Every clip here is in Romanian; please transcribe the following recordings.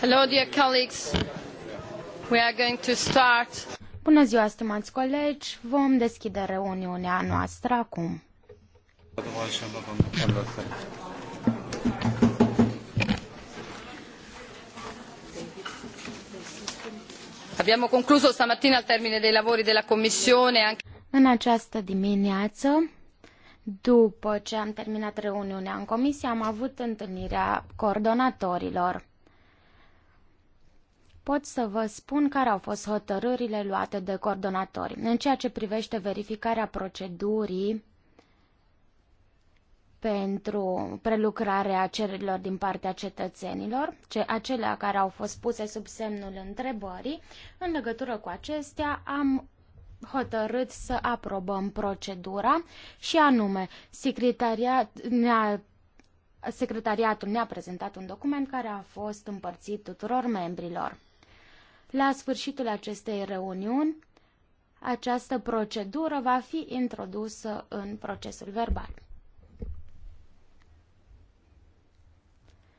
Hello, dear colleagues. We are going to start. Bună ziua, stimați colegi. Vom deschide reuniunea noastră acum. Abbiamo concluso stamattina al termine dei lavori della Commissione anche... În această dimineață după ce am terminat reuniunea în comisie, am avut întâlnirea coordonatorilor pot să vă spun care au fost hotărârile luate de coordonatori în ceea ce privește verificarea procedurii pentru prelucrarea cererilor din partea cetățenilor, ce, acelea care au fost puse sub semnul întrebării. În legătură cu acestea am hotărât să aprobăm procedura și anume secretariat ne-a Secretariatul ne-a prezentat un document care a fost împărțit tuturor membrilor. La sfârșitul acestei reuniuni, această procedură va fi introdusă în procesul verbal.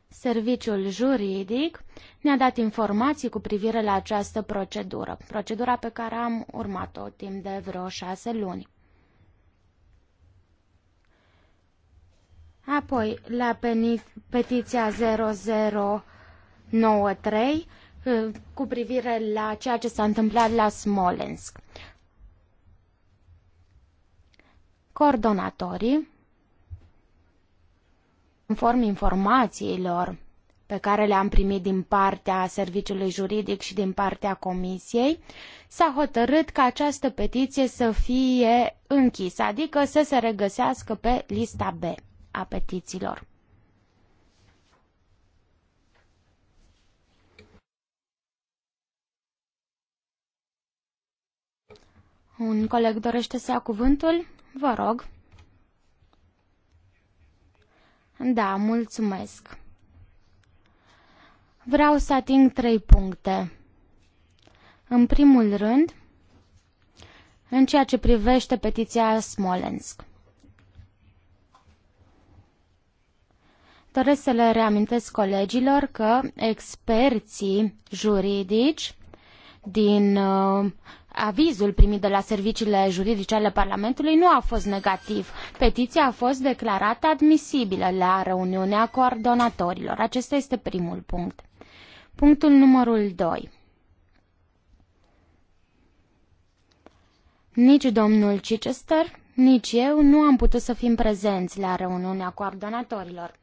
Serviciul juridic ne-a dat informații cu privire la această procedură, procedura pe care am urmat-o timp de vreo șase luni. Apoi, la petiția 0093, cu privire la ceea ce s-a întâmplat la Smolensk. Coordonatorii, conform informațiilor pe care le-am primit din partea serviciului juridic și din partea comisiei, s-a hotărât ca această petiție să fie închisă, adică să se regăsească pe lista B a petițiilor. Un coleg dorește să ia cuvântul? Vă rog. Da, mulțumesc. Vreau să ating trei puncte. În primul rând, în ceea ce privește petiția Smolensk. Doresc să le reamintesc colegilor că experții juridici din uh, avizul primit de la serviciile juridice ale Parlamentului nu a fost negativ. Petiția a fost declarată admisibilă la reuniunea coordonatorilor. Acesta este primul punct. Punctul numărul 2. Nici domnul Chichester, nici eu nu am putut să fim prezenți la reuniunea coordonatorilor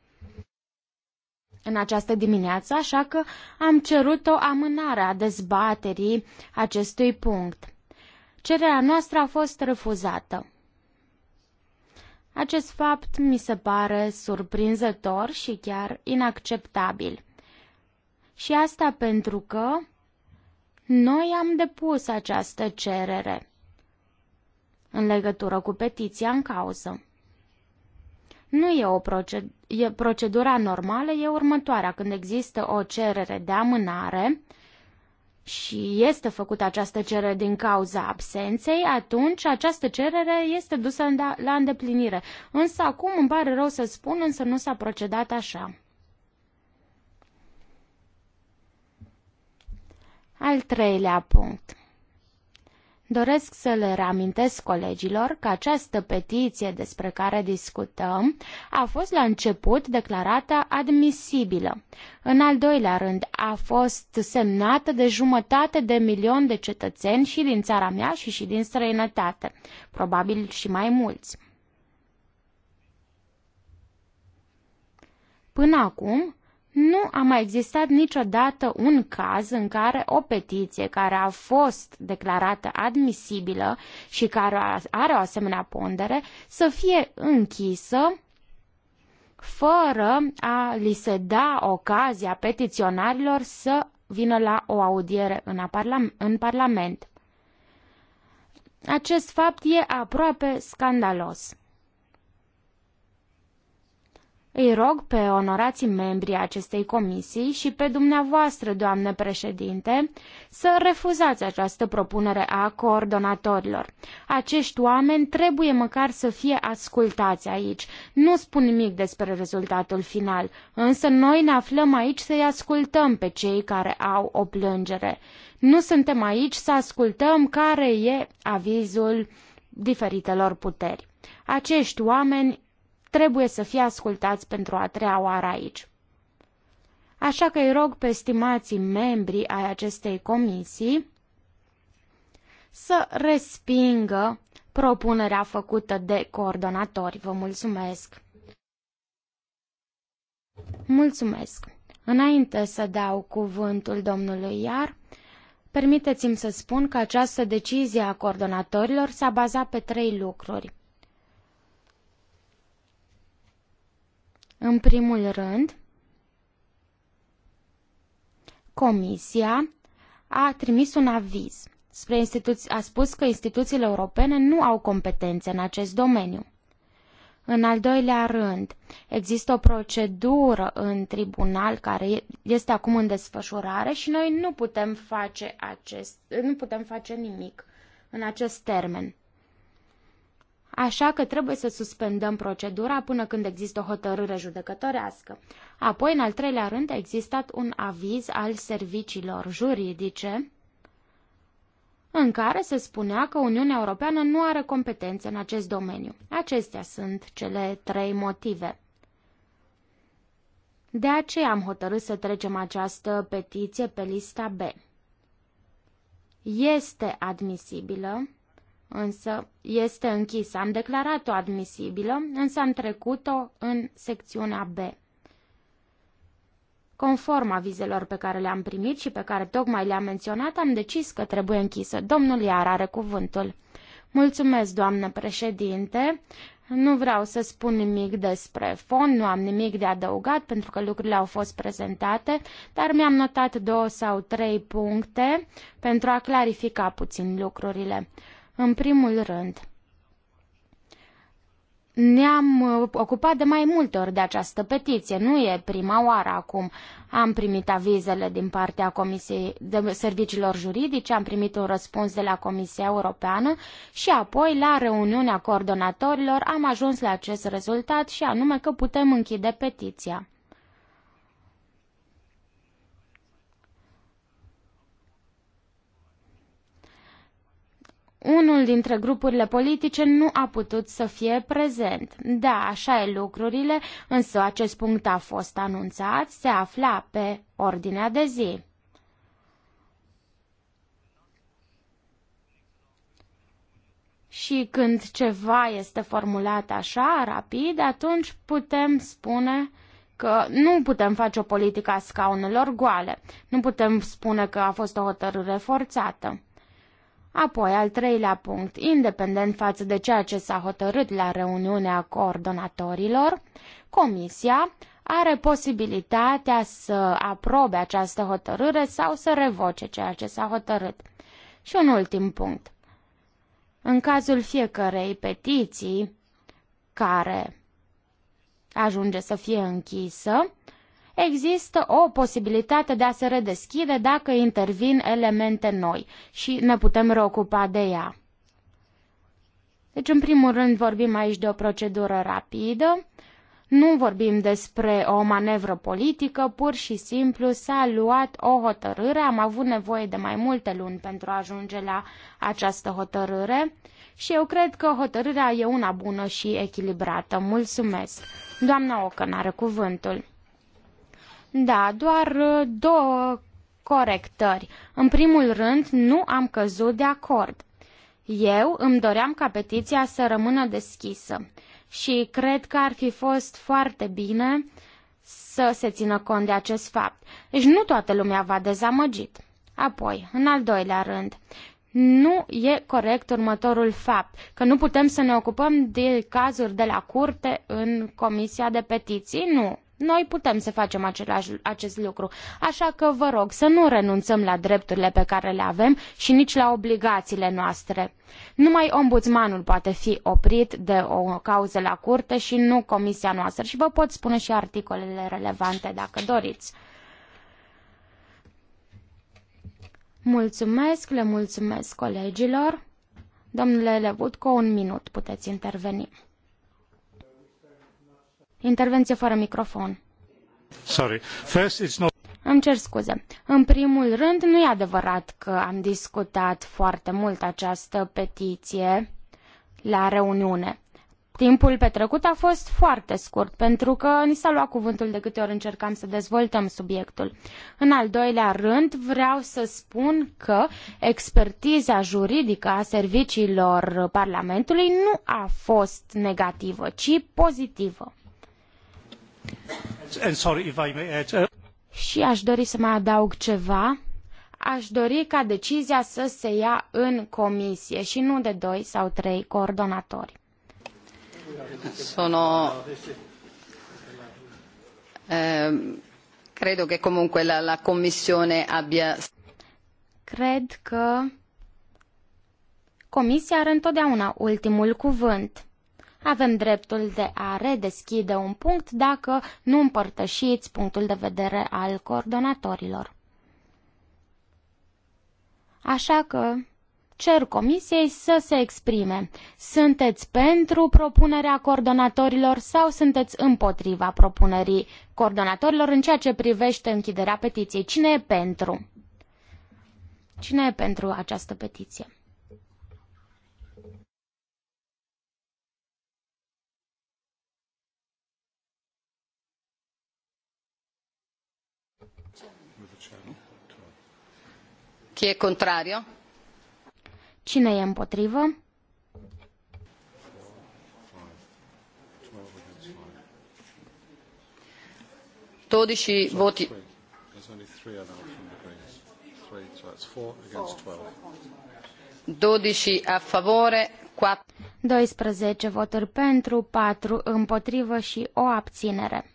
în această dimineață, așa că am cerut o amânare a dezbaterii acestui punct. Cererea noastră a fost refuzată. Acest fapt mi se pare surprinzător și chiar inacceptabil. Și asta pentru că noi am depus această cerere în legătură cu petiția în cauză. Nu e o proced- e procedura normală, e următoarea. Când există o cerere de amânare și este făcută această cerere din cauza absenței, atunci această cerere este dusă da, la îndeplinire. Însă acum îmi pare rău să spun, însă nu s-a procedat așa. Al treilea punct. Doresc să le reamintesc colegilor că această petiție despre care discutăm a fost la început declarată admisibilă. În al doilea rând, a fost semnată de jumătate de milion de cetățeni și din țara mea și și din străinătate, probabil și mai mulți. Până acum, nu a mai existat niciodată un caz în care o petiție care a fost declarată admisibilă și care are o asemenea pondere să fie închisă fără a li se da ocazia petiționarilor să vină la o audiere în, parlam- în Parlament. Acest fapt e aproape scandalos. Îi rog pe onorații membrii acestei comisii și pe dumneavoastră, doamnă președinte, să refuzați această propunere a coordonatorilor. Acești oameni trebuie măcar să fie ascultați aici. Nu spun nimic despre rezultatul final, însă noi ne aflăm aici să-i ascultăm pe cei care au o plângere. Nu suntem aici să ascultăm care e avizul diferitelor puteri. Acești oameni trebuie să fie ascultați pentru a treia oară aici. Așa că îi rog pe stimații membri ai acestei comisii să respingă propunerea făcută de coordonatori. Vă mulțumesc! Mulțumesc! Înainte să dau cuvântul domnului Iar, permiteți-mi să spun că această decizie a coordonatorilor s-a bazat pe trei lucruri. În primul rând, Comisia a trimis un aviz. Spre institu- a spus că instituțiile europene nu au competențe în acest domeniu. În al doilea rând, există o procedură în tribunal care este acum în desfășurare și noi nu putem face, acest, nu putem face nimic în acest termen așa că trebuie să suspendăm procedura până când există o hotărâre judecătorească. Apoi, în al treilea rând, a existat un aviz al serviciilor juridice în care se spunea că Uniunea Europeană nu are competențe în acest domeniu. Acestea sunt cele trei motive. De aceea am hotărât să trecem această petiție pe lista B. Este admisibilă însă este închisă. Am declarat-o admisibilă, însă am trecut-o în secțiunea B. Conform avizelor pe care le-am primit și pe care tocmai le-am menționat, am decis că trebuie închisă. Domnul Iar are cuvântul. Mulțumesc, doamnă președinte. Nu vreau să spun nimic despre fond, nu am nimic de adăugat pentru că lucrurile au fost prezentate, dar mi-am notat două sau trei puncte pentru a clarifica puțin lucrurile. În primul rând, ne-am uh, ocupat de mai multe ori de această petiție. Nu e prima oară acum. Am primit avizele din partea Comisiei de Serviciilor Juridice, am primit un răspuns de la Comisia Europeană și apoi, la reuniunea coordonatorilor, am ajuns la acest rezultat și anume că putem închide petiția. unul dintre grupurile politice nu a putut să fie prezent. Da, așa e lucrurile, însă acest punct a fost anunțat, se afla pe ordinea de zi. Și când ceva este formulat așa, rapid, atunci putem spune că nu putem face o politică a scaunelor goale. Nu putem spune că a fost o hotărâre forțată. Apoi, al treilea punct, independent față de ceea ce s-a hotărât la reuniunea coordonatorilor, Comisia are posibilitatea să aprobe această hotărâre sau să revoce ceea ce s-a hotărât. Și un ultim punct. În cazul fiecărei petiții care ajunge să fie închisă, există o posibilitate de a se redeschide dacă intervin elemente noi și ne putem reocupa de ea. Deci, în primul rând, vorbim aici de o procedură rapidă, nu vorbim despre o manevră politică, pur și simplu s-a luat o hotărâre, am avut nevoie de mai multe luni pentru a ajunge la această hotărâre și eu cred că hotărârea e una bună și echilibrată. Mulțumesc! Doamna Ocă are cuvântul. Da, doar uh, două corectări. În primul rând, nu am căzut de acord. Eu îmi doream ca petiția să rămână deschisă și cred că ar fi fost foarte bine să se țină cont de acest fapt. Deci nu toată lumea va dezamăgit. Apoi, în al doilea rând, nu e corect următorul fapt, că nu putem să ne ocupăm de cazuri de la curte în Comisia de Petiții, nu. Noi putem să facem același, acest lucru, așa că vă rog să nu renunțăm la drepturile pe care le avem și nici la obligațiile noastre. Numai ombudsmanul poate fi oprit de o cauză la curte și nu comisia noastră și vă pot spune și articolele relevante dacă doriți. Mulțumesc, le mulțumesc colegilor. Domnule Levutco, un minut puteți interveni. Intervenție fără microfon. Sorry. First, it's not... Îmi cer scuze. În primul rând, nu e adevărat că am discutat foarte mult această petiție la reuniune. Timpul petrecut a fost foarte scurt, pentru că ni s-a luat cuvântul de câte ori încercam să dezvoltăm subiectul. În al doilea rând, vreau să spun că expertiza juridică a serviciilor Parlamentului nu a fost negativă, ci pozitivă. I uh, Și aș dori să mai adaug ceva. Aș dori ca decizia să se ia în comisie și nu de doi sau trei coordonatori. Sono... Ehm, credo che comunque la, la Commissione abbia... Cred că Comisia are întotdeauna ultimul cuvânt avem dreptul de a redeschide un punct dacă nu împărtășiți punctul de vedere al coordonatorilor. Așa că cer comisiei să se exprime. Sunteți pentru propunerea coordonatorilor sau sunteți împotriva propunerii coordonatorilor în ceea ce privește închiderea petiției? Cine e pentru? Cine e pentru această petiție? Chi e contrario? Cine e împotrivă? Dodici voti. Dodici a favore, 4. 12 voturi pentru, 4 împotrivă și o abținere.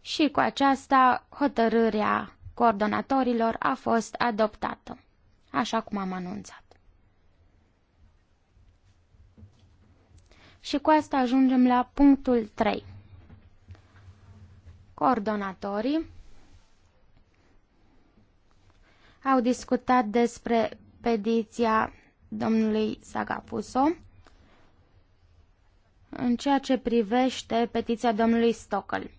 Și cu aceasta hotărârea coordonatorilor a fost adoptată, așa cum am anunțat. Și cu asta ajungem la punctul 3. Coordonatorii au discutat despre petiția domnului Sagapuso în ceea ce privește petiția domnului Stockel.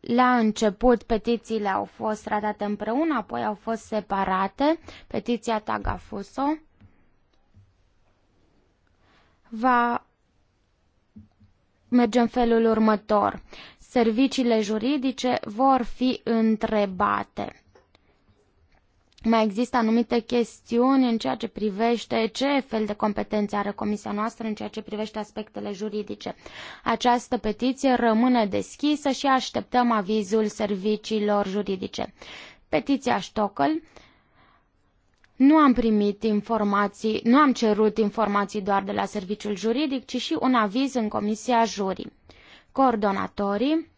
La început petițiile au fost tratate împreună, apoi au fost separate. Petiția Tagafuso va merge în felul următor. Serviciile juridice vor fi întrebate mai există anumite chestiuni în ceea ce privește ce fel de competențe are comisia noastră în ceea ce privește aspectele juridice. Această petiție rămâne deschisă și așteptăm avizul serviciilor juridice. Petiția Stockholm nu am primit informații, nu am cerut informații doar de la serviciul juridic, ci și un aviz în comisia jurii. Coordonatorii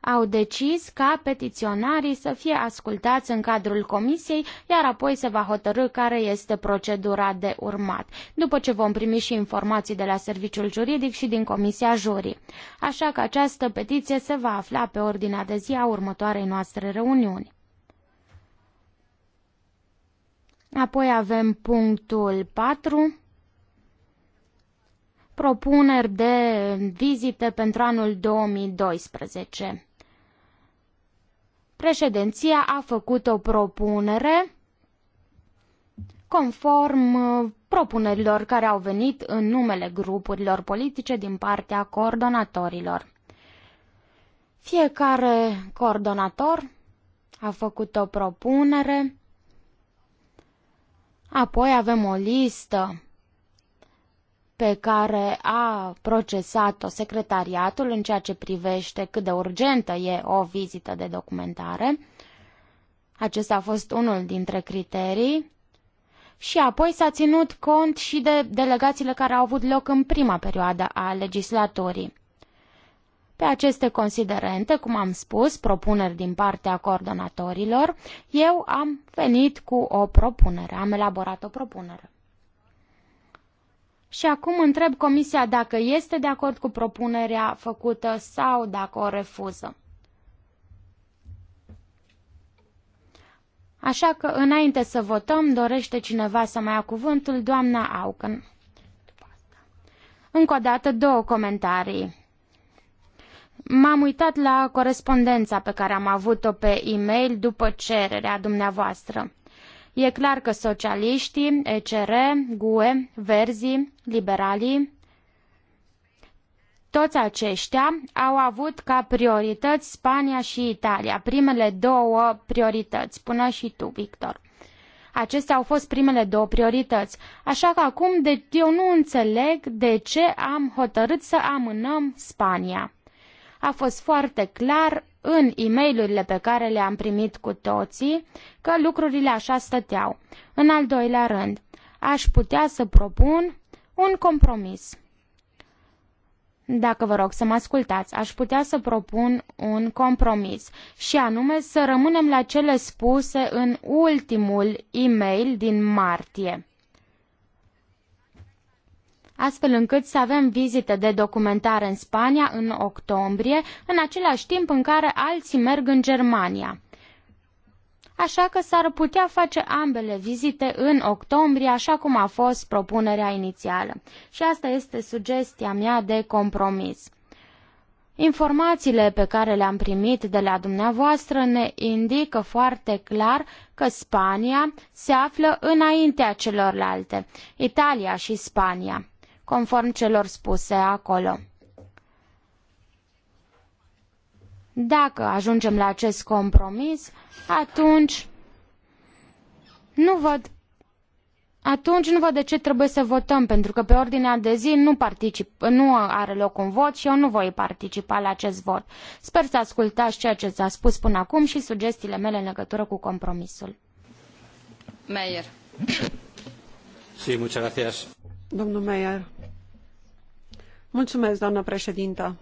au decis ca petiționarii să fie ascultați în cadrul comisiei, iar apoi se va hotărâ care este procedura de urmat, după ce vom primi și informații de la Serviciul Juridic și din Comisia Jurii. Așa că această petiție se va afla pe ordinea de zi a următoarei noastre reuniuni. Apoi avem punctul 4 propuneri de vizite pentru anul 2012. Președinția a făcut o propunere conform uh, propunerilor care au venit în numele grupurilor politice din partea coordonatorilor. Fiecare coordonator a făcut o propunere, apoi avem o listă pe care a procesat-o secretariatul în ceea ce privește cât de urgentă e o vizită de documentare. Acesta a fost unul dintre criterii. Și apoi s-a ținut cont și de delegațiile care au avut loc în prima perioadă a legislaturii. Pe aceste considerente, cum am spus, propuneri din partea coordonatorilor, eu am venit cu o propunere, am elaborat o propunere. Și acum întreb Comisia dacă este de acord cu propunerea făcută sau dacă o refuză. Așa că, înainte să votăm, dorește cineva să mai ia cuvântul, doamna Auken. Încă o dată, două comentarii. M-am uitat la corespondența pe care am avut-o pe e-mail după cererea dumneavoastră. E clar că socialiștii, ECR, GUE, Verzii, liberalii, toți aceștia au avut ca priorități Spania și Italia, primele două priorități, spunea și tu, Victor. Acestea au fost primele două priorități, așa că acum de, eu nu înțeleg de ce am hotărât să amânăm Spania. A fost foarte clar în e mail pe care le-am primit cu toții că lucrurile așa stăteau. În al doilea rând, aș putea să propun un compromis. Dacă vă rog să mă ascultați, aș putea să propun un compromis și anume să rămânem la cele spuse în ultimul e-mail din martie astfel încât să avem vizite de documentare în Spania în octombrie, în același timp în care alții merg în Germania. Așa că s-ar putea face ambele vizite în octombrie, așa cum a fost propunerea inițială. Și asta este sugestia mea de compromis. Informațiile pe care le-am primit de la dumneavoastră ne indică foarte clar că Spania se află înaintea celorlalte, Italia și Spania conform celor spuse acolo. Dacă ajungem la acest compromis, atunci nu văd atunci nu văd de ce trebuie să votăm, pentru că pe ordinea de zi nu, particip, nu are loc un vot și eu nu voi participa la acest vot. Sper să ascultați ceea ce ți a spus până acum și sugestiile mele în legătură cu compromisul. Meier. Sí, muchas gracias. Domnul Meier președintă.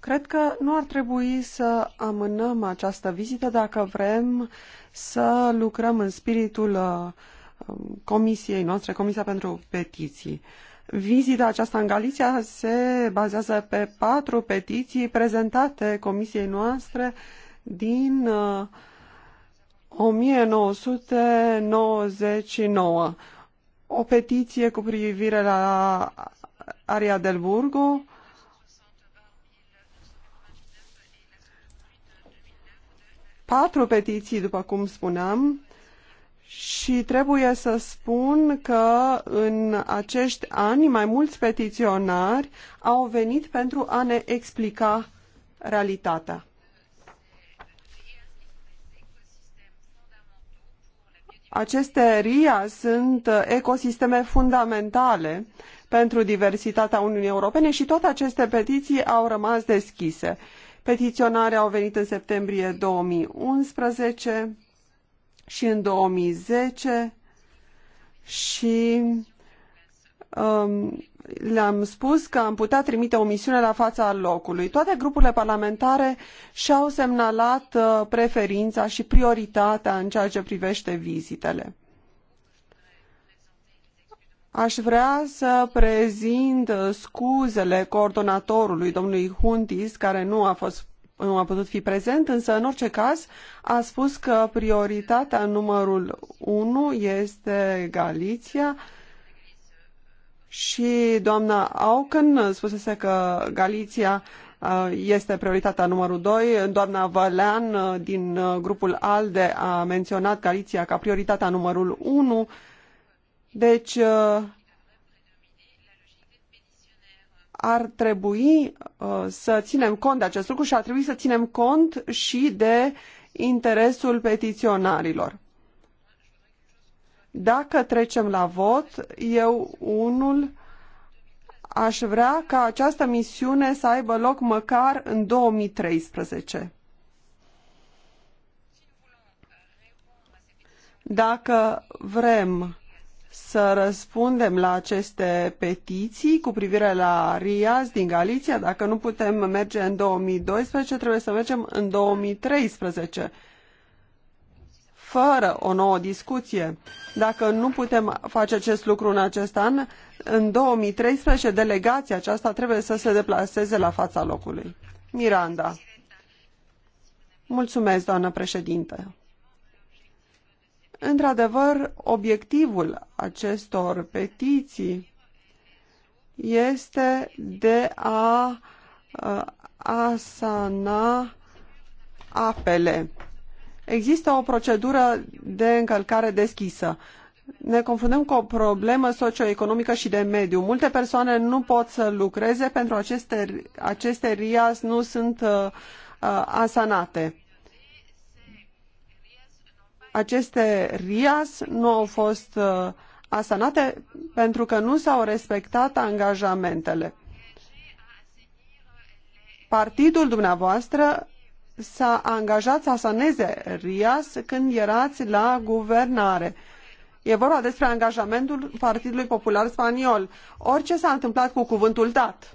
Cred că nu ar trebui să amânăm această vizită dacă vrem să lucrăm în spiritul uh, comisiei noastre, Comisia pentru Petiții. Vizita aceasta în Galicia se bazează pe patru petiții prezentate comisiei noastre din 1999. Uh, o petiție cu privire la Aria del Burgo, patru petiții, după cum spuneam, și trebuie să spun că în acești ani mai mulți petiționari au venit pentru a ne explica realitatea. Aceste ria sunt uh, ecosisteme fundamentale pentru diversitatea Uniunii Europene și toate aceste petiții au rămas deschise. Petiționarea au venit în septembrie 2011 și în 2010 și um, le-am spus că am putea trimite o misiune la fața locului. Toate grupurile parlamentare și-au semnalat uh, preferința și prioritatea în ceea ce privește vizitele. Aș vrea să prezint uh, scuzele coordonatorului, domnului Huntis, care nu a, fost, nu a putut fi prezent, însă, în orice caz, a spus că prioritatea numărul unu este Galiția, și doamna Auken spusese că Galiția uh, este prioritatea numărul doi. Doamna Valean uh, din uh, grupul ALDE a menționat Galiția ca prioritatea numărul unu. Deci ar trebui să ținem cont de acest lucru și ar trebui să ținem cont și de interesul petiționarilor. Dacă trecem la vot, eu unul aș vrea ca această misiune să aibă loc măcar în 2013. Dacă vrem să răspundem la aceste petiții cu privire la Riaz din Galiția, dacă nu putem merge în 2012, trebuie să mergem în 2013 fără o nouă discuție. Dacă nu putem face acest lucru în acest an, în 2013 delegația aceasta trebuie să se deplaseze la fața locului. Miranda. Mulțumesc, doamnă președinte. Într-adevăr, obiectivul acestor petiții este de a uh, asana apele. Există o procedură de încălcare deschisă. Ne confundăm cu o problemă socioeconomică și de mediu. Multe persoane nu pot să lucreze pentru aceste, aceste RIAS nu sunt uh, uh asanate. Aceste RIAS nu au fost uh, asanate pentru că nu s-au respectat angajamentele. Partidul dumneavoastră s-a angajat să asaneze RIAS când erați la guvernare. E vorba despre angajamentul Partidului Popular Spaniol. Orice s-a întâmplat cu cuvântul dat.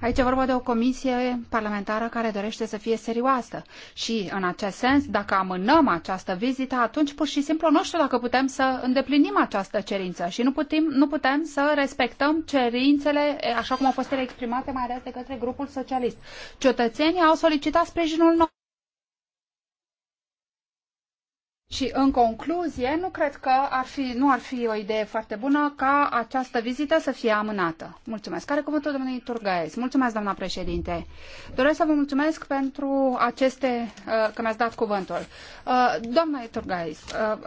Aici e vorba de o comisie parlamentară care dorește să fie serioasă. Și, în acest sens, dacă amânăm această vizită, atunci pur și simplu nu știu dacă putem să îndeplinim această cerință și nu putem, nu putem să respectăm cerințele, așa cum au fost ele exprimate mai ales de către grupul socialist. Cetățenii au solicitat sprijinul nostru. Și în concluzie, nu cred că ar fi, nu ar fi o idee foarte bună ca această vizită să fie amânată. Mulțumesc. Care cuvântul domnului Turgaez? Mulțumesc, doamna președinte. Doresc să vă mulțumesc pentru aceste, uh, că mi-ați dat cuvântul. Uh, doamna Turgaez, uh,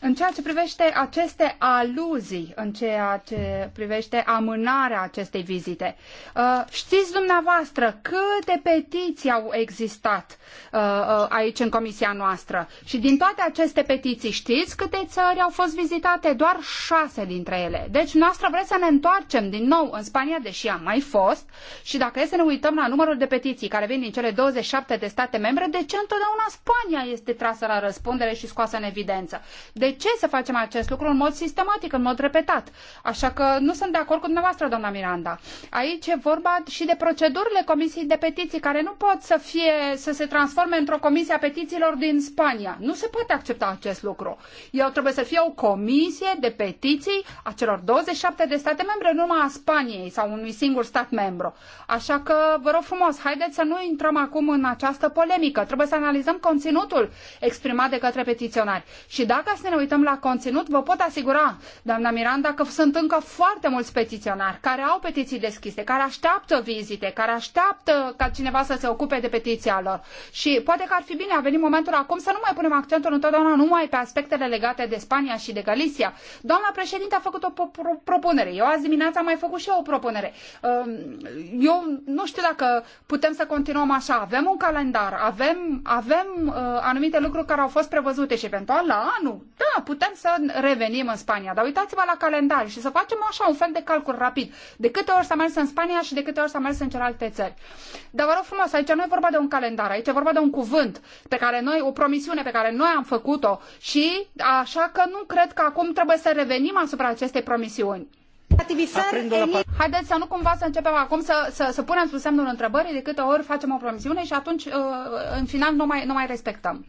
în ceea ce privește aceste aluzii, în ceea ce privește amânarea acestei vizite, uh, știți dumneavoastră câte petiții au existat uh, uh, aici în comisia noastră? Și din toate aceste petiții știți câte țări au fost vizitate? Doar șase dintre ele. Deci noastră vreți să ne întoarcem din nou în Spania, deși am mai fost, și dacă e să ne uităm la numărul de petiții care vin din cele 27 de state membre, de ce întotdeauna Spania este trasă la răspundere și scoasă în evidență? De de ce să facem acest lucru în mod sistematic, în mod repetat? Așa că nu sunt de acord cu dumneavoastră, doamna Miranda. Aici e vorba și de procedurile Comisiei de Petiții, care nu pot să, fie, să se transforme într-o comisie a petițiilor din Spania. Nu se poate accepta acest lucru. Eu trebuie să fie o comisie de petiții a celor 27 de state membre, numai a Spaniei sau unui singur stat membru. Așa că vă rog frumos, haideți să nu intrăm acum în această polemică. Trebuie să analizăm conținutul exprimat de către petiționari. Și dacă să ne uităm la conținut, vă pot asigura, doamna Miranda, că sunt încă foarte mulți petiționari care au petiții deschise, care așteaptă vizite, care așteaptă ca cineva să se ocupe de petiția lor. Și poate că ar fi bine, a venit momentul acum să nu mai punem accentul întotdeauna numai pe aspectele legate de Spania și de Galicia. Doamna președinte a făcut o propunere. Eu azi dimineața am mai făcut și eu o propunere. Um, eu nu știu dacă putem să continuăm așa. Avem un calendar, avem, avem uh, anumite lucruri care au fost prevăzute și eventual la anul. Da, da, putem să revenim în Spania, dar uitați-vă la calendar și să facem așa un fel de calcul rapid. De câte ori s-a mers în Spania și de câte ori s-a mers în celelalte țări. Dar vă rog frumos, aici nu e vorba de un calendar, aici e vorba de un cuvânt pe care noi, o promisiune pe care noi am făcut-o și așa că nu cred că acum trebuie să revenim asupra acestei promisiuni. Haideți să nu cumva să începem acum să, să, să punem sub semnul întrebării de câte ori facem o promisiune și atunci uh, în final nu mai, nu mai respectăm.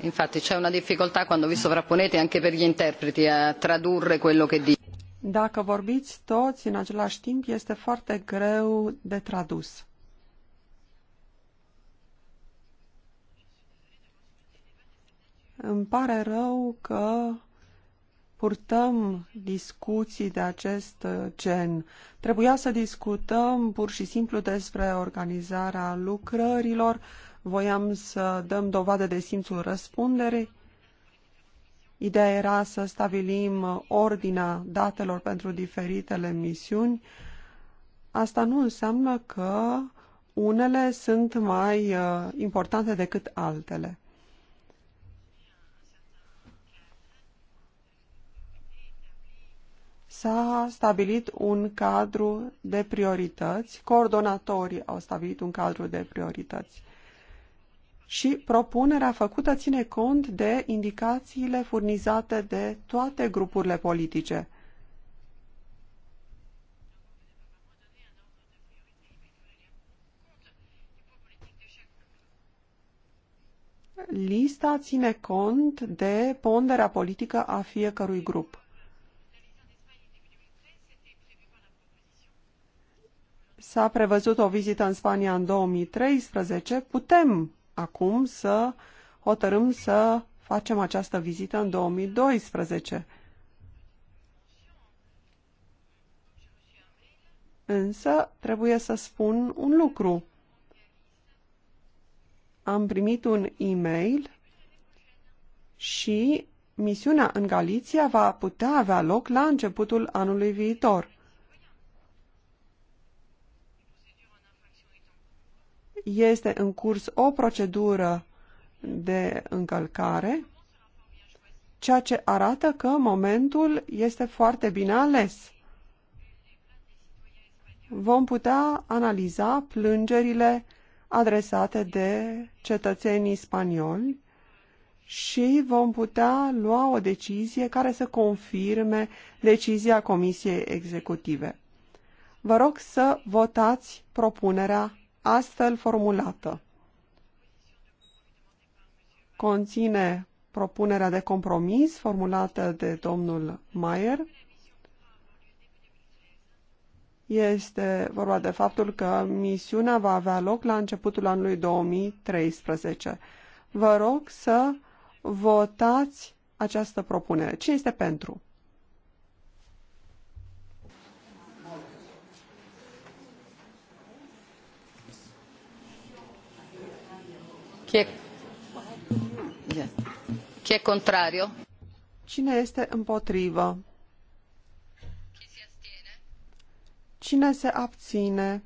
Infatti c'è una difficoltà quando vi sovrapponete anche per gli interpreti a tradurre quello che dice. Dacă vorbiți toți în același timp, este foarte greu de tradus. Îmi pare rău că purtăm discuții de acest gen. Trebuia să discutăm pur și simplu despre organizarea lucrărilor, voiam să dăm dovadă de simțul răspunderii. Ideea era să stabilim ordinea datelor pentru diferitele misiuni. Asta nu înseamnă că unele sunt mai uh, importante decât altele. s-a stabilit un cadru de priorități, coordonatorii au stabilit un cadru de priorități și propunerea făcută ține cont de indicațiile furnizate de toate grupurile politice. Lista ține cont de ponderea politică a fiecărui grup. S-a prevăzut o vizită în Spania în 2013. Putem acum să hotărâm să facem această vizită în 2012. Însă trebuie să spun un lucru. Am primit un e-mail și misiunea în Galiția va putea avea loc la începutul anului viitor. este în curs o procedură de încălcare, ceea ce arată că momentul este foarte bine ales. Vom putea analiza plângerile adresate de cetățenii spanioli și vom putea lua o decizie care să confirme decizia Comisiei Executive. Vă rog să votați propunerea astfel formulată. Conține propunerea de compromis formulată de domnul Mayer. Este vorba de faptul că misiunea va avea loc la începutul anului 2013. Vă rog să votați această propunere. Cine este pentru? Chi e, Chi e contrario? Cine este împotrivă? Cine se abține?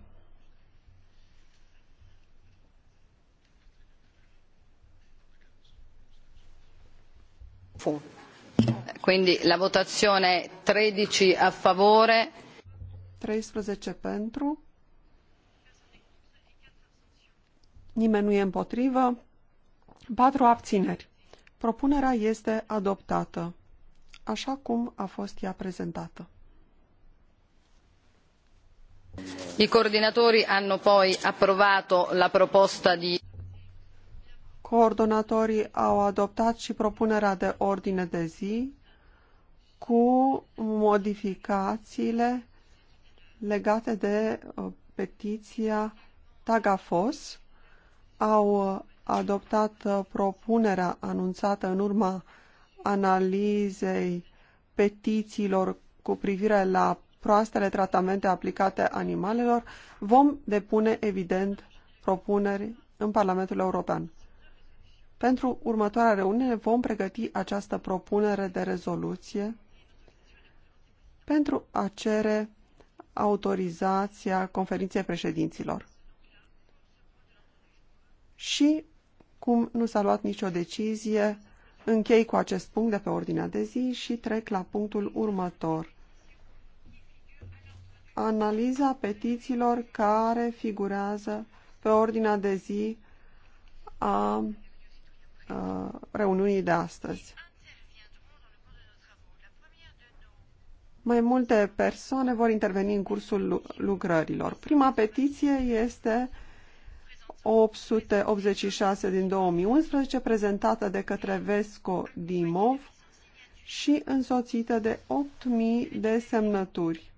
Fu. Quindi la votazione 13 a favore. 13 pentru. nimeni nu e împotrivă, patru abțineri. Propunerea este adoptată, așa cum a fost ea prezentată. I coordinatori hanno poi approvato la proposta di Coordonatorii au adoptat și propunerea de ordine de zi cu modificațiile legate de uh, petiția Tagafos au uh, adoptat uh, propunerea anunțată în urma analizei petițiilor cu privire la proastele tratamente aplicate animalelor, vom depune, evident, propuneri în Parlamentul European. Pentru următoarea reuniune vom pregăti această propunere de rezoluție pentru a cere autorizația conferinței președinților și, cum nu s-a luat nicio decizie, închei cu acest punct de pe ordinea de zi și trec la punctul următor. Analiza petițiilor care figurează pe ordinea de zi a, a reuniunii de astăzi. Mai multe persoane vor interveni în cursul lucrărilor. Prima petiție este 886 din 2011, prezentată de către Vesco Dimov și însoțită de 8.000 de semnături.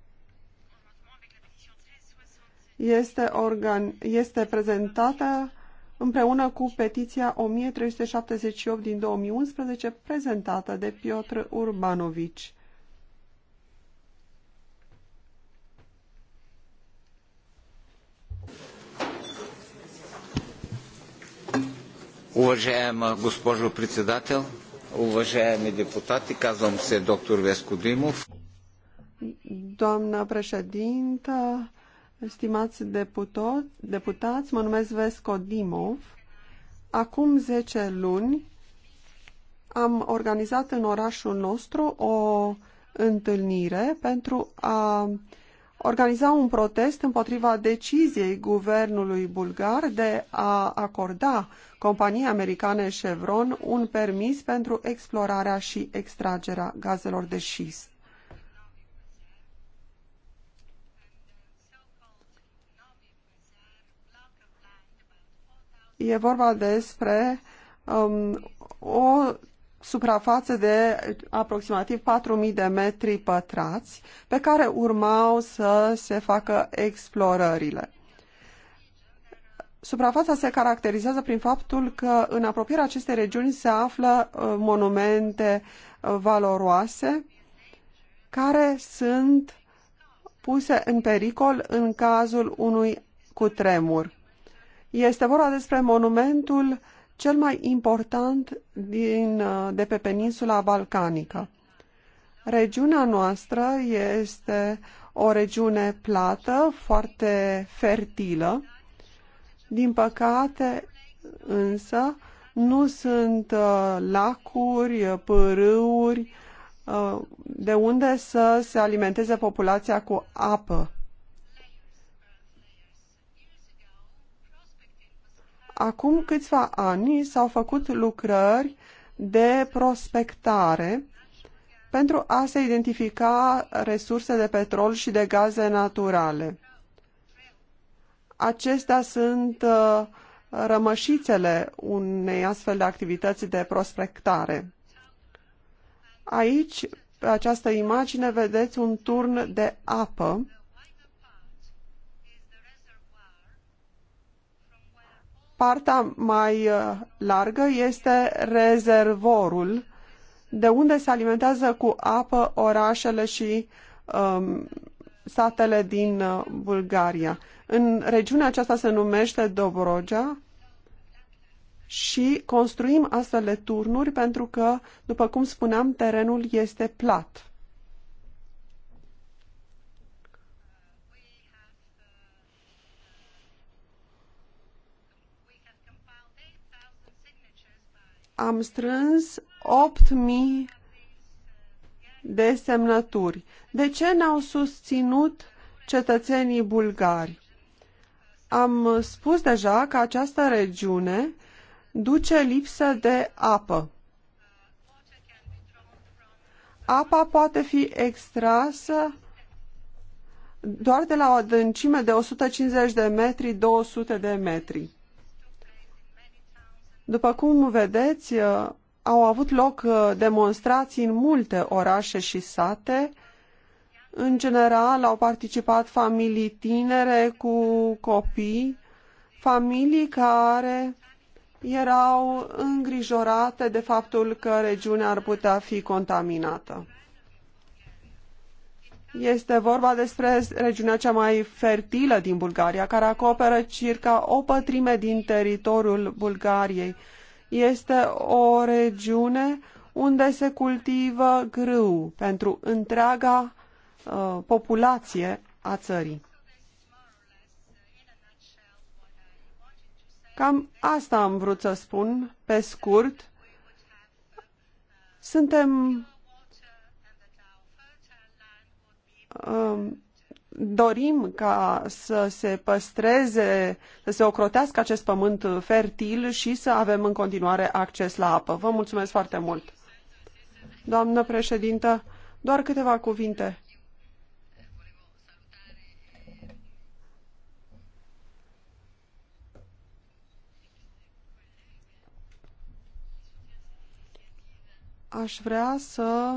Este, organ... este prezentată împreună cu petiția 1378 din 2011, prezentată de Piotr Urbanovici. Уважаема госпожо председател, уважаеми депутати, казвам се доктор Веско Димов. Doamna președintă, stimați deputot, deputați, mă numesc Vesco Dimov. Acum 10 luni am organizat în orașul nostru o întâlnire pentru a organiza un protest împotriva deciziei guvernului bulgar de a acorda companiei americane Chevron un permis pentru explorarea și extragerea gazelor de șist. E vorba despre um, o suprafață de aproximativ 4.000 de metri pătrați, pe care urmau să se facă explorările. Suprafața se caracterizează prin faptul că în apropierea acestei regiuni se află uh, monumente uh, valoroase care sunt puse în pericol în cazul unui cutremur. Este vorba despre monumentul cel mai important din, uh, de pe peninsula balcanică. Regiunea noastră este o regiune plată, foarte fertilă. Din păcate, însă, nu sunt uh, lacuri, pârâuri, uh, de unde să se alimenteze populația cu apă. Acum câțiva ani s-au făcut lucrări de prospectare pentru a se identifica resurse de petrol și de gaze naturale. Acestea sunt uh, rămășițele unei astfel de activități de prospectare. Aici, pe această imagine, vedeți un turn de apă Partea mai uh, largă este rezervorul, de unde se alimentează cu apă orașele și um, satele din uh, Bulgaria. În regiunea aceasta se numește Dobrogea și construim astfel de turnuri pentru că, după cum spuneam, terenul este plat. am strâns 8.000 de semnături. De ce n-au susținut cetățenii bulgari? Am spus deja că această regiune duce lipsă de apă. Apa poate fi extrasă doar de la o adâncime de 150 de metri, 200 de metri. După cum vedeți, uh, au avut loc uh, demonstrații în multe orașe și sate. În general, au participat familii tinere cu copii, familii care erau îngrijorate de faptul că regiunea ar putea fi contaminată. Este vorba despre regiunea cea mai fertilă din Bulgaria, care acoperă circa o pătrime din teritoriul Bulgariei. Este o regiune unde se cultivă grâu pentru întreaga uh, populație a țării. Cam asta am vrut să spun, pe scurt. Suntem Um, dorim ca să se păstreze, să se ocrotească acest pământ fertil și să avem în continuare acces la apă. Vă mulțumesc foarte mult. Doamnă președintă, doar câteva cuvinte. Aș vrea să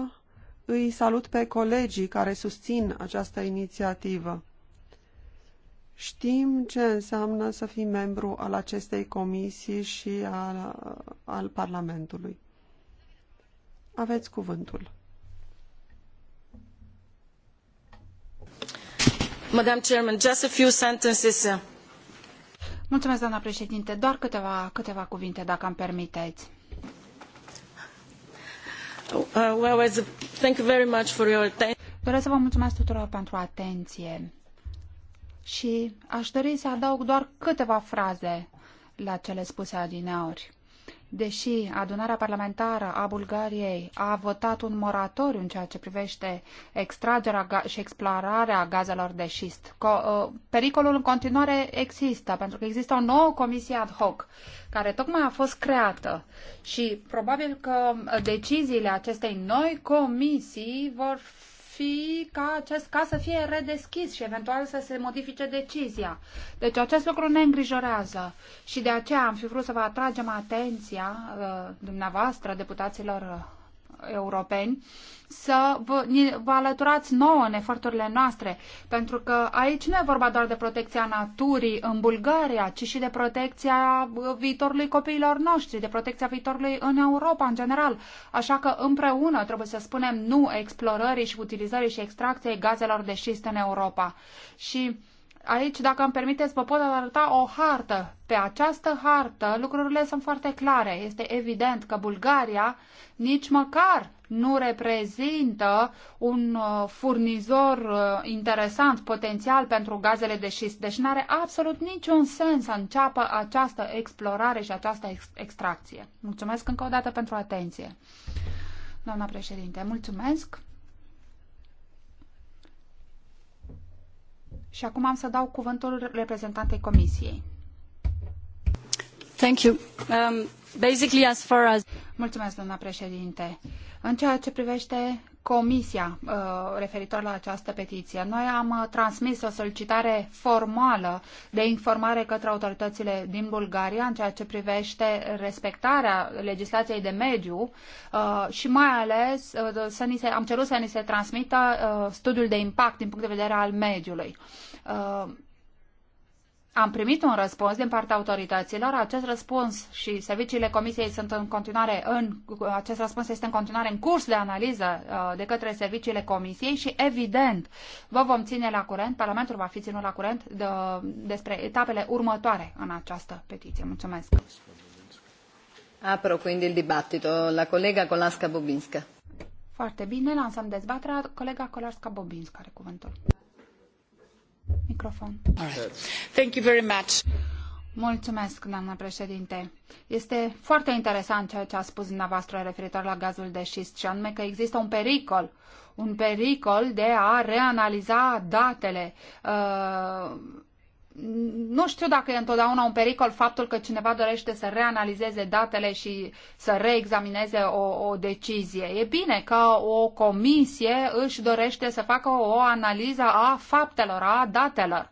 îi salut pe colegii care susțin această inițiativă. Știm ce înseamnă să fii membru al acestei comisii și al, al Parlamentului. Aveți cuvântul. Madam Chairman, just a few sentences. Mulțumesc, doamna președinte. Doar câteva, câteva cuvinte, dacă îmi permiteți. Doresc să vă mulțumesc tuturor pentru atenție și aș dori să adaug doar câteva fraze la cele spuse adineauri deși adunarea parlamentară a Bulgariei a votat un moratoriu în ceea ce privește extragerea și explorarea gazelor de șist, ă, pericolul în continuare există, pentru că există o nouă comisie ad hoc care tocmai a fost creată și probabil că deciziile acestei noi comisii vor fi ca acest caz să fie redeschis și eventual să se modifice decizia. Deci acest lucru ne îngrijorează și de aceea am fi vrut să vă atragem atenția uh, dumneavoastră, deputaților europeni să vă, vă alăturați nouă în eforturile noastre, pentru că aici nu e vorba doar de protecția naturii în Bulgaria, ci și de protecția viitorului copiilor noștri, de protecția viitorului în Europa în general. Așa că împreună trebuie să spunem nu explorării și utilizării și extracției gazelor de șist în Europa. Și Aici, dacă îmi permiteți, vă pot arăta o hartă. Pe această hartă lucrurile sunt foarte clare. Este evident că Bulgaria nici măcar nu reprezintă un uh, furnizor uh, interesant, potențial pentru gazele de șist. Deci nu are absolut niciun sens să înceapă această explorare și această ex- extracție. Mulțumesc încă o dată pentru atenție. Doamna președinte, mulțumesc. Și acum am să dau cuvântul reprezentantei Comisiei. Thank you. Um, basically, as far as... Mulțumesc, doamna președinte. În ceea ce privește Comisia uh, referitor la această petiție. Noi am uh, transmis o solicitare formală de informare către autoritățile din Bulgaria în ceea ce privește respectarea legislației de mediu uh, și mai ales să ni se, am cerut să ni se transmită studiul de impact din punct de vedere al mediului. Am primit un răspuns din partea autorităților. Acest răspuns și serviciile comisiei sunt în continuare în, acest răspuns este în continuare în curs de analiză uh, de către serviciile comisiei și evident vă vom ține la curent, Parlamentul va fi ținut la curent de, despre etapele următoare în această petiție. Mulțumesc. Apro quindi il dibattito. La collega Colasca Bobinska. Foarte bine, lansăm dezbaterea. Colega Colasca Bobinska are cuvântul. Microfon. Thank you very much. Mulțumesc, doamnă președinte. Este foarte interesant ceea ce a spus dumneavoastră referitor la gazul de șist și anume că există un pericol, un pericol de a reanaliza datele uh, nu știu dacă e întotdeauna un pericol faptul că cineva dorește să reanalizeze datele și să reexamineze o, o decizie. E bine că o comisie își dorește să facă o analiză a faptelor, a datelor.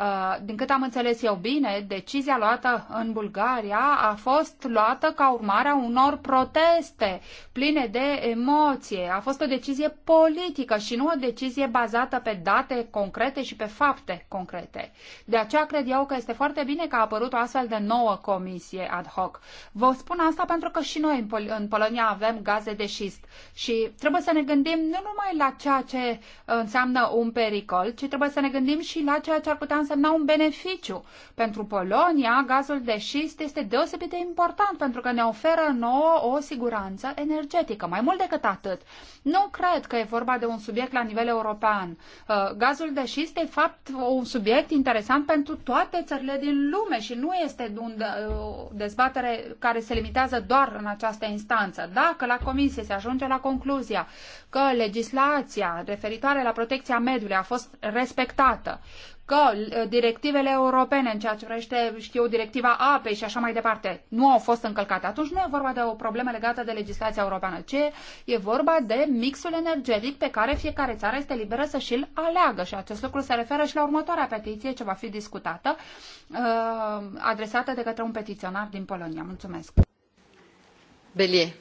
Uh, din cât am înțeles eu bine, decizia luată în Bulgaria a fost luată ca urmare a unor proteste pline de emoție. A fost o decizie politică și nu o decizie bazată pe date concrete și pe fapte concrete. De aceea cred eu că este foarte bine că a apărut o astfel de nouă comisie ad hoc. Vă spun asta pentru că și noi în, Pol- în Polonia avem gaze de șist și trebuie să ne gândim nu numai la ceea ce înseamnă un pericol, ci trebuie să ne gândim și la ceea ce ar putea însemna un beneficiu. Pentru Polonia, gazul de șist este deosebit de important pentru că ne oferă nouă o siguranță energetică. Mai mult decât atât, nu cred că e vorba de un subiect la nivel european. Uh, gazul de șist e fapt un subiect interesant pentru toate țările din lume și nu este un uh, dezbatere care se limitează doar în această instanță. Dacă la comisie se ajunge la concluzia că legislația referitoare la protecția mediului a fost respectată, că uh, directivele europene în ceea ce privește, știu, directiva apei și așa mai departe, nu au fost încălcate. Atunci nu e vorba de o problemă legată de legislația europeană, ci e vorba de mixul energetic pe care fiecare țară este liberă să și-l aleagă. Și acest lucru se referă și la următoarea petiție ce va fi discutată, uh, adresată de către un petiționar din Polonia. Mulțumesc! Belie.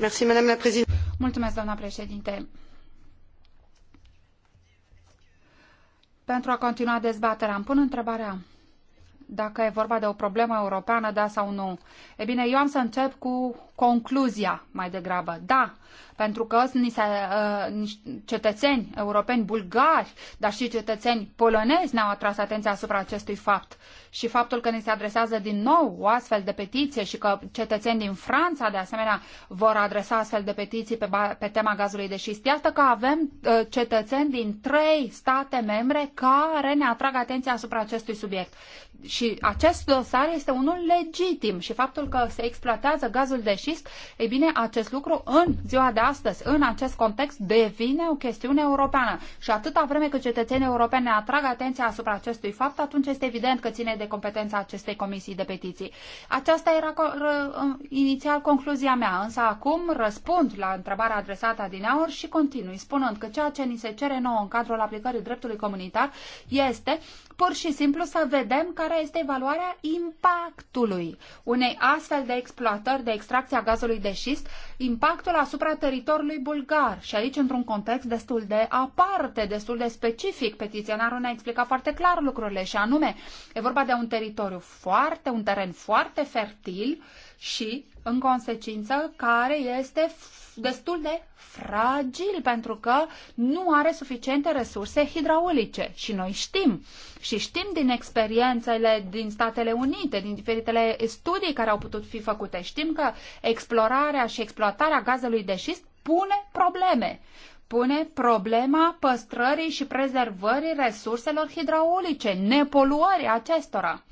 Merci, Madame președinte. Pentru a continua dezbaterea, îmi pun întrebarea dacă e vorba de o problemă europeană, da sau nu. E bine, eu am să încep cu concluzia mai degrabă. Da, pentru că sunt niște uh, cetățeni europeni bulgari, dar și cetățeni polonezi ne-au atras atenția asupra acestui fapt. Și faptul că ne se adresează din nou o astfel de petiție și că cetățeni din Franța, de asemenea, vor adresa astfel de petiții pe, pe tema gazului de șist. Iată că avem uh, cetățeni din trei state membre care ne atrag atenția asupra acestui subiect și acest dosar este unul legitim și faptul că se exploatează gazul de șist, e bine, acest lucru în ziua de astăzi, în acest context, devine o chestiune europeană. Și atâta vreme cât cetățenii europeni ne atrag atenția asupra acestui fapt, atunci este evident că ține de competența acestei comisii de petiții. Aceasta era uh, inițial concluzia mea, însă acum răspund la întrebarea adresată din aur și continui, spunând că ceea ce ni se cere nouă în cadrul aplicării dreptului comunitar este pur și simplu să vedem care majoră este evaluarea impactului unei astfel de exploatări de extracție a gazului de șist impactul asupra teritoriului bulgar. Și aici, într-un context destul de aparte, destul de specific, petiționarul ne-a explicat foarte clar lucrurile și anume, e vorba de un teritoriu foarte, un teren foarte fertil și, în consecință, care este destul de fragil pentru că nu are suficiente resurse hidraulice. Și noi știm și știm din experiențele din Statele Unite, din diferitele studii care au putut fi făcute, știm că explorarea și explorarea exploatarea gazelui de șist pune probleme. Pune problema păstrării și prezervării resurselor hidraulice, nepoluării acestora.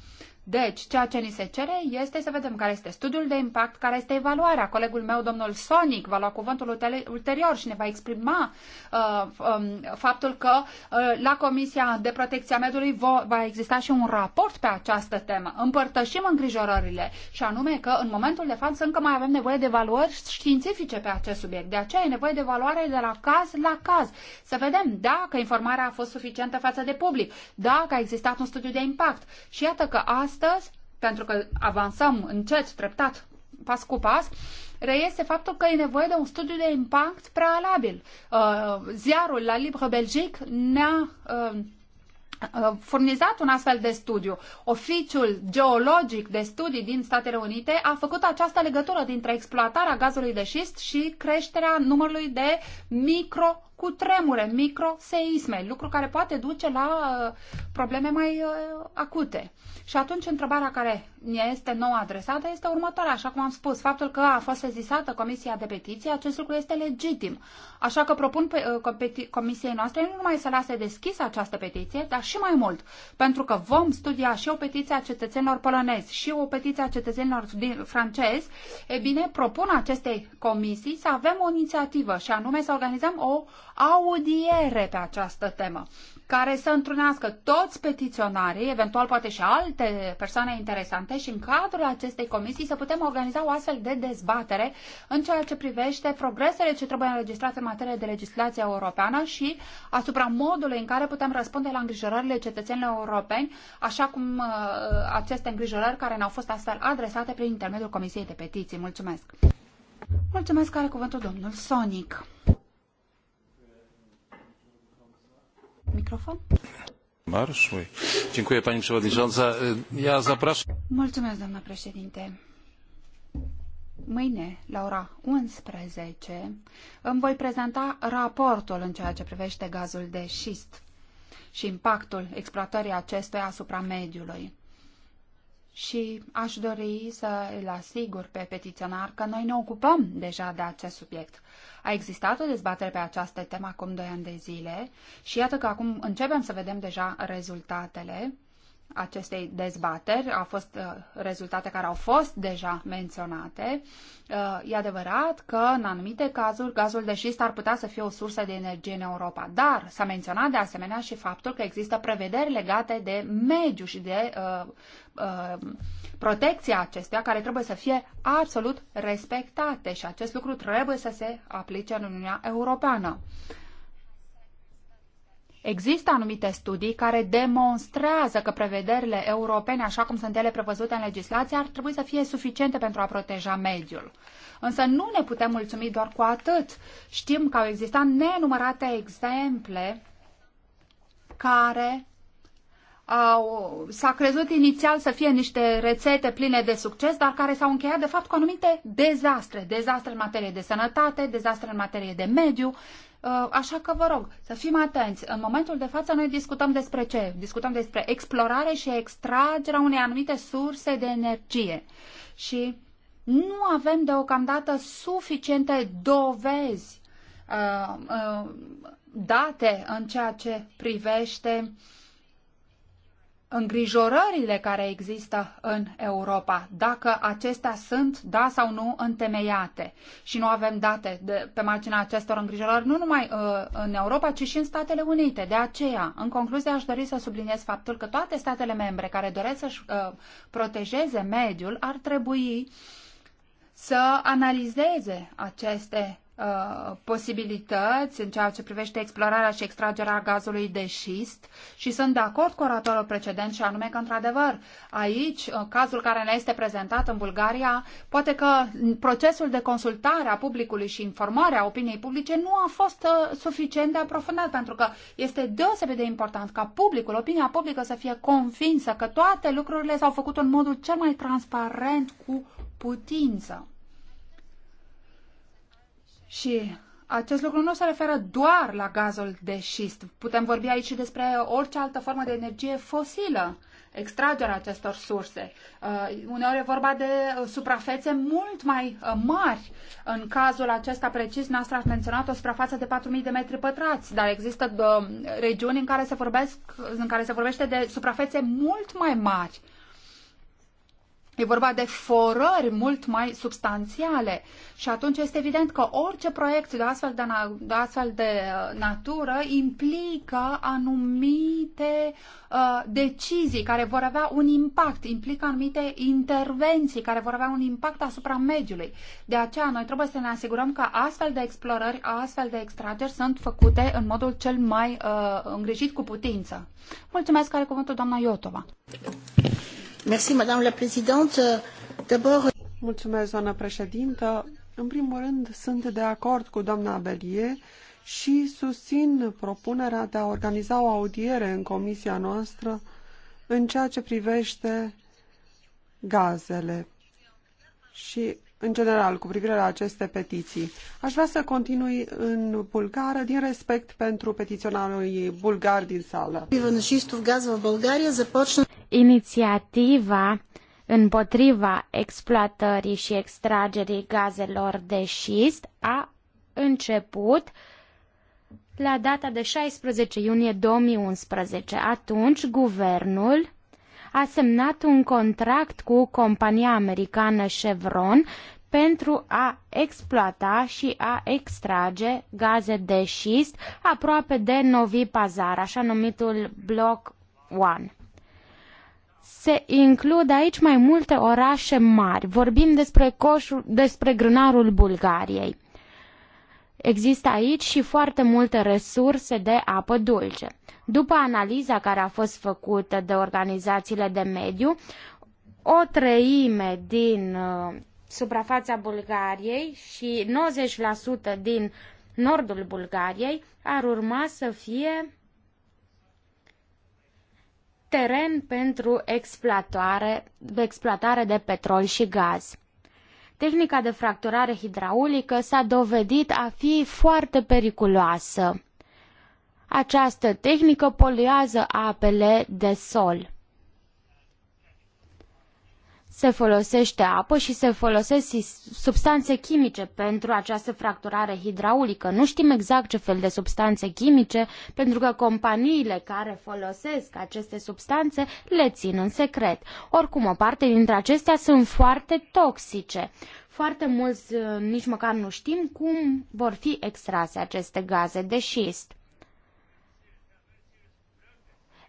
Deci, ceea ce ni se cere este să vedem care este studiul de impact, care este evaluarea. Colegul meu, domnul Sonic, va lua cuvântul ulterior și ne va exprima uh, um, faptul că uh, la Comisia de Protecție a Mediului va exista și un raport pe această temă. Împărtășim îngrijorările și anume că în momentul de față încă mai avem nevoie de evaluări științifice pe acest subiect. De aceea e nevoie de evaluare de la caz la caz. Să vedem dacă informarea a fost suficientă față de public, dacă a existat un studiu de impact. Și iată că asta astăzi, pentru că avansăm încet, treptat, pas cu pas, reiese faptul că e nevoie de un studiu de impact prealabil. Uh, ziarul La Libre Belgique ne-a uh, uh, furnizat un astfel de studiu. Oficiul geologic de studii din Statele Unite a făcut această legătură dintre exploatarea gazului de șist și creșterea numărului de micro cu tremure, microseisme, lucru care poate duce la uh, probleme mai uh, acute. Și atunci întrebarea care ne este nou adresată este următoarea. Așa cum am spus, faptul că a fost sezisată Comisia de Petiție, acest lucru este legitim. Așa că propun pe, uh, Comisiei noastre nu numai să lase deschisă această petiție, dar și mai mult, pentru că vom studia și o petiție a cetățenilor polonezi și o petiție a cetățenilor francezi, e bine, propun acestei comisii să avem o inițiativă și anume să organizăm o audiere pe această temă, care să întrunească toți petiționarii, eventual poate și alte persoane interesante și în cadrul acestei comisii să putem organiza o astfel de dezbatere în ceea ce privește progresele ce trebuie înregistrate în materie de legislație europeană și asupra modului în care putem răspunde la îngrijorările cetățenilor europeni, așa cum uh, aceste îngrijorări care ne-au fost astfel adresate prin intermediul Comisiei de Petiții. Mulțumesc! Mulțumesc, are cuvântul domnul Sonic. Microfon? Marșui. Dziękuję pani przewodnicząca. Ja zapraszam. Mulțumesc, doamna președinte. Mâine, la ora 11, îmi voi prezenta raportul în ceea ce privește gazul de șist și impactul exploatării acestuia asupra mediului și aș dori să îl asigur pe petiționar că noi ne ocupăm deja de acest subiect. A existat o dezbatere pe această temă acum doi ani de zile și iată că acum începem să vedem deja rezultatele acestei dezbateri. Au fost uh, rezultate care au fost deja menționate. Uh, e adevărat că în anumite cazuri gazul de șist ar putea să fie o sursă de energie în Europa, dar s-a menționat de asemenea și faptul că există prevederi legate de mediu și de uh, uh, protecția acestuia care trebuie să fie absolut respectate și acest lucru trebuie să se aplice în Uniunea Europeană. Uh, Există anumite studii care demonstrează că prevederile europene, așa cum sunt ele prevăzute în legislație, ar trebui să fie suficiente pentru a proteja mediul. Însă nu ne putem mulțumi doar cu atât. Știm că au existat nenumărate exemple care au, s-a crezut inițial să fie niște rețete pline de succes, dar care s-au încheiat de fapt cu anumite dezastre. Dezastre în materie de sănătate, dezastre în materie de mediu Uh, așa că vă rog să fim atenți. În momentul de față noi discutăm despre ce? Discutăm despre explorare și extragerea unei anumite surse de energie. Și nu avem deocamdată suficiente dovezi, uh, uh, date în ceea ce privește uh, îngrijorările care există în Europa, dacă acestea sunt, da sau nu, întemeiate. Și nu avem date de, pe marginea acestor îngrijorări, nu numai uh, în Europa, ci și în Statele Unite. De aceea, în concluzie, aș dori să subliniez faptul că toate statele membre care doresc să-și uh, protejeze mediul ar trebui să analizeze aceste Uh, posibilități în ceea ce privește explorarea și extragerea gazului de șist și sunt de acord cu oratorul precedent și anume că, într-adevăr, aici, în uh, cazul care ne este prezentat în Bulgaria, poate că procesul de consultare a publicului și informarea opiniei publice nu a fost uh, suficient de aprofundat, pentru că este deosebit de important ca publicul, opinia publică să fie convinsă că toate lucrurile s-au făcut în modul cel mai transparent cu putință. Și acest lucru nu se referă doar la gazul de șist. Putem vorbi aici și despre orice altă formă de energie fosilă, extragerea acestor surse. Uh, uneori e vorba de suprafețe mult mai uh, mari. În cazul acesta precis, noastră a menționat o suprafață de 4.000 de metri pătrați, dar există uh, regiuni în care, se vorbesc, în care se vorbește de suprafețe mult mai mari. E vorba de forări mult mai substanțiale și atunci este evident că orice proiect de astfel de, na- de, astfel de uh, natură implică anumite uh, decizii care vor avea un impact, implică anumite intervenții care vor avea un impact asupra mediului. De aceea noi trebuie să ne asigurăm că astfel de explorări, astfel de extrageri sunt făcute în modul cel mai uh, îngrijit cu putință. Mulțumesc, care cuvântul doamna Iotova. Mulțumesc, doamnă președintă. În primul rând, sunt de acord cu doamna Belie și susțin propunerea de a organiza o audiere în comisia noastră în ceea ce privește gazele și în general cu privire la aceste petiții. Aș vrea să continui în bulgară din respect pentru petiționarii bulgari din sală. Inițiativa împotriva exploatării și extragerii gazelor de șist a început la data de 16 iunie 2011. Atunci, guvernul a semnat un contract cu compania americană Chevron pentru a exploata și a extrage gaze de șist aproape de Novi Pazar, așa numitul Block 1. Se includ aici mai multe orașe mari. Vorbim despre, coșul, despre grânarul Bulgariei. Există aici și foarte multe resurse de apă dulce. După analiza care a fost făcută de organizațiile de mediu, o treime din uh, suprafața Bulgariei și 90% din nordul Bulgariei ar urma să fie teren pentru exploatare, exploatare de petrol și gaz. Tehnica de fracturare hidraulică s-a dovedit a fi foarte periculoasă. Această tehnică poluează apele de sol se folosește apă și se folosesc substanțe chimice pentru această fracturare hidraulică. Nu știm exact ce fel de substanțe chimice, pentru că companiile care folosesc aceste substanțe le țin în secret. Oricum, o parte dintre acestea sunt foarte toxice. Foarte mulți uh, nici măcar nu știm cum vor fi extrase aceste gaze de șist.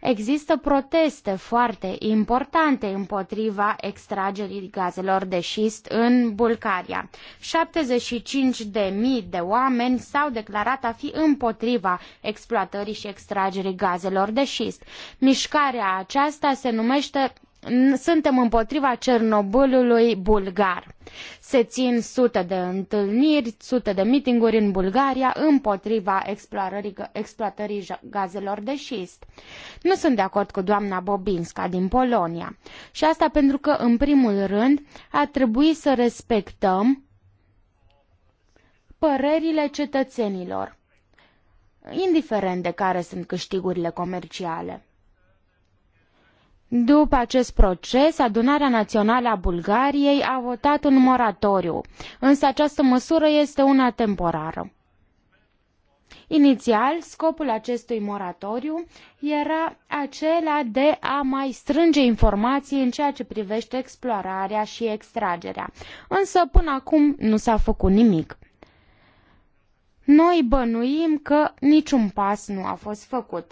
Există proteste foarte importante împotriva extragerii gazelor de șist în Bulgaria. 75.000 de mii de oameni s-au declarat a fi împotriva exploatării și extragerii gazelor de șist. Mișcarea aceasta se numește suntem împotriva Cernobâlului bulgar. Se țin sute de întâlniri, sute de mitinguri în Bulgaria împotriva exploatării gazelor de șist. Nu sunt de acord cu doamna Bobinska din Polonia. Și asta pentru că, în primul rând, ar trebui să respectăm părerile cetățenilor, indiferent de care sunt câștigurile comerciale. După acest proces, Adunarea Națională a Bulgariei a votat un moratoriu, însă această măsură este una temporară. Inițial, scopul acestui moratoriu era acela de a mai strânge informații în ceea ce privește explorarea și extragerea, însă până acum nu s-a făcut nimic. Noi bănuim că niciun pas nu a fost făcut.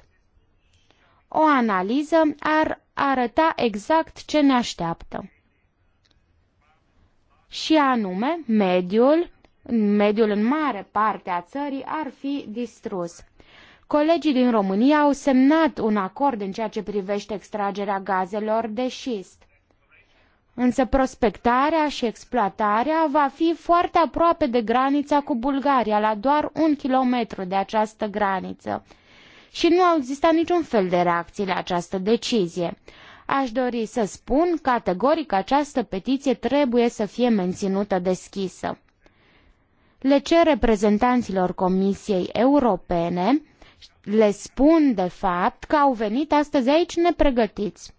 O analiză ar arăta exact ce ne așteaptă. Și anume, mediul, mediul în mare parte a țării ar fi distrus. Colegii din România au semnat un acord în ceea ce privește extragerea gazelor de șist. Însă prospectarea și exploatarea va fi foarte aproape de granița cu Bulgaria, la doar un kilometru de această graniță și nu au existat niciun fel de reacții la această decizie. Aș dori să spun categoric că această petiție trebuie să fie menținută deschisă. Le cer reprezentanților Comisiei Europene, le spun de fapt că au venit astăzi aici nepregătiți.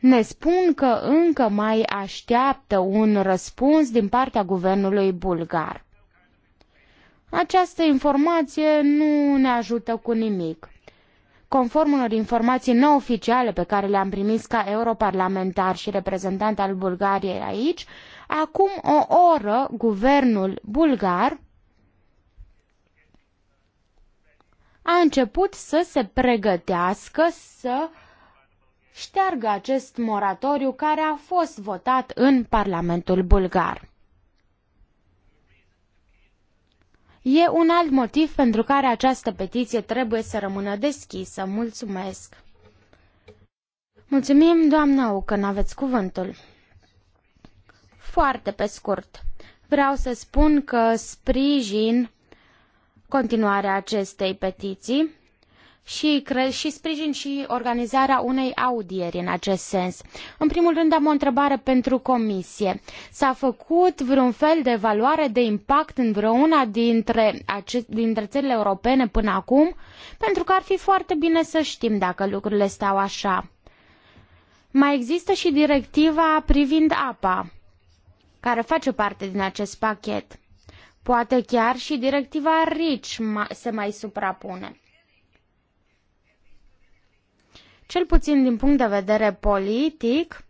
Ne spun că încă mai așteaptă un răspuns din partea guvernului bulgar. Această informație nu ne ajută cu nimic. Conform unor informații neoficiale pe care le-am primit ca europarlamentar și reprezentant al Bulgariei aici, acum o oră guvernul bulgar a început să se pregătească să șteargă acest moratoriu care a fost votat în Parlamentul bulgar. E un alt motiv pentru care această petiție trebuie să rămână deschisă. Mulțumesc! Mulțumim, doamna U, că n-aveți cuvântul. Foarte pe scurt, vreau să spun că sprijin continuarea acestei petiții și, cre- și sprijin și organizarea unei audieri în acest sens. În primul rând am o întrebare pentru comisie. S-a făcut vreun fel de evaluare de impact în vreuna dintre, ace- dintre țările europene până acum? Pentru că ar fi foarte bine să știm dacă lucrurile stau așa. Mai există și directiva privind apa, care face parte din acest pachet. Poate chiar și directiva Rich se mai suprapune. Cel puțin din punct de vedere politic,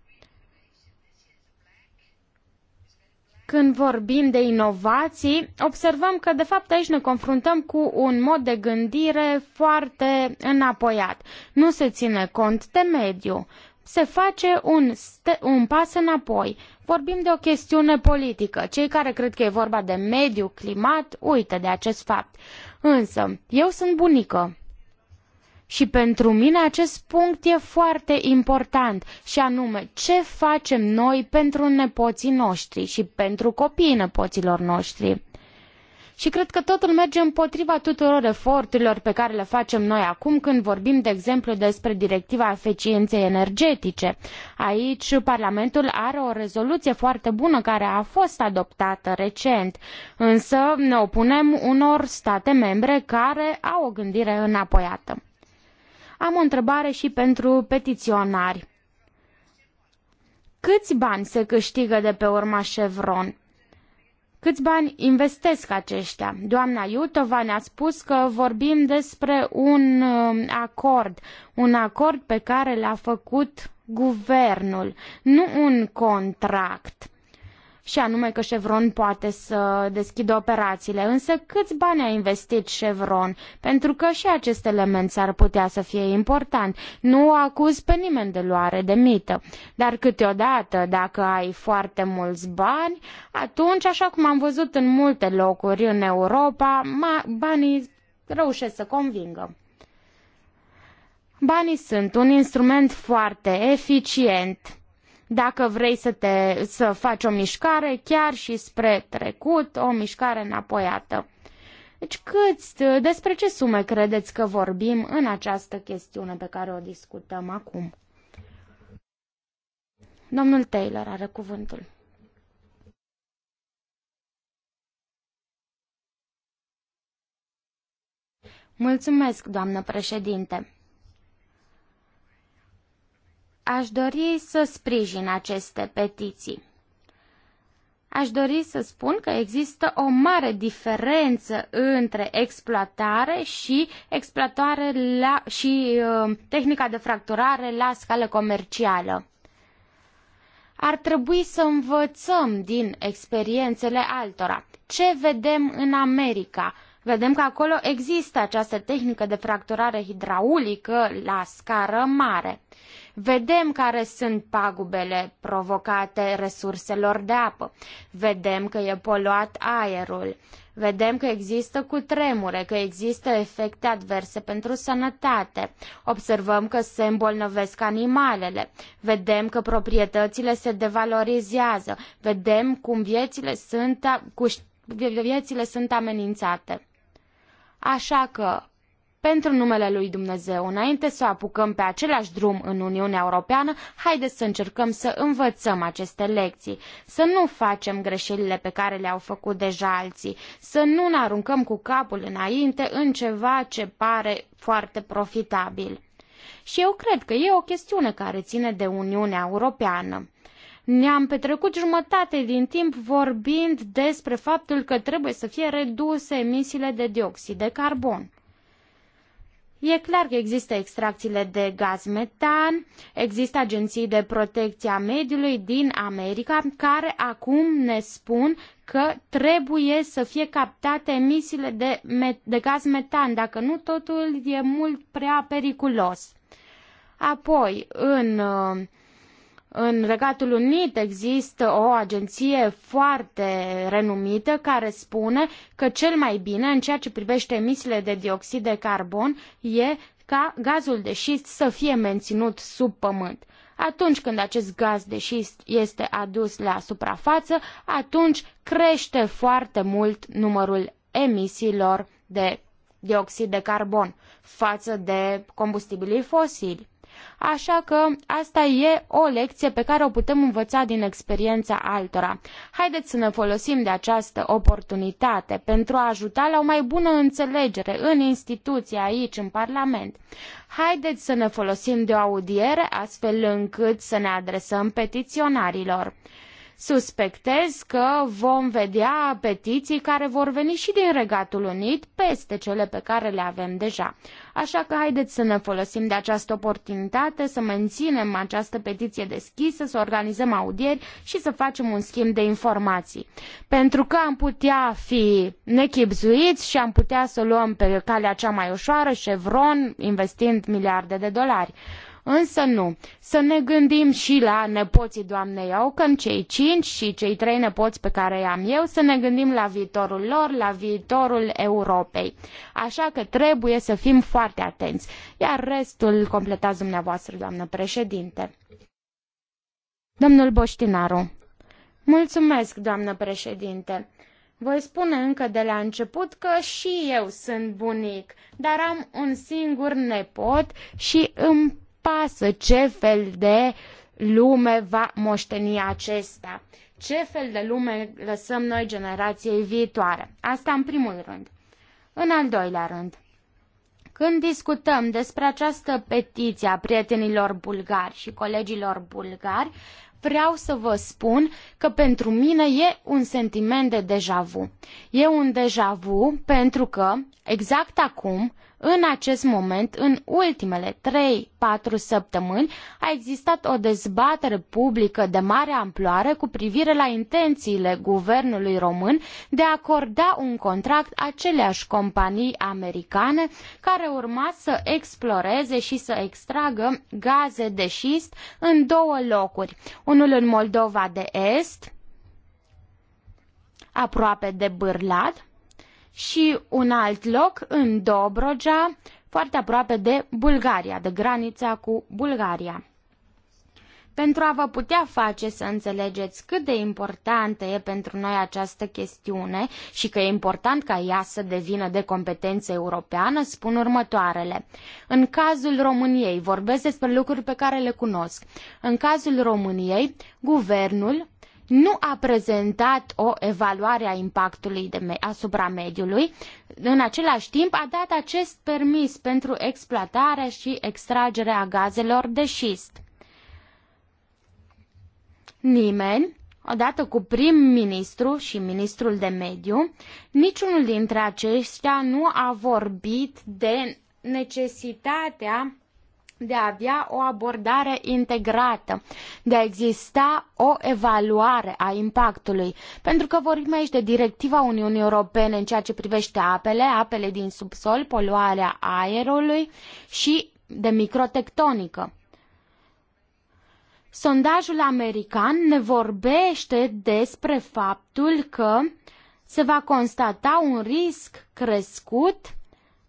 când vorbim de inovații, observăm că de fapt aici ne confruntăm cu un mod de gândire foarte înapoiat. Nu se ține cont de mediu. Se face un, un pas înapoi. Vorbim de o chestiune politică. Cei care cred că e vorba de mediu, climat, uită de acest fapt. Însă, eu sunt bunică și pentru mine acest punct e foarte important și anume ce facem noi pentru nepoții noștri și pentru copiii nepoților noștri. Și cred că totul merge împotriva tuturor eforturilor pe care le facem noi acum când vorbim, de exemplu, despre directiva eficienței energetice. Aici Parlamentul are o rezoluție foarte bună care a fost adoptată recent, însă ne opunem unor state membre care au o gândire înapoiată. Am o întrebare și pentru petiționari. Câți bani se câștigă de pe urma Chevron? Câți bani investesc aceștia? Doamna Iutova ne-a spus că vorbim despre un um, acord, un acord pe care l-a făcut guvernul, nu un contract și anume că Chevron poate să deschidă operațiile. Însă câți bani a investit Chevron? Pentru că și acest element s-ar putea să fie important. Nu acuz pe nimeni de luare de mită. Dar câteodată, dacă ai foarte mulți bani, atunci, așa cum am văzut în multe locuri în Europa, banii reușesc să convingă. Banii sunt un instrument foarte eficient dacă vrei să, te, să faci o mișcare chiar și spre trecut, o mișcare înapoiată. Deci câți, despre ce sume credeți că vorbim în această chestiune pe care o discutăm acum? Domnul Taylor are cuvântul. Mulțumesc, doamnă președinte. Aș dori să sprijin aceste petiții. Aș dori să spun că există o mare diferență între exploatare și exploatare la, și uh, tehnica de fracturare la scală comercială. Ar trebui să învățăm din experiențele altora. Ce vedem în America? Vedem că acolo există această tehnică de fracturare hidraulică la scară mare Vedem care sunt pagubele provocate resurselor de apă. Vedem că e poluat aerul. Vedem că există cutremure, că există efecte adverse pentru sănătate. Observăm că se îmbolnăvesc animalele. Vedem că proprietățile se devalorizează. Vedem cum viețile sunt, cu, viețile sunt amenințate. Așa că pentru numele lui Dumnezeu. Înainte să o apucăm pe același drum în Uniunea Europeană, haideți să încercăm să învățăm aceste lecții, să nu facem greșelile pe care le-au făcut deja alții, să nu ne aruncăm cu capul înainte în ceva ce pare foarte profitabil. Și eu cred că e o chestiune care ține de Uniunea Europeană. Ne-am petrecut jumătate din timp vorbind despre faptul că trebuie să fie reduse emisiile de dioxid de carbon. E clar că există extracțiile de gaz metan, există agenții de protecție a mediului din America care acum ne spun că trebuie să fie captate emisiile de, de gaz metan, dacă nu totul e mult prea periculos. Apoi, în uh, în Regatul Unit există o agenție foarte renumită care spune că cel mai bine în ceea ce privește emisiile de dioxid de carbon e ca gazul de șist să fie menținut sub pământ. Atunci când acest gaz de șist este adus la suprafață, atunci crește foarte mult numărul emisiilor de dioxid de carbon față de combustibilii fosili. Așa că asta e o lecție pe care o putem învăța din experiența altora. Haideți să ne folosim de această oportunitate pentru a ajuta la o mai bună înțelegere în instituție, aici, în Parlament. Haideți să ne folosim de o audiere astfel încât să ne adresăm petiționarilor. Suspectez că vom vedea petiții care vor veni și din Regatul Unit peste cele pe care le avem deja. Așa că haideți să ne folosim de această oportunitate, să menținem această petiție deschisă, să organizăm audieri și să facem un schimb de informații. Pentru că am putea fi nechipzuiți și am putea să luăm pe calea cea mai ușoară, Chevron, investind miliarde de dolari. Însă nu. Să ne gândim și la nepoții doamnei Aucan, cei cinci și cei trei nepoți pe care i-am eu, să ne gândim la viitorul lor, la viitorul Europei. Așa că trebuie să fim foarte atenți. Iar restul completați dumneavoastră, doamnă președinte. Domnul Boștinaru. Mulțumesc, doamnă președinte. Voi spune încă de la început că și eu sunt bunic, dar am un singur nepot și îmi pasă ce fel de lume va moșteni acesta. Ce fel de lume lăsăm noi generației viitoare? Asta în primul rând. În al doilea rând, când discutăm despre această petiție a prietenilor bulgari și colegilor bulgari, vreau să vă spun că pentru mine e un sentiment de deja vu. E un deja vu pentru că, exact acum, în acest moment, în ultimele 3-4 săptămâni, a existat o dezbatere publică de mare amploare cu privire la intențiile guvernului român de a acorda un contract aceleași companii americane care urma să exploreze și să extragă gaze de șist în două locuri, unul în Moldova de Est, aproape de Bârlad, și un alt loc în Dobrogea, foarte aproape de Bulgaria, de granița cu Bulgaria. Pentru a vă putea face să înțelegeți cât de importantă e pentru noi această chestiune și că e important ca ea să devină de competență europeană, spun următoarele. În cazul României, vorbesc despre lucruri pe care le cunosc, în cazul României, guvernul, nu a prezentat o evaluare a impactului de asupra mediului, în același timp a dat acest permis pentru exploatarea și extragerea gazelor de șist. Nimeni, odată cu prim-ministru și ministrul de mediu, niciunul dintre aceștia nu a vorbit de necesitatea de a avea o abordare integrată, de a exista o evaluare a impactului, pentru că vorbim aici de directiva Uniunii Europene în ceea ce privește apele, apele din subsol, poluarea aerului și de microtectonică. Sondajul american ne vorbește despre faptul că se va constata un risc crescut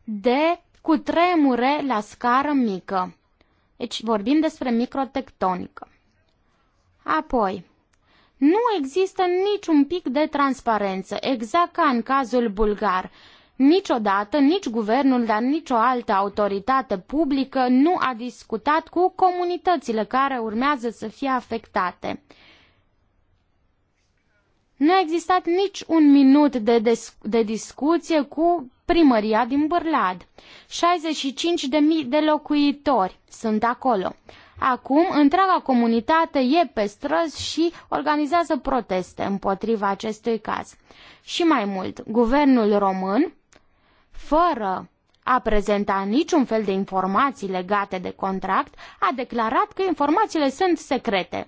de cutremure la scară mică. Deci vorbim despre microtectonică. Apoi, nu există niciun pic de transparență, exact ca în cazul bulgar. Niciodată, nici guvernul, dar nicio altă autoritate publică nu a discutat cu comunitățile care urmează să fie afectate. Nu a existat nici un minut de, de discuție cu primăria din Bârlad. 65.000 de locuitori sunt acolo. Acum, întreaga comunitate e pe străzi și organizează proteste împotriva acestui caz. Și mai mult, guvernul român, fără a prezenta niciun fel de informații legate de contract, a declarat că informațiile sunt secrete.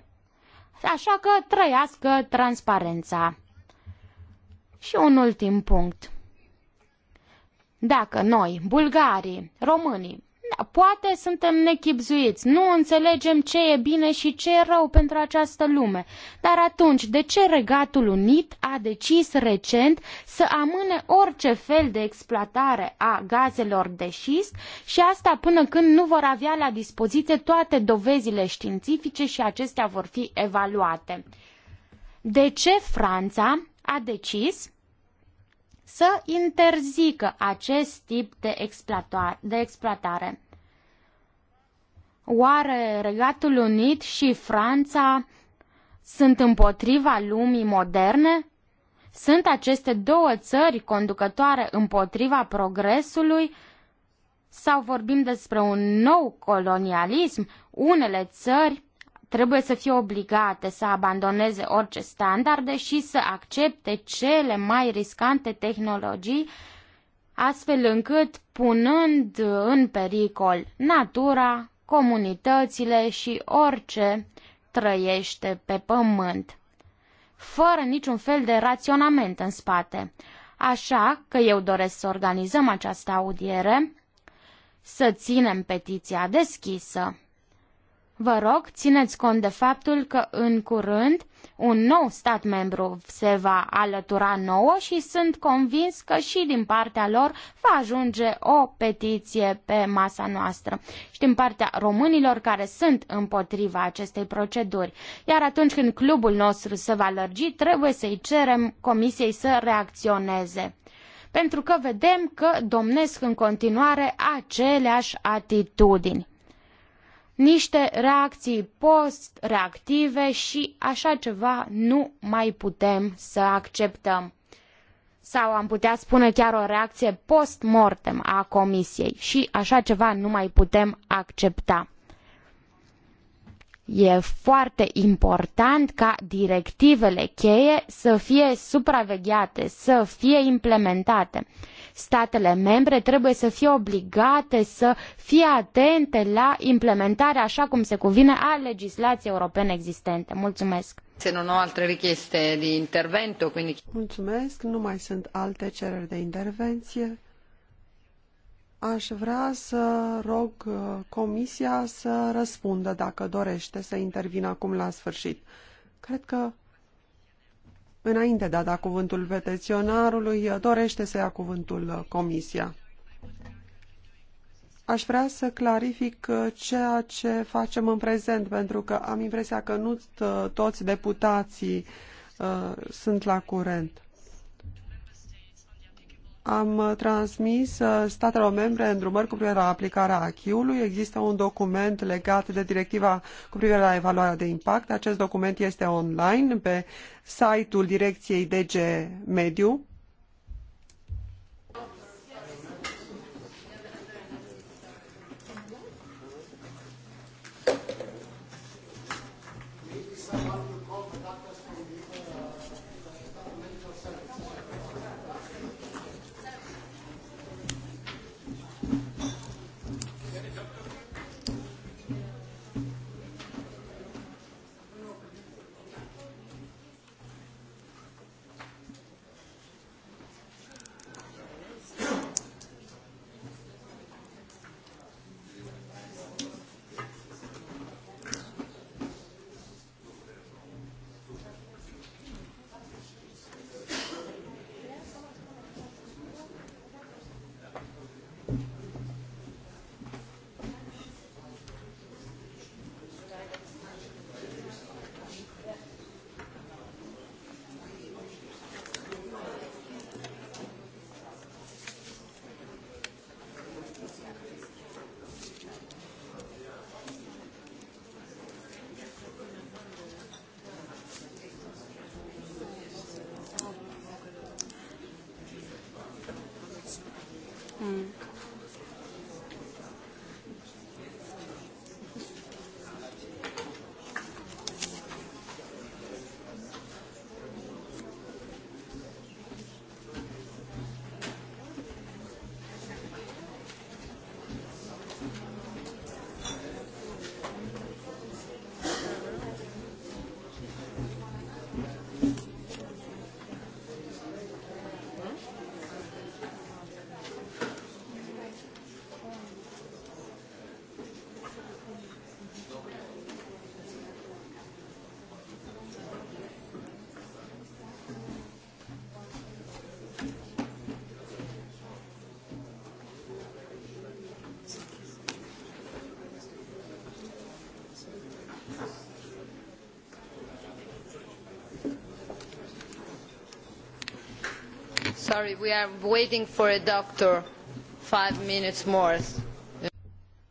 Așa că trăiască transparența. Și un ultim punct. Dacă noi, bulgarii, românii, Poate suntem nechipzuiți, nu înțelegem ce e bine și ce e rău pentru această lume. Dar atunci, de ce Regatul Unit a decis recent să amâne orice fel de exploatare a gazelor de șist și asta până când nu vor avea la dispoziție toate dovezile științifice și acestea vor fi evaluate? De ce Franța a decis să interzică acest tip de, exploatare. Oare Regatul Unit și Franța sunt împotriva lumii moderne? Sunt aceste două țări conducătoare împotriva progresului? Sau vorbim despre un nou colonialism? Unele țări trebuie să fie obligate să abandoneze orice standarde și să accepte cele mai riscante tehnologii, astfel încât punând în pericol natura, comunitățile și orice trăiește pe pământ, fără niciun fel de raționament în spate. Așa că eu doresc să organizăm această audiere, să ținem petiția deschisă. Vă rog, țineți cont de faptul că în curând un nou stat membru se va alătura nouă și sunt convins că și din partea lor va ajunge o petiție pe masa noastră și din partea românilor care sunt împotriva acestei proceduri. Iar atunci când clubul nostru se va lărgi, trebuie să-i cerem comisiei să reacționeze. Pentru că vedem că domnesc în continuare aceleași atitudini niște reacții post-reactive și așa ceva nu mai putem să acceptăm. Sau am putea spune chiar o reacție post-mortem a comisiei și așa ceva nu mai putem accepta. E foarte important ca directivele cheie să fie supravegheate, să fie implementate statele membre trebuie să fie obligate să fie atente la implementarea, așa cum se cuvine, a legislației europene existente. Mulțumesc! Se nu au alte richieste de intervento, quindi... Mulțumesc, nu mai sunt alte cereri de intervenție. Aș vrea să rog uh, Comisia să răspundă dacă dorește să intervină acum la sfârșit. Cred că Înainte de a da cuvântul petiționarului, dorește să ia cuvântul uh, comisia. Aș vrea să clarific uh, ceea ce facem în prezent, pentru că am impresia că nu uh, toți deputații uh, sunt la curent am uh, transmis uh, statelor membre îndrumări cu privire la aplicarea acquis-ului. Există un document legat de directiva cu privire la evaluarea de impact. Acest document este online pe site-ul direcției DG Mediu.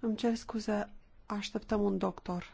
Îmi cer scuze, așteptăm un doctor.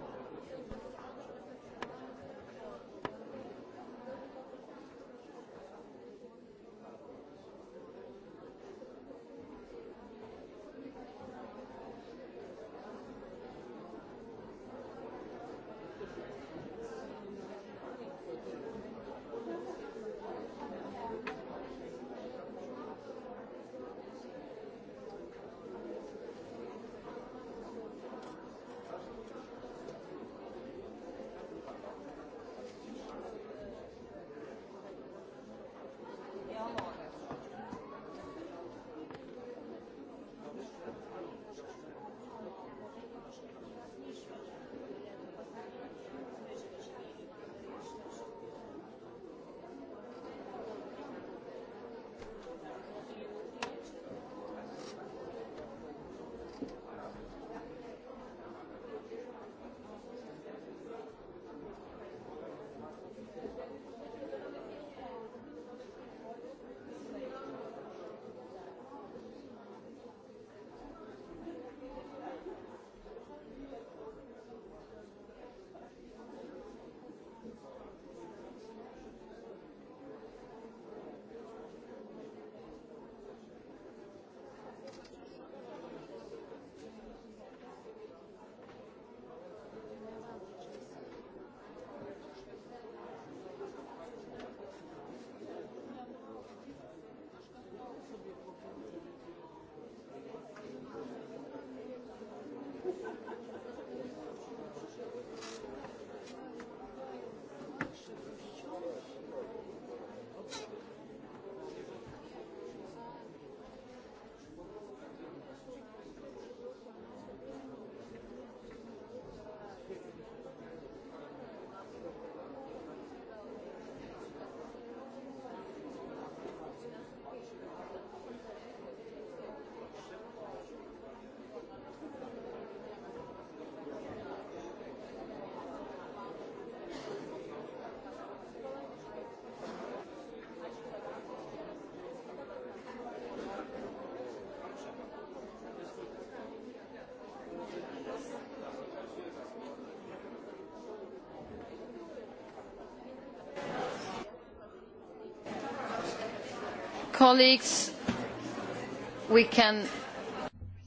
Colleagues,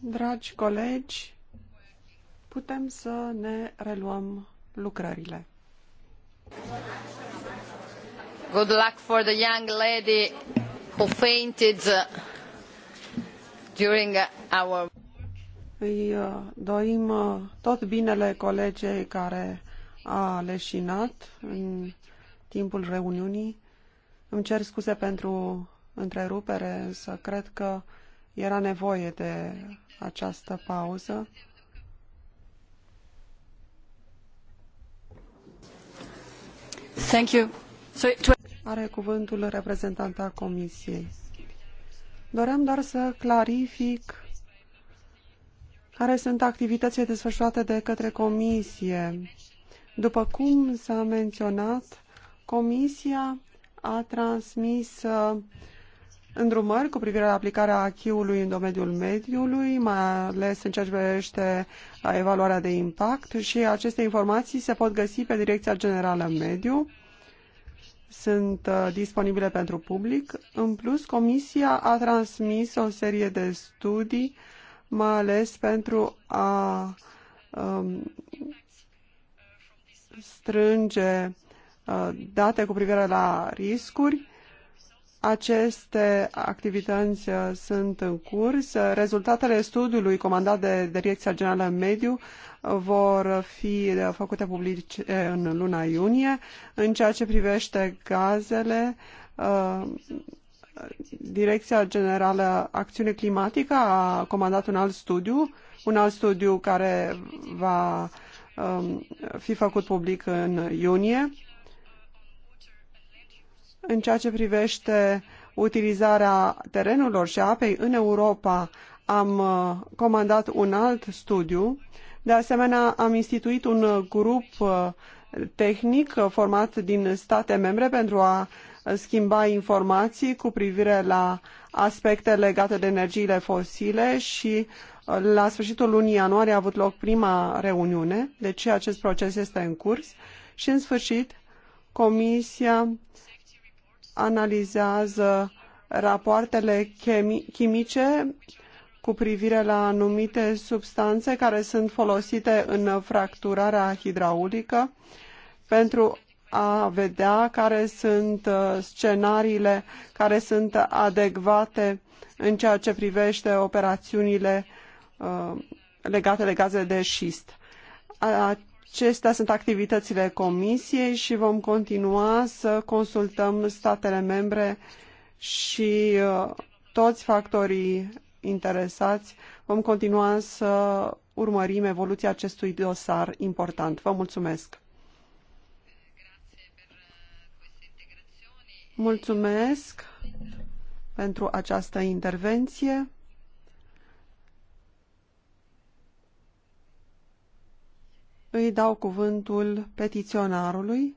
Dragi colegi, putem să ne reluăm lucrările. Good luck for the young lady who fainted uh, during uh, our... Îi uh, dorim tot binele colegei care a leșinat în timpul reuniunii. Îmi cer scuze pentru întrerupere, însă cred că era nevoie de această pauză. Thank you. So, Are cuvântul reprezentanta Comisiei. Doream doar să clarific care sunt activitățile desfășurate de către Comisie. După cum s-a menționat, Comisia a transmis uh, îndrumări cu privire la aplicarea achiului în domeniul mediului, mai ales în ceea ce privește evaluarea de impact și aceste informații se pot găsi pe Direcția Generală Mediu. Sunt uh, disponibile pentru public. În plus, Comisia a transmis o serie de studii, mai ales pentru a um, strânge uh, date cu privire la riscuri aceste activități uh, sunt în curs. Rezultatele studiului comandat de Direcția Generală Mediu uh, vor fi uh, făcute publice în luna iunie. În ceea ce privește gazele, Direcția Generală Acțiune Climatică a comandat un alt studiu, un alt studiu care va um, fi făcut public în iunie în ceea ce privește utilizarea terenurilor și apei în Europa, am uh, comandat un alt studiu. De asemenea, am instituit un grup uh, tehnic uh, format din state membre pentru a schimba informații cu privire la aspecte legate de energiile fosile și la sfârșitul lunii ianuarie a avut loc prima reuniune, deci acest proces este în curs și în sfârșit Comisia analizează rapoartele chimice cu privire la anumite substanțe care sunt folosite în fracturarea hidraulică pentru a vedea care sunt uh, scenariile care sunt adecvate în ceea ce privește operațiunile uh, legate de gaze de șist. Acestea sunt activitățile Comisiei și vom continua să consultăm statele membre și uh, toți factorii interesați. Vom continua să urmărim evoluția acestui dosar important. Vă mulțumesc! Mulțumesc pentru această intervenție. îi dau cuvântul petiționarului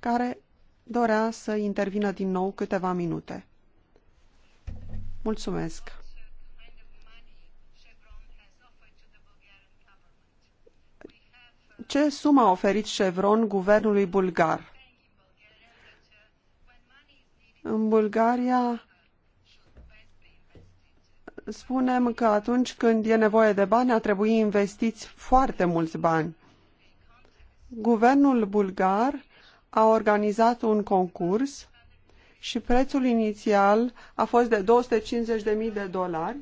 care dorea să intervină din nou câteva minute. Mulțumesc! Ce sumă a oferit Chevron guvernului bulgar? În Bulgaria spunem că atunci când e nevoie de bani, ar trebui investiți foarte mulți bani. Guvernul bulgar a organizat un concurs și prețul inițial a fost de 250.000 de dolari.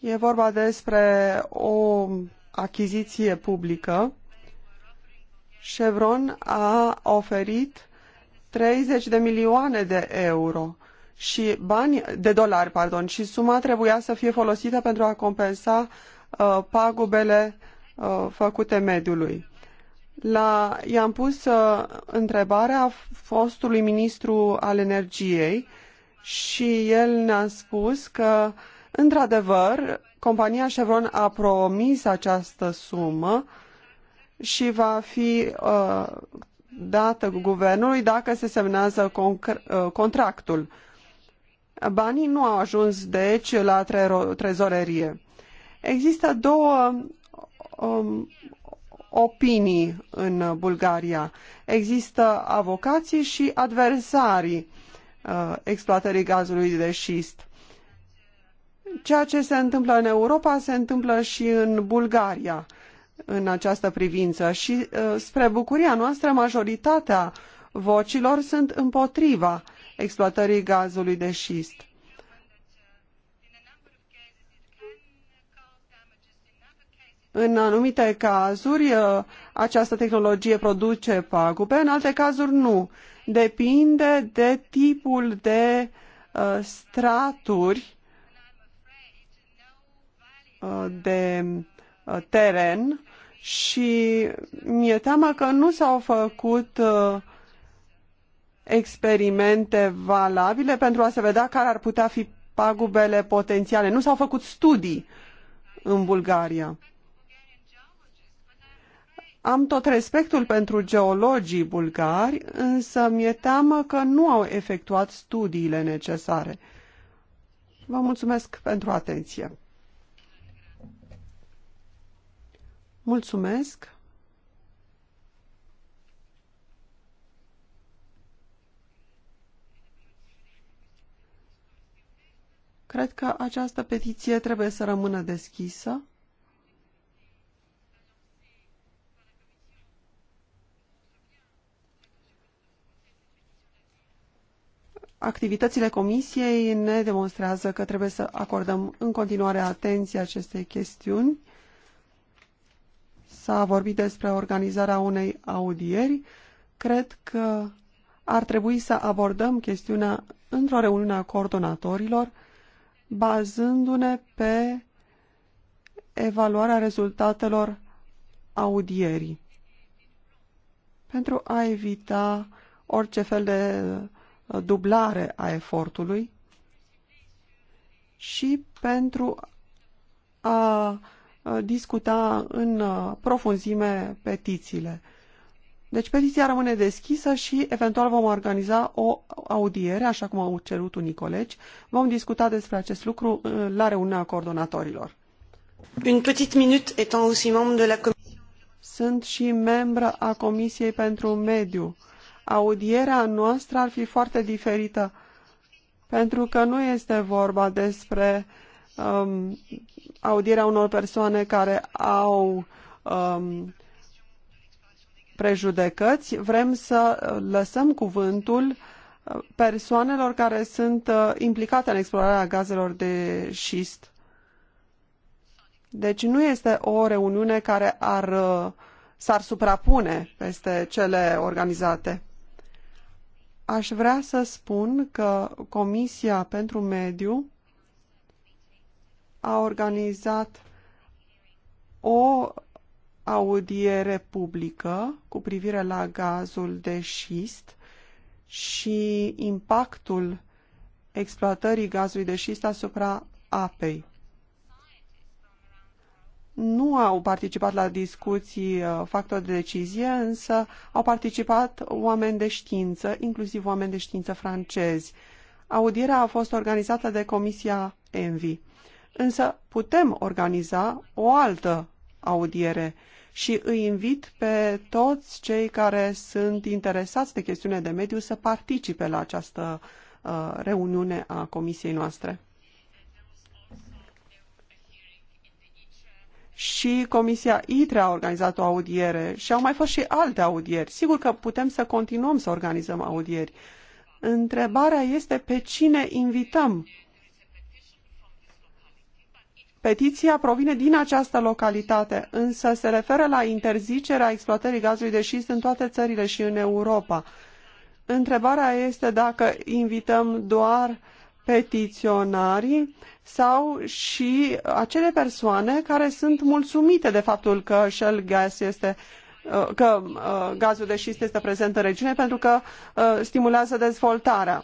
E vorba despre o achiziție publică. Chevron a oferit 30 de milioane de euro și bani de dolari, pardon, și suma trebuia să fie folosită pentru a compensa uh, pagubele uh, făcute mediului. La, i-am pus uh, întrebarea fostului ministru al energiei și el ne-a spus că, într-adevăr, compania Chevron a promis această sumă și va fi uh, dată guvernului dacă se semnează uh, contractul. Banii nu au ajuns, deci, la trezorerie. Există două um, opinii în Bulgaria. Există avocații și adversarii uh, exploatării gazului de șist. Ceea ce se întâmplă în Europa se întâmplă și în Bulgaria în această privință și, uh, spre bucuria noastră, majoritatea vocilor sunt împotriva exploatării gazului de șist. În anumite cazuri, uh, această tehnologie produce pagube, în alte cazuri nu. Depinde de tipul de uh, straturi uh, de Uh, teren și mi-e teamă că nu s-au făcut uh, experimente valabile pentru a se vedea care ar putea fi pagubele potențiale. Nu s-au făcut studii în Bulgaria. Am tot respectul pentru geologii bulgari, însă mi-e teamă că nu au efectuat studiile necesare. Vă mulțumesc pentru atenție. Mulțumesc! Cred că această petiție trebuie să rămână deschisă. Activitățile comisiei ne demonstrează că trebuie să acordăm în continuare atenție acestei chestiuni. S-a vorbit despre organizarea unei audieri. Cred că ar trebui să abordăm chestiunea într-o reuniune a coordonatorilor, bazându-ne pe evaluarea rezultatelor audierii. Pentru a evita orice fel de uh, dublare a efortului și pentru a Uh, discuta în uh, profunzime petițiile. Deci petiția rămâne deschisă și eventual vom organiza o audiere, așa cum au cerut unii colegi. Vom discuta despre acest lucru uh, la reuniunea coordonatorilor. Une petite minute étant aussi membre de la Sunt și membră a Comisiei pentru Mediu. Audierea noastră ar fi foarte diferită, pentru că nu este vorba despre uh, um, audierea unor persoane care au um, prejudecăți, vrem să lăsăm cuvântul uh, persoanelor care sunt uh, implicate în explorarea gazelor de șist. Deci nu este o reuniune care ar, uh, s-ar suprapune peste cele organizate. Aș vrea să spun că Comisia pentru Mediu a organizat o audiere publică cu privire la gazul de șist și impactul exploatării gazului de șist asupra apei. Nu au participat la discuții uh, factori de decizie, însă au participat oameni de știință, inclusiv oameni de știință francezi. Audierea a fost organizată de Comisia Envi însă putem organiza o altă audiere și îi invit pe toți cei care sunt interesați de chestiune de mediu să participe la această uh, reuniune a comisiei noastre. și Comisia ITRE a organizat o audiere și au mai fost și alte audieri. Sigur că putem să continuăm să organizăm audieri. Întrebarea este pe cine invităm. Petiția provine din această localitate, însă se referă la interzicerea exploatării gazului de șist în toate țările și în Europa. Întrebarea este dacă invităm doar petiționarii sau și acele persoane care sunt mulțumite de faptul că Shell Gas este uh, că uh, gazul de șist este prezent în regiune pentru că uh, stimulează dezvoltarea.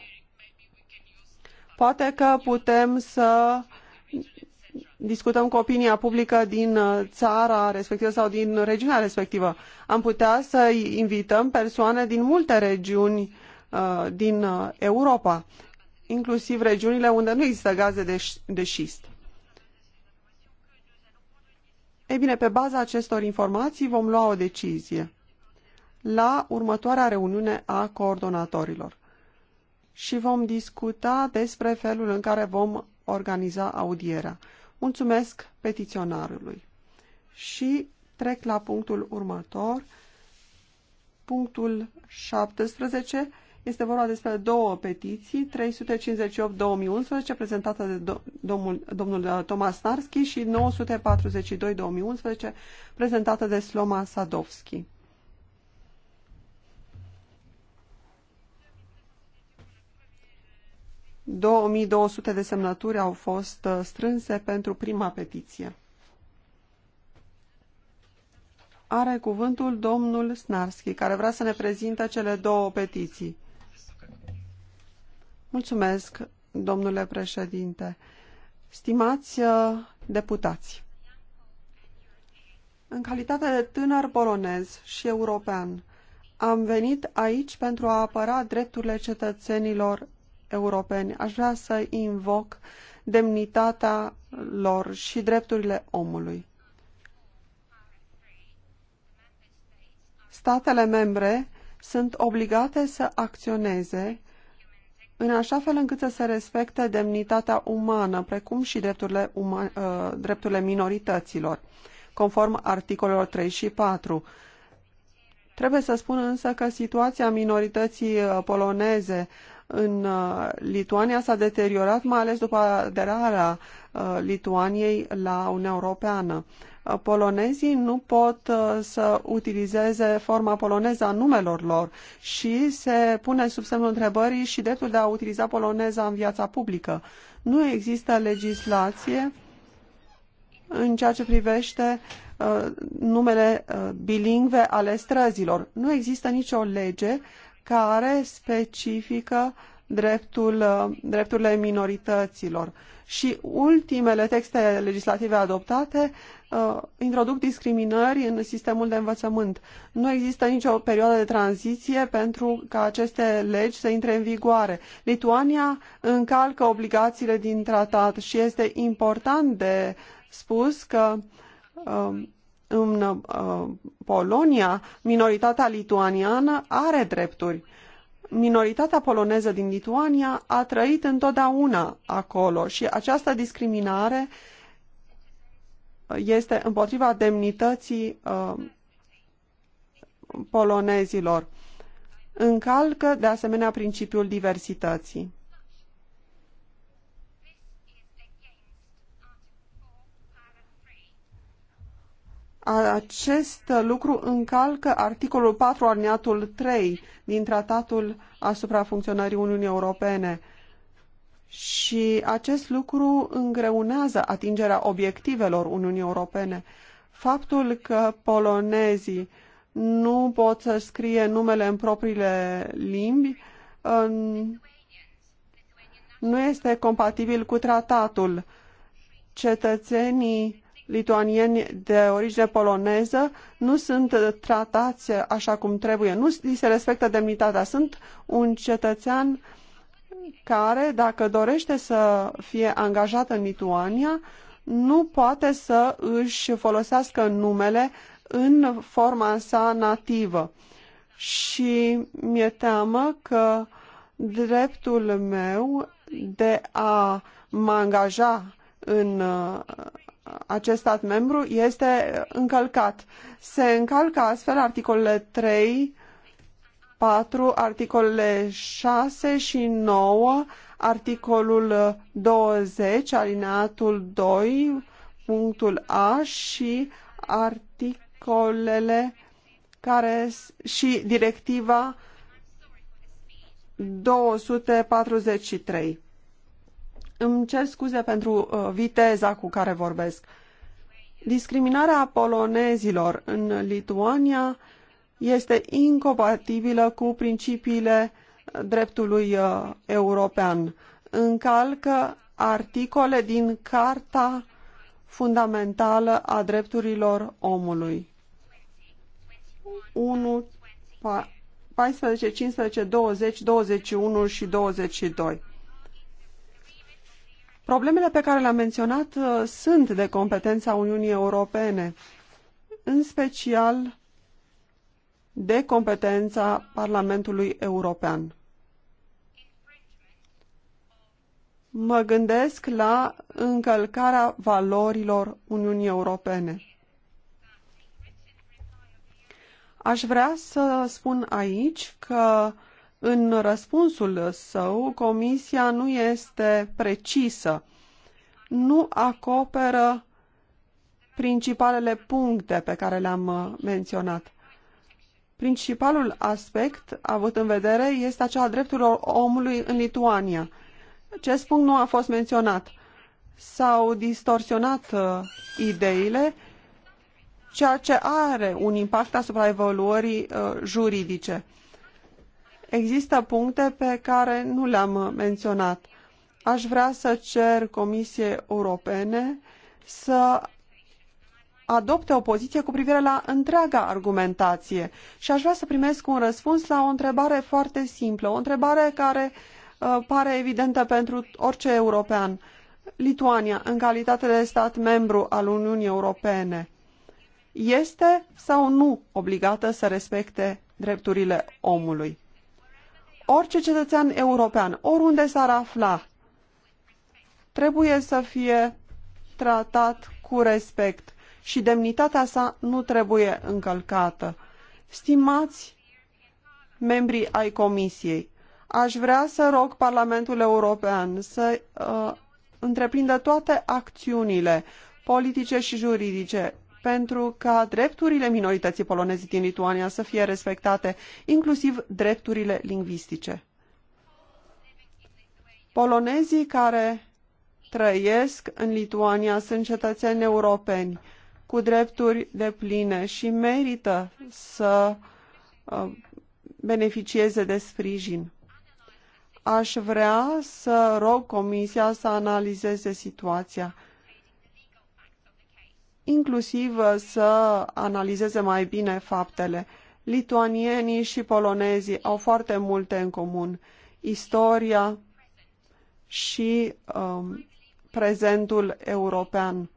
Poate că putem să discutăm cu opinia publică din uh, țara respectivă sau din regiunea respectivă. Am putea să invităm persoane din multe regiuni uh, din uh, Europa, inclusiv regiunile unde nu există gaze de șist. Ei bine, pe baza acestor informații vom lua o decizie la următoarea reuniune a coordonatorilor și vom discuta despre felul în care vom organiza audierea. Mulțumesc petiționarului. Și trec la punctul următor. Punctul 17 este vorba despre două petiții, 358-2011, prezentată de domnul, domnul uh, Tomas Narski și 942-2011, prezentată de Sloma Sadovski. 2200 de semnături au fost uh, strânse pentru prima petiție. Are cuvântul domnul Snarski, care vrea să ne prezinte cele două petiții. Mulțumesc, domnule președinte. Stimați uh, deputați, în calitate de tânăr polonez și european, am venit aici pentru a apăra drepturile cetățenilor europeni. Aș vrea să invoc demnitatea lor și drepturile omului. Statele membre sunt obligate să acționeze în așa fel încât să se respecte demnitatea umană, precum și drepturile, uma, uh, drepturile minorităților, conform articolelor 3 și 4. Trebuie să spun însă că situația minorității uh, poloneze, în uh, Lituania s-a deteriorat, mai ales după aderarea uh, Lituaniei la Uniunea Europeană. Uh, polonezii nu pot să utilizeze forma poloneză a numelor lor și se pune sub semnul întrebării și dreptul de a utiliza poloneza în viața publică. Nu există legislație în ceea ce privește numele bilingve ale străzilor. Nu există nicio lege care specifică dreptul, drepturile minorităților. Și ultimele texte legislative adoptate uh, introduc discriminări în sistemul de învățământ. Nu există nicio perioadă de tranziție pentru ca aceste legi să intre în vigoare. Lituania încalcă obligațiile din tratat și este important de spus că uh, în uh, Polonia, minoritatea lituaniană are drepturi. Minoritatea poloneză din Lituania a trăit întotdeauna acolo și această discriminare este împotriva demnității uh, polonezilor. Încalcă, de asemenea, principiul diversității. Acest lucru încalcă articolul 4 aliniatul 3 din Tratatul asupra funcționării Uniunii Europene și acest lucru îngreunează atingerea obiectivelor Uniunii Europene. Faptul că polonezii nu pot să scrie numele în propriile limbi nu este compatibil cu tratatul. Cetățenii lituanieni de origine poloneză nu sunt tratați așa cum trebuie, nu li se respectă demnitatea. Sunt un cetățean care, dacă dorește să fie angajat în Lituania, nu poate să își folosească numele în forma sa nativă. Și mi-e teamă că dreptul meu de a mă angaja în acest stat membru este încălcat. Se încalcă astfel articolele 3, 4, articolele 6 și 9, articolul 20, alineatul 2, punctul A și articolele care și directiva 243. Îmi cer scuze pentru uh, viteza cu care vorbesc. Discriminarea polonezilor în Lituania este incompatibilă cu principiile dreptului uh, european. Încalcă articole din Carta Fundamentală a Drepturilor Omului. 1, 14, 15, 20, 21 și 22. Problemele pe care le-am menționat uh, sunt de competența Uniunii Europene, în special de competența Parlamentului European. Mă gândesc la încălcarea valorilor Uniunii Europene. Aș vrea să spun aici că în răspunsul său, Comisia nu este precisă, nu acoperă principalele puncte pe care le-am uh, menționat. Principalul aspect avut în vedere este acela drepturilor omului în Lituania. Acest punct nu a fost menționat. S-au distorsionat uh, ideile, ceea ce are un impact asupra evoluării uh, juridice. Există puncte pe care nu le-am uh, menționat. Aș vrea să cer Comisiei Europene să adopte o poziție cu privire la întreaga argumentație și aș vrea să primesc un răspuns la o întrebare foarte simplă, o întrebare care uh, pare evidentă pentru orice european. Lituania, în calitate de stat membru al Uniunii Europene, este sau nu obligată să respecte drepturile omului? orice cetățean european, oriunde s-ar afla, trebuie să fie tratat cu respect și demnitatea sa nu trebuie încălcată. Stimați membrii ai Comisiei, aș vrea să rog Parlamentul European să uh, întreprindă toate acțiunile politice și juridice pentru ca drepturile minorității poloneze din Lituania să fie respectate, inclusiv drepturile lingvistice. Polonezii care trăiesc în Lituania sunt cetățeni europeni cu drepturi de pline și merită să uh, beneficieze de sprijin. Aș vrea să rog Comisia să analizeze situația inclusiv uh, să analizeze mai bine faptele. Lituanienii și polonezii au foarte multe în comun. Istoria și um, prezentul european.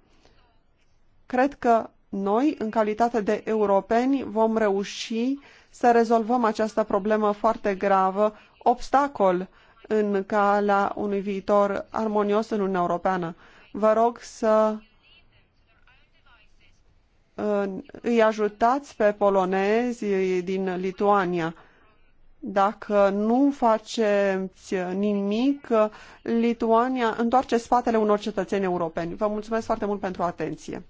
Cred că noi, în calitate de europeni, vom reuși să rezolvăm această problemă foarte gravă, obstacol în calea unui viitor armonios în Uniunea Europeană. Vă rog să îi ajutați pe polonezi din Lituania. Dacă nu faceți nimic, Lituania întoarce spatele unor cetățeni europeni. Vă mulțumesc foarte mult pentru atenție.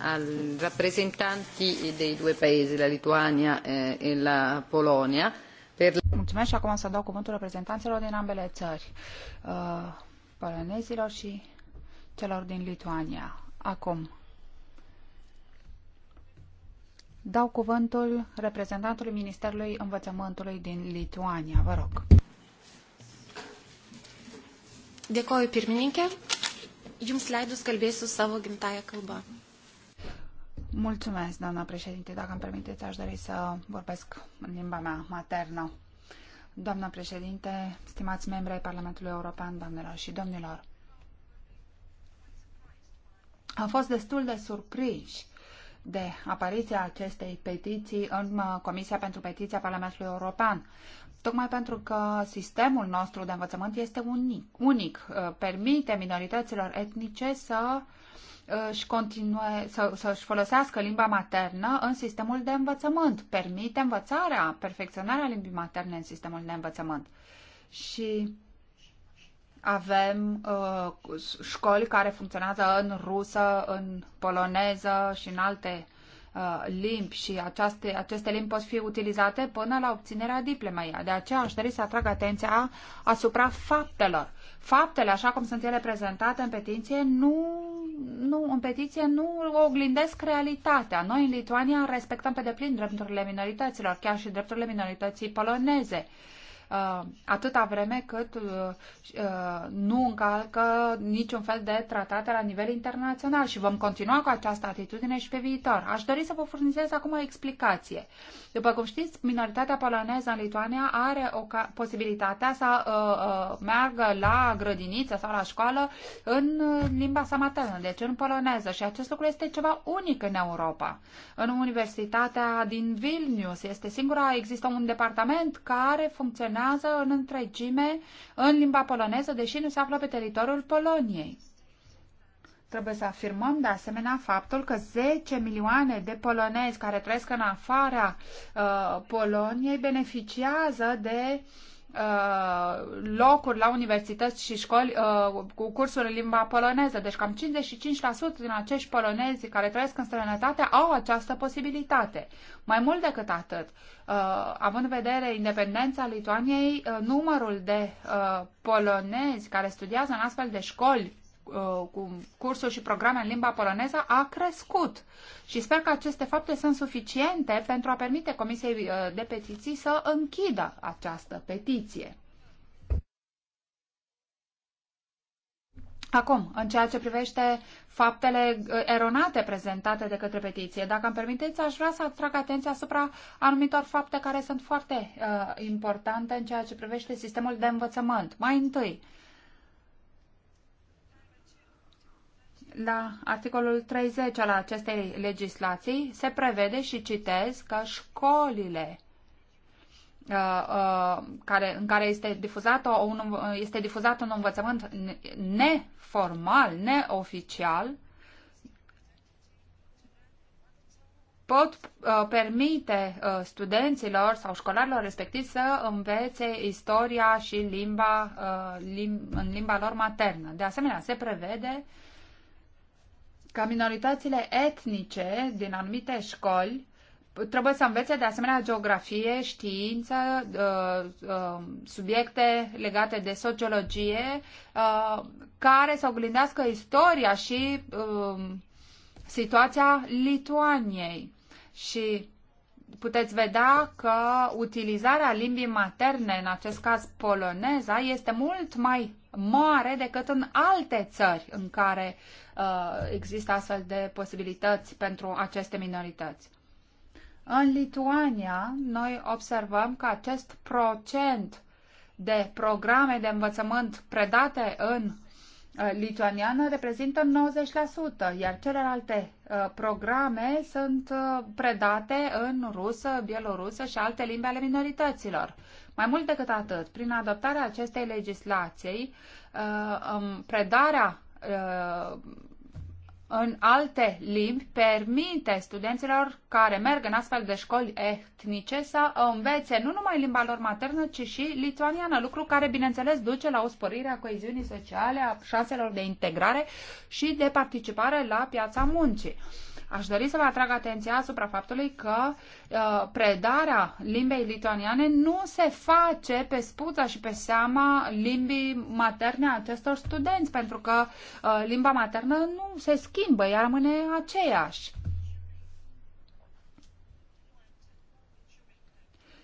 Al reprezentanții dei due paese, la Lituania e la Polonia. Per... Mulțumesc și acum să dau cuvântul reprezentanților din ambele țări, uh, polonezilor și celor din Lituania. Acum, Dau cuvântul reprezentantului Ministerului Învățământului din Lituania. Vă rog. Dėkoju pirmininkė. Jums leidus kalbėsiu savo gimtają kalbą. Mulțumesc, doamna președinte. Dacă îmi permiteți, aș dori să vorbesc în limba mea maternă. Doamna președinte, stimați membri ai Parlamentului European, doamnelor și domnilor, am fost destul de surprinși de apariția acestei petiții în uh, Comisia pentru Petiția Parlamentului European. Tocmai pentru că sistemul nostru de învățământ este unic, unic uh, permite minorităților etnice să uh, își continue, să, să-și folosească limba maternă în sistemul de învățământ, permite învățarea, perfecționarea limbii materne în sistemul de învățământ. Și avem uh, școli care funcționează în rusă, în poloneză și în alte uh, limbi și aceaste, aceste limbi pot fi utilizate până la obținerea diplomei. De aceea aș dori să atrag atenția asupra faptelor. Faptele, așa cum sunt ele prezentate în petiție, nu, nu, în petiție nu oglindesc realitatea. Noi în Lituania respectăm pe deplin drepturile minorităților, chiar și drepturile minorității poloneze. Uh, Uh, atâta vreme cât uh, uh, nu încalcă niciun fel de tratate la nivel internațional și vom continua cu această atitudine și pe viitor. Aș dori să vă furnizez acum o explicație. După cum știți, minoritatea poloneză în Lituania are o posibilitatea să meargă la grădiniță sau la școală în limba sa maternă, deci în poloneză. Și acest lucru este ceva unic în Europa. În Universitatea din Vilnius este singura, există un departament care funcționează funcționează în întregime în limba poloneză, deși nu se află pe teritoriul Poloniei. Trebuie să afirmăm de asemenea faptul că 10 milioane de polonezi care trăiesc în afara uh, Poloniei beneficiază de uh, Uh, locuri la universități și școli uh, cu cursuri în limba poloneză. Deci cam 55% din acești polonezi care trăiesc în străinătate au această posibilitate. Mai mult decât atât, uh, având în vedere independența Lituaniei, numărul de polonezi care studiază în astfel de școli Uh, cu cursuri și programe în limba poloneză a crescut. Și sper că aceste fapte sunt suficiente pentru a permite Comisiei uh, de Petiții să închidă această petiție. Acum, în ceea ce privește faptele uh, eronate prezentate de către petiție, dacă îmi permiteți, aș vrea să atrag atenția asupra anumitor fapte care sunt foarte uh, importante în ceea ce privește sistemul de învățământ. Mai întâi, la articolul 30 al acestei legislații se prevede și citez că școlile uh, uh, care, în care este difuzat, un, este difuzat un învățământ neformal, neoficial, pot uh, permite uh, studenților sau școlarilor respectiv să învețe istoria și limba uh, lim- în limba lor maternă. De asemenea, se prevede uh, ca minoritățile etnice din anumite școli trebuie să învețe de asemenea geografie, știință, uh, uh, subiecte legate de sociologie, uh, care să oglindească istoria și situația Lituaniei. Și puteți vedea că utilizarea limbii materne, în acest caz poloneza, este mult mai mare decât în alte țări în care uh, există astfel de posibilități pentru aceste minorități. În Lituania, noi observăm că acest procent de programe de învățământ predate în Uh, lituaniană reprezintă 90%, iar celelalte uh, programe sunt uh, predate în rusă, bielorusă și alte limbi ale minorităților. Mai mult decât atât, prin adoptarea acestei legislații, um, predarea în alte limbi permite studenților care merg în astfel de școli etnice să învețe nu numai limba lor maternă, ci și lituaniană, lucru care, bineînțeles, duce la o sporire a coeziunii sociale, a șanselor de integrare și de participare la piața muncii. Aș dori să vă atrag atenția asupra faptului că uh, predarea limbei lituaniane nu se face pe spuța și pe seama limbii materne a acestor studenți, pentru că uh, limba maternă nu se schimbă, ea rămâne aceeași.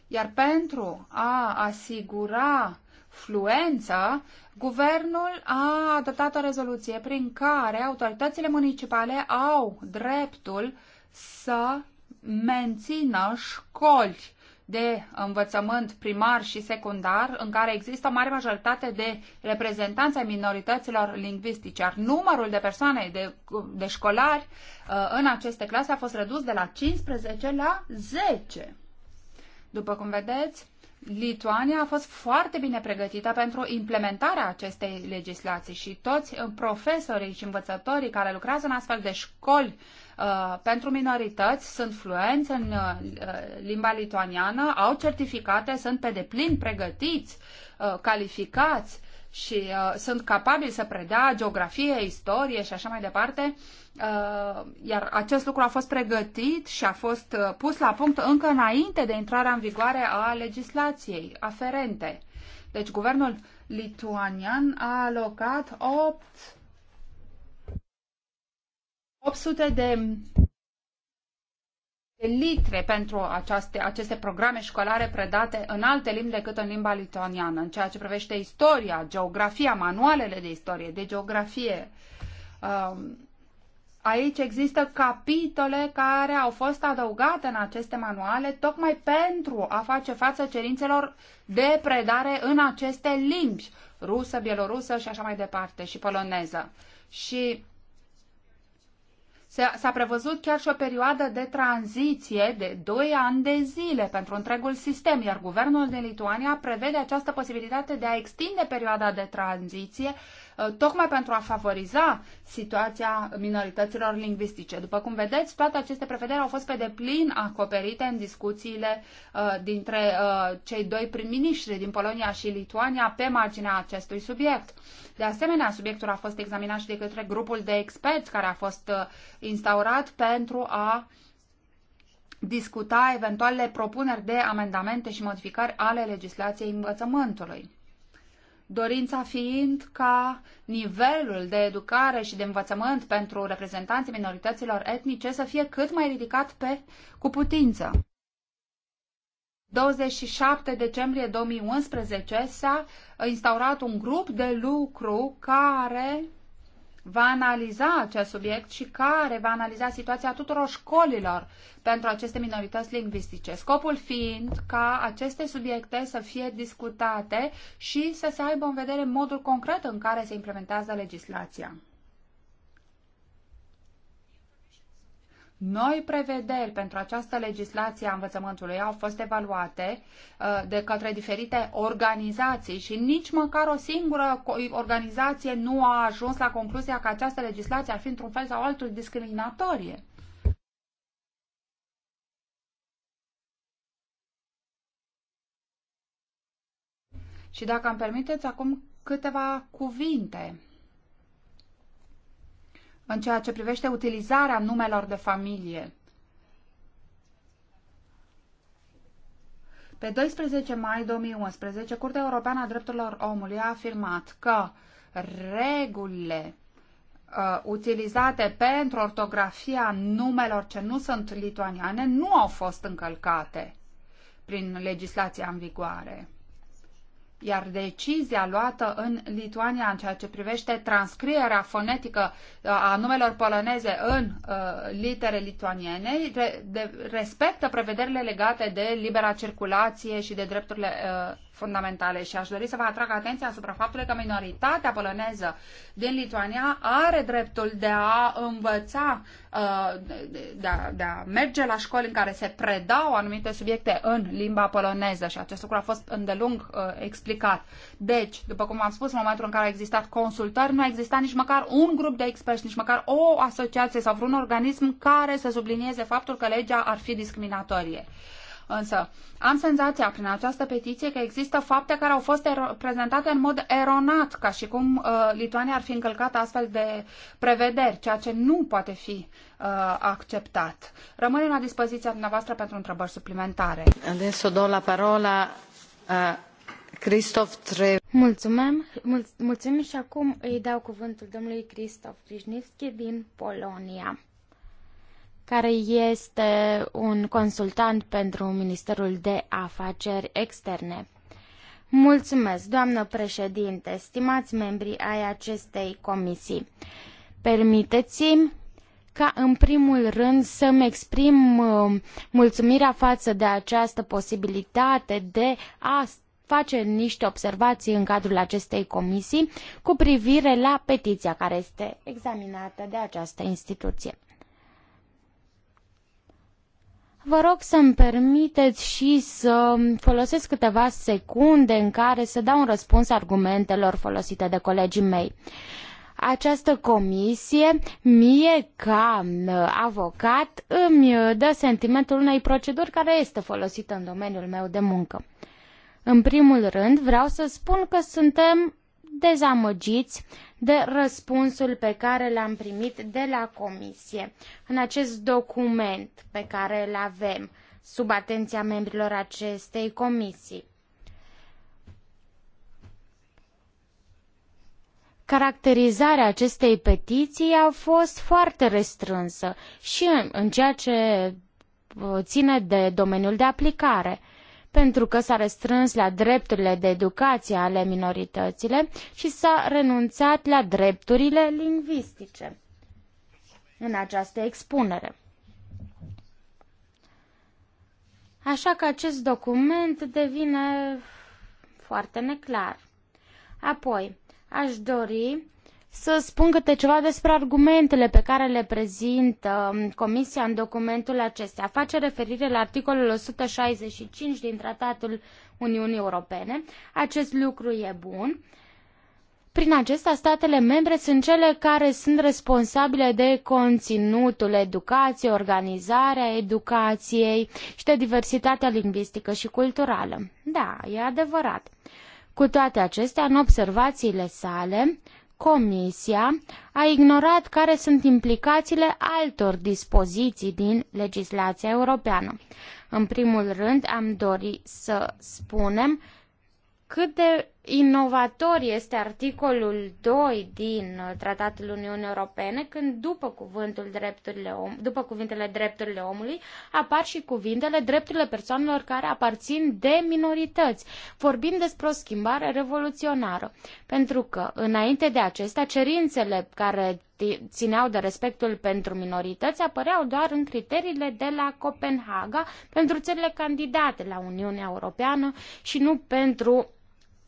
Iar pentru a asigura fluența, Guvernul a adoptat o rezoluție prin care autoritățile municipale au dreptul să mențină școli de învățământ primar și secundar, în care există o mare majoritate de reprezentanți ai minorităților lingvistice, iar numărul de persoane, de, de școlari uh, în aceste clase a fost redus de la 15 la 10. După cum vedeți, Lituania a fost foarte bine pregătită pentru implementarea acestei legislații și toți profesorii și învățătorii care lucrează în astfel de școli uh, pentru minorități sunt fluenți în uh, limba lituaniană, au certificate, sunt pe deplin pregătiți, uh, calificați și uh, sunt capabili să predea geografie, istorie și așa mai departe, uh, iar acest lucru a fost pregătit și a fost uh, pus la punct încă înainte de intrarea în vigoare a legislației aferente. Deci guvernul lituanian a alocat 8 800 de de litre pentru aceaste, aceste programe școlare predate în alte limbi decât în limba lituaniană, în ceea ce privește istoria, geografia, manualele de istorie, de geografie. Um, aici există capitole care au fost adăugate în aceste manuale tocmai pentru a face față cerințelor de predare în aceste limbi, rusă, bielorusă și așa mai departe, și poloneză. Și S-a prevăzut chiar și o perioadă de tranziție de 2 ani de zile pentru întregul sistem, iar guvernul din Lituania prevede această posibilitate de a extinde perioada de tranziție Uh, tocmai pentru a favoriza situația minorităților lingvistice. După cum vedeți, toate aceste prevederi au fost pe deplin acoperite în discuțiile uh, dintre uh, cei doi prim ministri din Polonia și Lituania pe marginea acestui subiect. De asemenea, subiectul a fost examinat și de către grupul de experți care a fost instaurat pentru a discuta eventualele propuneri de amendamente și modificări ale legislației învățământului dorința fiind ca nivelul de educare și de învățământ pentru reprezentanții minorităților etnice să fie cât mai ridicat pe cu putință. 27 decembrie 2011 s-a instaurat un grup de lucru care va analiza acest subiect și care va analiza situația tuturor școlilor pentru aceste minorități lingvistice, scopul fiind ca aceste subiecte să fie discutate și să se aibă în vedere modul concret în care se implementează legislația. Noi prevederi pentru această legislație a învățământului au fost evaluate uh, de către diferite organizații și nici măcar o singură organizație nu a ajuns la concluzia că această legislație ar fi într-un fel sau altul discriminatorie. Și dacă îmi permiteți acum câteva cuvinte în ceea ce privește utilizarea numelor de familie. Pe 12 mai 2011, Curtea Europeană a Drepturilor Omului a afirmat că regulile uh, utilizate pentru ortografia numelor ce nu sunt lituaniane nu au fost încălcate prin legislația în vigoare iar decizia luată în Lituania în ceea ce privește transcrierea fonetică uh, a numelor poloneze în uh, litere lituaniene de, respectă prevederile legate de libera circulație și de drepturile uh, fundamentale și aș dori să vă atrag atenția asupra faptului că minoritatea poloneză din Lituania are dreptul de a învăța, uh, de a, de a merge la școli în care se predau anumite subiecte în limba poloneză și acest lucru a fost îndelung uh, explicat. Deci, după cum am spus, în momentul în care a existat consultări, nu a existat nici măcar un grup de experți, nici măcar o asociație sau vreun organism care să sublinieze faptul că legea ar fi discriminatorie. Însă am senzația prin această petiție că există fapte care au fost prezentate în mod eronat, ca și cum uh, Lituania ar fi încălcat astfel de prevederi, ceea ce nu poate fi uh, acceptat. Rămâne la dispoziția dumneavoastră pentru întrebări suplimentare. Adesso do la parola a Christoph Tre. Mulțumim, mulțumim și acum îi dau cuvântul domnului Christoph Rijnitski din Polonia care este un consultant pentru Ministerul de Afaceri Externe. Mulțumesc, doamnă președinte, stimați membri ai acestei comisii. Permiteți-mi ca în primul rând să-mi exprim uh, mulțumirea față de această posibilitate de a face niște observații în cadrul acestei comisii cu privire la petiția care este examinată de această instituție. Vă rog să-mi permiteți și să folosesc câteva secunde în care să dau un răspuns argumentelor folosite de colegii mei această comisie, mie ca uh, avocat, îmi dă sentimentul unei proceduri care este folosită în domeniul meu de muncă. În primul rând, vreau să spun că suntem dezamăgiți de răspunsul pe care l-am primit de la Comisie în acest document pe care îl avem sub atenția membrilor acestei comisii. Caracterizarea acestei petiții a fost foarte restrânsă și în ceea ce uh, ține de domeniul de aplicare pentru că s-a restrâns la drepturile de educație ale minorităților și s-a renunțat la drepturile lingvistice în această expunere. Așa că acest document devine foarte neclar. Apoi, aș dori să spun câte ceva despre argumentele pe care le prezintă um, Comisia în documentul acesta. Face referire la articolul 165 din Tratatul Uniunii Europene. Acest lucru e bun. Prin acesta, statele membre sunt cele care sunt responsabile de conținutul educației, organizarea educației și de diversitatea lingvistică și culturală. Da, e adevărat. Cu toate acestea, în observațiile sale, Comisia a ignorat care sunt implicațiile altor dispoziții din legislația europeană. În primul rând, am dori să spunem cât de Inovator este articolul 2 din uh, Tratatul Uniunii Europene, când după, cuvântul drepturile om, după cuvintele drepturile omului apar și cuvintele drepturile persoanelor care aparțin de minorități. Vorbim despre o schimbare revoluționară, pentru că înainte de acestea cerințele care țineau de respectul pentru minorități apăreau doar în criteriile de la Copenhaga pentru țările candidate la Uniunea Europeană și nu pentru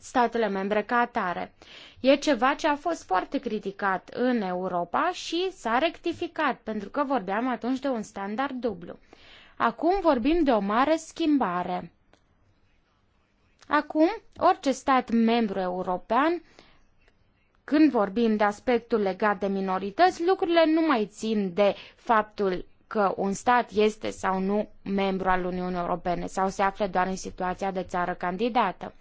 statele membre ca atare. E ceva ce a fost foarte criticat în Europa și s-a rectificat, pentru că vorbeam atunci de un standard dublu. Acum vorbim de o mare schimbare. Acum, orice stat membru european, când vorbim de aspectul legat de minorități, lucrurile nu mai țin de faptul că un stat este sau nu membru al Uniunii Europene sau se află doar în situația de țară candidată.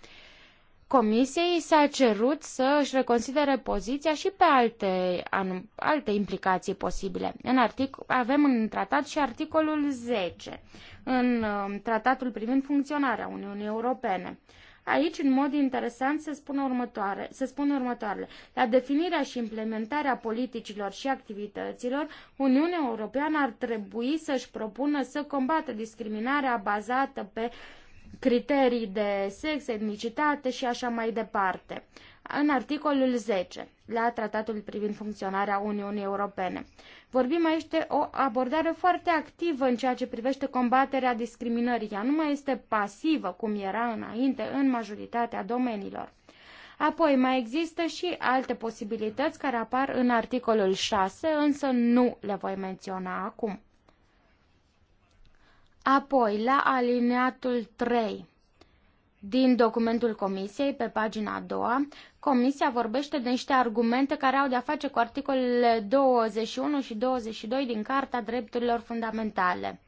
Comisiei s-a cerut să își reconsidere poziția și pe alte, anum, alte implicații posibile. În artic- avem în tratat și articolul 10, în um, tratatul privind funcționarea Uniunii Europene. Aici, în mod interesant, se spune, următoare, se spune următoarele. La definirea și implementarea politicilor și activităților, Uniunea Europeană ar trebui să-și propună să combată discriminarea bazată pe uh, criterii de sex, etnicitate și așa mai departe, în articolul 10 la tratatul privind funcționarea Uniunii Europene. Vorbim aici de o abordare foarte activă în ceea ce privește combaterea discriminării. Ea nu mai este pasivă, cum era înainte, în majoritatea domeniilor. Apoi mai există și alte posibilități care apar în articolul 6, însă nu le voi menționa acum. Apoi, la alineatul 3 din documentul comisiei, pe pagina a doua, comisia vorbește de niște argumente care au de-a face cu articolele 21 și 22 din Carta Drepturilor Fundamentale.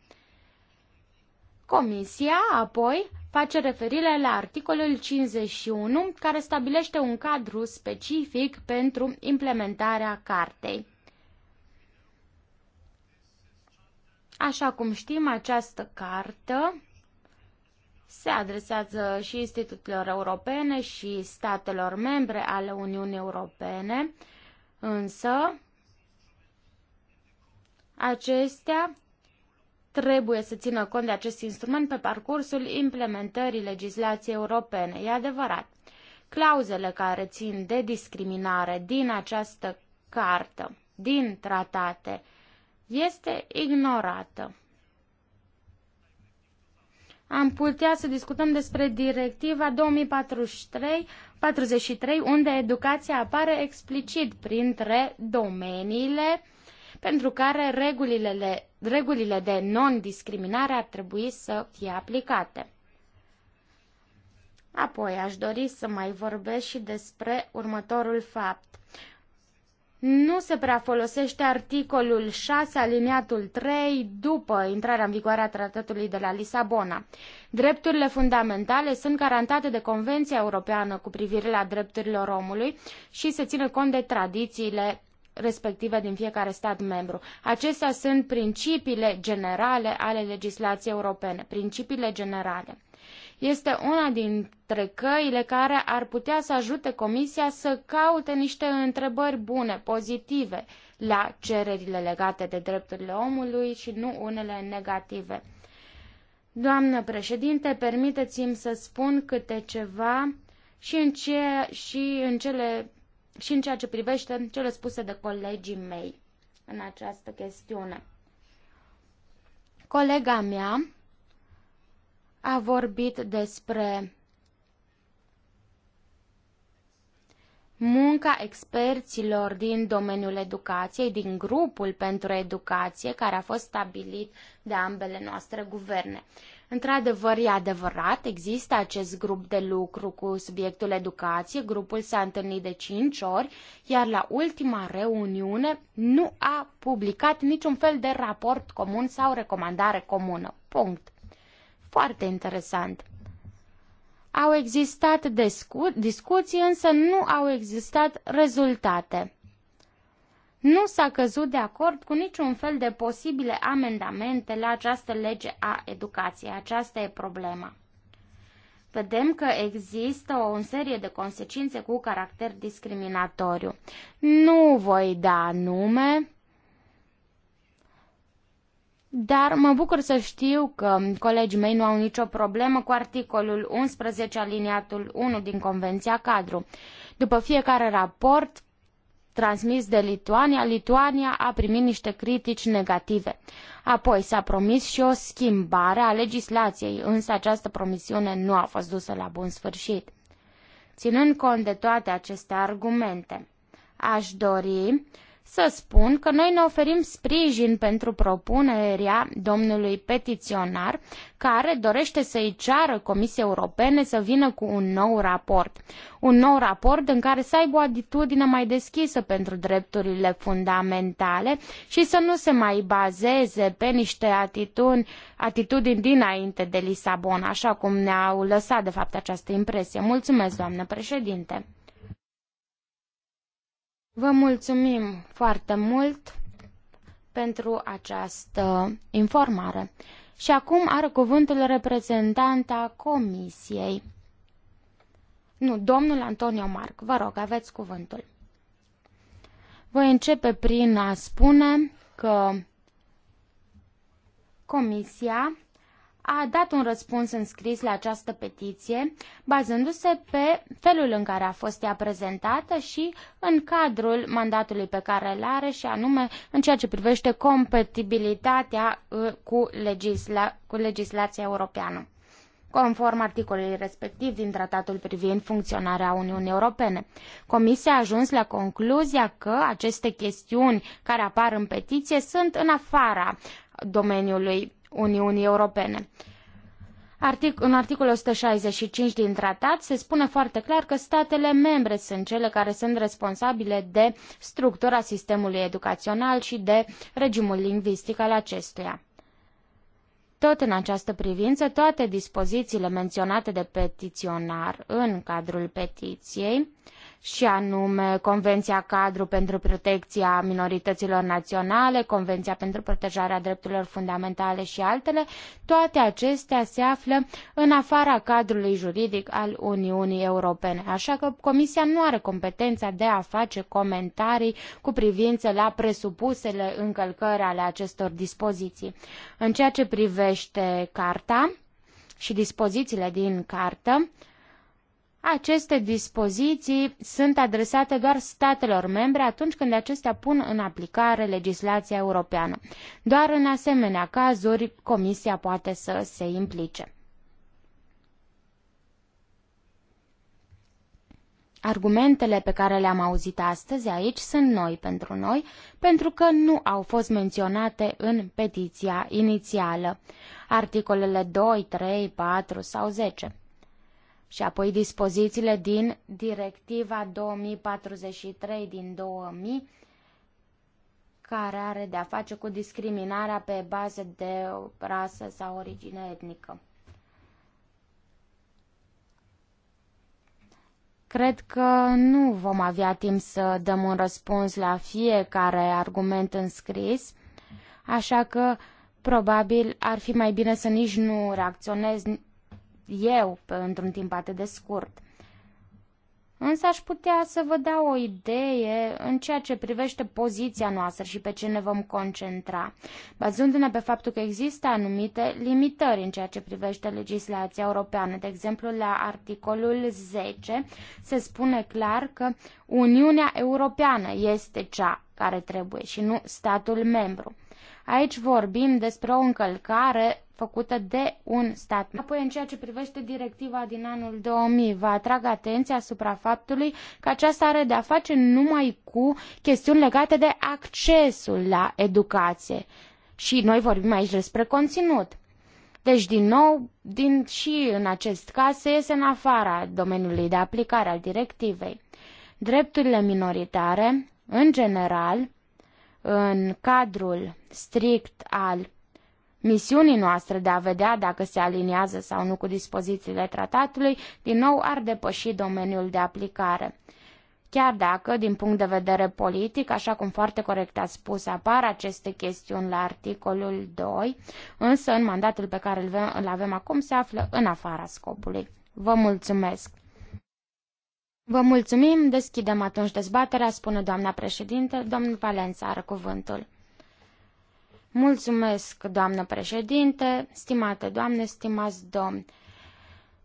Comisia, apoi, face referire la articolul 51, care stabilește un cadru specific pentru implementarea cartei. Așa cum știm, această cartă se adresează și instituțiilor europene și statelor membre ale Uniunii Europene, însă acestea trebuie să țină cont de acest instrument pe parcursul implementării legislației europene. E adevărat. Clauzele care țin de discriminare din această cartă, din tratate, este ignorată. Am putea să discutăm despre directiva 2043, 43, unde educația apare explicit printre domeniile pentru care regulile, regulile de non-discriminare ar trebui să fie aplicate. Apoi aș dori să mai vorbesc și despre următorul fapt nu se prea folosește articolul 6 aliniatul 3 după intrarea în vigoare a tratatului de la Lisabona. Drepturile fundamentale sunt garantate de Convenția Europeană cu privire la drepturile omului și se ține cont de tradițiile respective din fiecare stat membru. Acestea sunt principiile generale ale legislației europene, principiile generale este una dintre căile care ar putea să ajute Comisia să caute niște întrebări bune, pozitive, la cererile legate de drepturile omului și nu unele negative. Doamnă președinte, permiteți-mi să spun câte ceva și în, ce, și, în cele, și în ceea ce privește cele spuse de colegii mei în această chestiune. Colega mea a vorbit despre munca experților din domeniul educației, din grupul pentru educație care a fost stabilit de ambele noastre guverne. Într-adevăr, e adevărat, există acest grup de lucru cu subiectul educație, grupul s-a întâlnit de 5 ori, iar la ultima reuniune nu a publicat niciun fel de raport comun sau recomandare comună. Punct foarte interesant. Au existat discu discuții, însă nu au existat rezultate. Nu s-a căzut de acord cu niciun fel de posibile amendamente la această lege a educației. Aceasta e problema. Vedem că există o serie de consecințe cu caracter discriminatoriu. Nu voi da nume, dar mă bucur să știu că colegii mei nu au nicio problemă cu articolul 11 aliniatul 1 din Convenția Cadru. După fiecare raport transmis de Lituania, Lituania a primit niște critici negative. Apoi s-a promis și o schimbare a legislației, însă această promisiune nu a fost dusă la bun sfârșit. Ținând cont de toate aceste argumente, aș dori să spun că noi ne oferim sprijin pentru propunerea domnului petiționar care dorește să-i ceară Comisiei Europene să vină cu un nou raport. Un nou raport în care să aibă o atitudine mai deschisă pentru drepturile fundamentale și să nu se mai bazeze pe niște atitudini, atitudini dinainte de Lisabona, așa cum ne-au lăsat de fapt această impresie. Mulțumesc, doamnă președinte! Vă mulțumim foarte mult pentru această informare. Și acum are cuvântul reprezentanta Comisiei. Nu, domnul Antonio Marc, vă rog, aveți cuvântul. Voi începe prin a spune că Comisia a dat un răspuns în scris la această petiție, bazându-se pe felul în care a fost ea prezentată și în cadrul mandatului pe care îl are și anume în ceea ce privește compatibilitatea uh, cu, legisla- cu legislația europeană conform articolului respectiv din tratatul privind funcționarea Uniunii Europene. Comisia a ajuns la concluzia că aceste chestiuni care apar în petiție sunt în afara domeniului Uniunii Europene. Artic- în articolul 165 din tratat se spune foarte clar că statele membre sunt cele care sunt responsabile de structura sistemului educațional și de regimul lingvistic al acestuia. Tot în această privință, toate dispozițiile menționate de petiționar în cadrul petiției și anume Convenția Cadru pentru Protecția Minorităților Naționale, Convenția pentru Protejarea Drepturilor Fundamentale și altele, toate acestea se află în afara cadrului juridic al Uniunii Europene. Așa că Comisia nu are competența de a face comentarii cu privință la presupusele încălcări ale acestor dispoziții. În ceea ce privește carta și dispozițiile din cartă, aceste dispoziții sunt adresate doar statelor membre atunci când acestea pun în aplicare legislația europeană. Doar în asemenea cazuri Comisia poate să se implice. Argumentele pe care le-am auzit astăzi aici sunt noi pentru noi, pentru că nu au fost menționate în petiția inițială, articolele 2, 3, 4 sau 10 și apoi dispozițiile din Directiva 2043 din 2000, care are de-a face cu discriminarea pe bază de rasă sau origine etnică. Cred că nu vom avea timp să dăm un răspuns la fiecare argument înscris, așa că probabil ar fi mai bine să nici nu reacționez eu într-un timp atât de scurt. Însă aș putea să vă dau o idee în ceea ce privește poziția noastră și pe ce ne vom concentra, bazându-ne pe faptul că există anumite limitări în ceea ce privește legislația europeană. De exemplu, la articolul 10 se spune clar că Uniunea Europeană este cea care trebuie și nu statul membru. Aici vorbim despre o încălcare făcută de un stat. Apoi, în ceea ce privește directiva din anul 2000, vă atrag atenția asupra faptului că aceasta are de-a face numai cu chestiuni legate de accesul la educație. Și noi vorbim aici despre conținut. Deci, din nou, din, și în acest caz se iese în afara domeniului de aplicare al directivei. Drepturile minoritare, în general, în cadrul strict al misiunii noastre de a vedea dacă se aliniază sau nu cu dispozițiile tratatului, din nou ar depăși domeniul de aplicare. Chiar dacă, din punct de vedere politic, așa cum foarte corect a spus, apar aceste chestiuni la articolul 2, însă în mandatul pe care îl avem acum se află în afara scopului. Vă mulțumesc! Vă mulțumim, deschidem atunci dezbaterea, spune doamna președinte, domnul Valența are cuvântul. Mulțumesc, doamnă președinte, stimate doamne, stimați domni.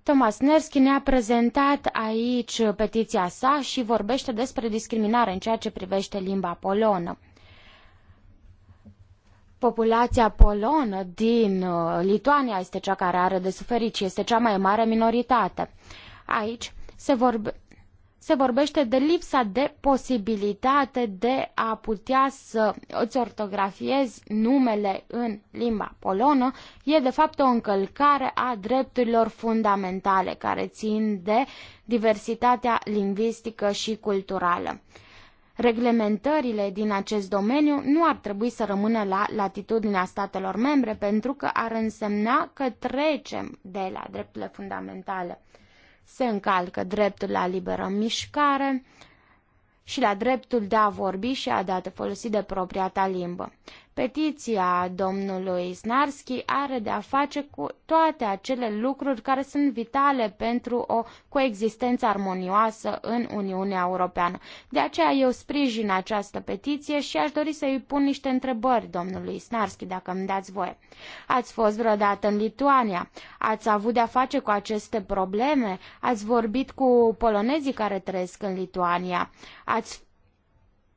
Thomas Nersky ne-a prezentat aici petiția sa și vorbește despre discriminare în ceea ce privește limba polonă. Populația polonă din uh, Lituania este cea care are de suferit și este cea mai mare minoritate. Aici se vorbe, se vorbește de lipsa de posibilitate de a putea să îți ortografiezi numele în limba polonă, e de fapt o încălcare a drepturilor fundamentale care țin de diversitatea lingvistică și culturală. Reglementările din acest domeniu nu ar trebui să rămână la latitudinea statelor membre pentru că ar însemna că trecem de la drepturile fundamentale se încalcă dreptul la liberă mișcare și la dreptul de a vorbi și a de a te folosi de propria ta limbă. Petiția domnului Snarski are de a face cu toate acele lucruri care sunt vitale pentru o coexistență armonioasă în Uniunea Europeană. De aceea eu sprijin această petiție și aș dori să-i pun niște întrebări domnului Snarski, dacă îmi dați voie. Ați fost vreodată în Lituania? Ați avut de a face cu aceste probleme? Ați vorbit cu polonezii care trăiesc în Lituania? Ați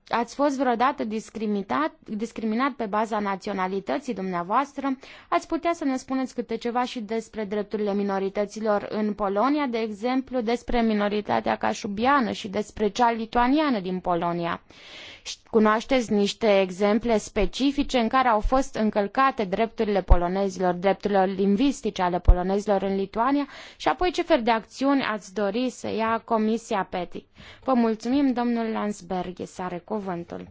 Ați fost vreodată discriminat, discriminat pe baza naționalității dumneavoastră? Ați putea să ne spuneți câte ceva și despre drepturile minorităților în Polonia, de exemplu, despre minoritatea cașubiană și despre cea lituaniană din Polonia. Cunoașteți niște exemple specifice în care au fost încălcate drepturile polonezilor, drepturile lingvistice ale polonezilor în Lituania și apoi ce fel de acțiuni ați dori să ia Comisia PETI? Vă mulțumim, domnul Lansberg, să are cuvântul.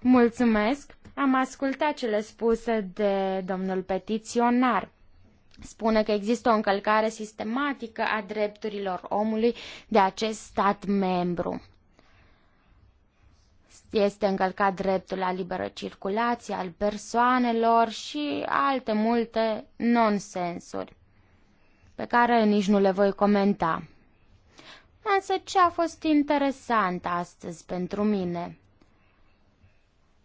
Mulțumesc! Am ascultat cele spuse de domnul petiționar spune că există o încălcare sistematică a drepturilor omului de acest stat membru. Este încălcat dreptul la liberă circulație al persoanelor și alte multe nonsensuri pe care nici nu le voi comenta. Însă ce a fost interesant astăzi pentru mine?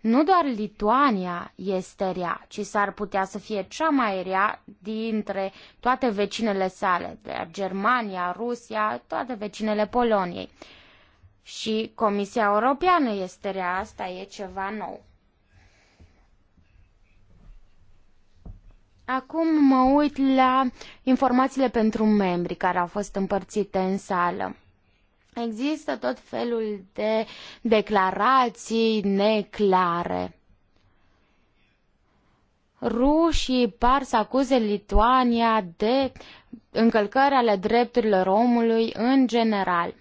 Nu doar Lituania este rea, ci s-ar putea să fie cea mai rea dintre toate vecinele sale, de Germania, Rusia, toate vecinele Poloniei. Și Comisia Europeană este rea, asta e ceva nou. Acum mă uit la informațiile pentru membri care au fost împărțite în sală. Există tot felul de declarații neclare. Rușii par să acuze Lituania de încălcări ale drepturilor omului în general.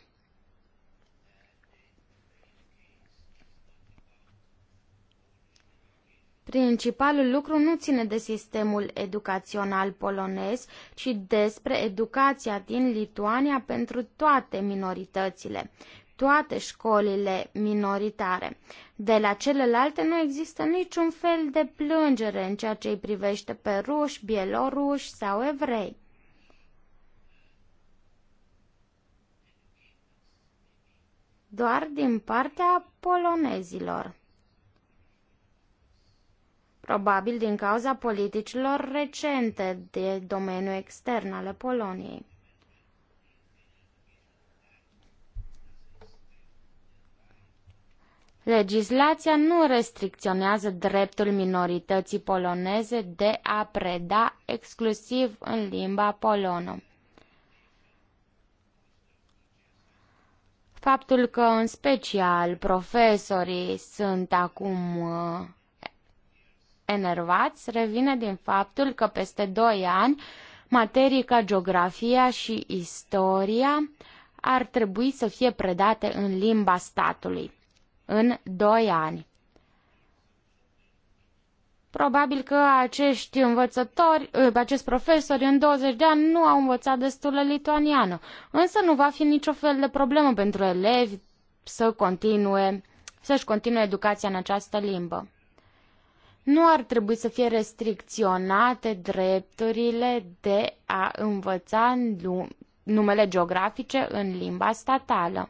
Principalul lucru nu ține de sistemul educațional polonez, ci despre educația din Lituania pentru toate minoritățile, toate școlile minoritare. De la celelalte nu există niciun fel de plângere în ceea ce îi privește pe ruși, bieloruși sau evrei. Doar din partea polonezilor probabil din cauza politicilor recente de domeniul extern ale Poloniei. Legislația nu restricționează dreptul minorității poloneze de a preda exclusiv în limba polonă. Faptul că, în special, profesorii sunt acum uh, enervați revine din faptul că peste doi ani materii ca geografia și istoria ar trebui să fie predate în limba statului în doi ani. Probabil că acești învățători, ă, acest profesori în 20 de ani nu au învățat destul de lituaniană, însă nu va fi nicio fel de problemă pentru elevi să continue, să-și continue educația în această limbă nu ar trebui să fie restricționate drepturile de a învăța numele geografice în limba statală.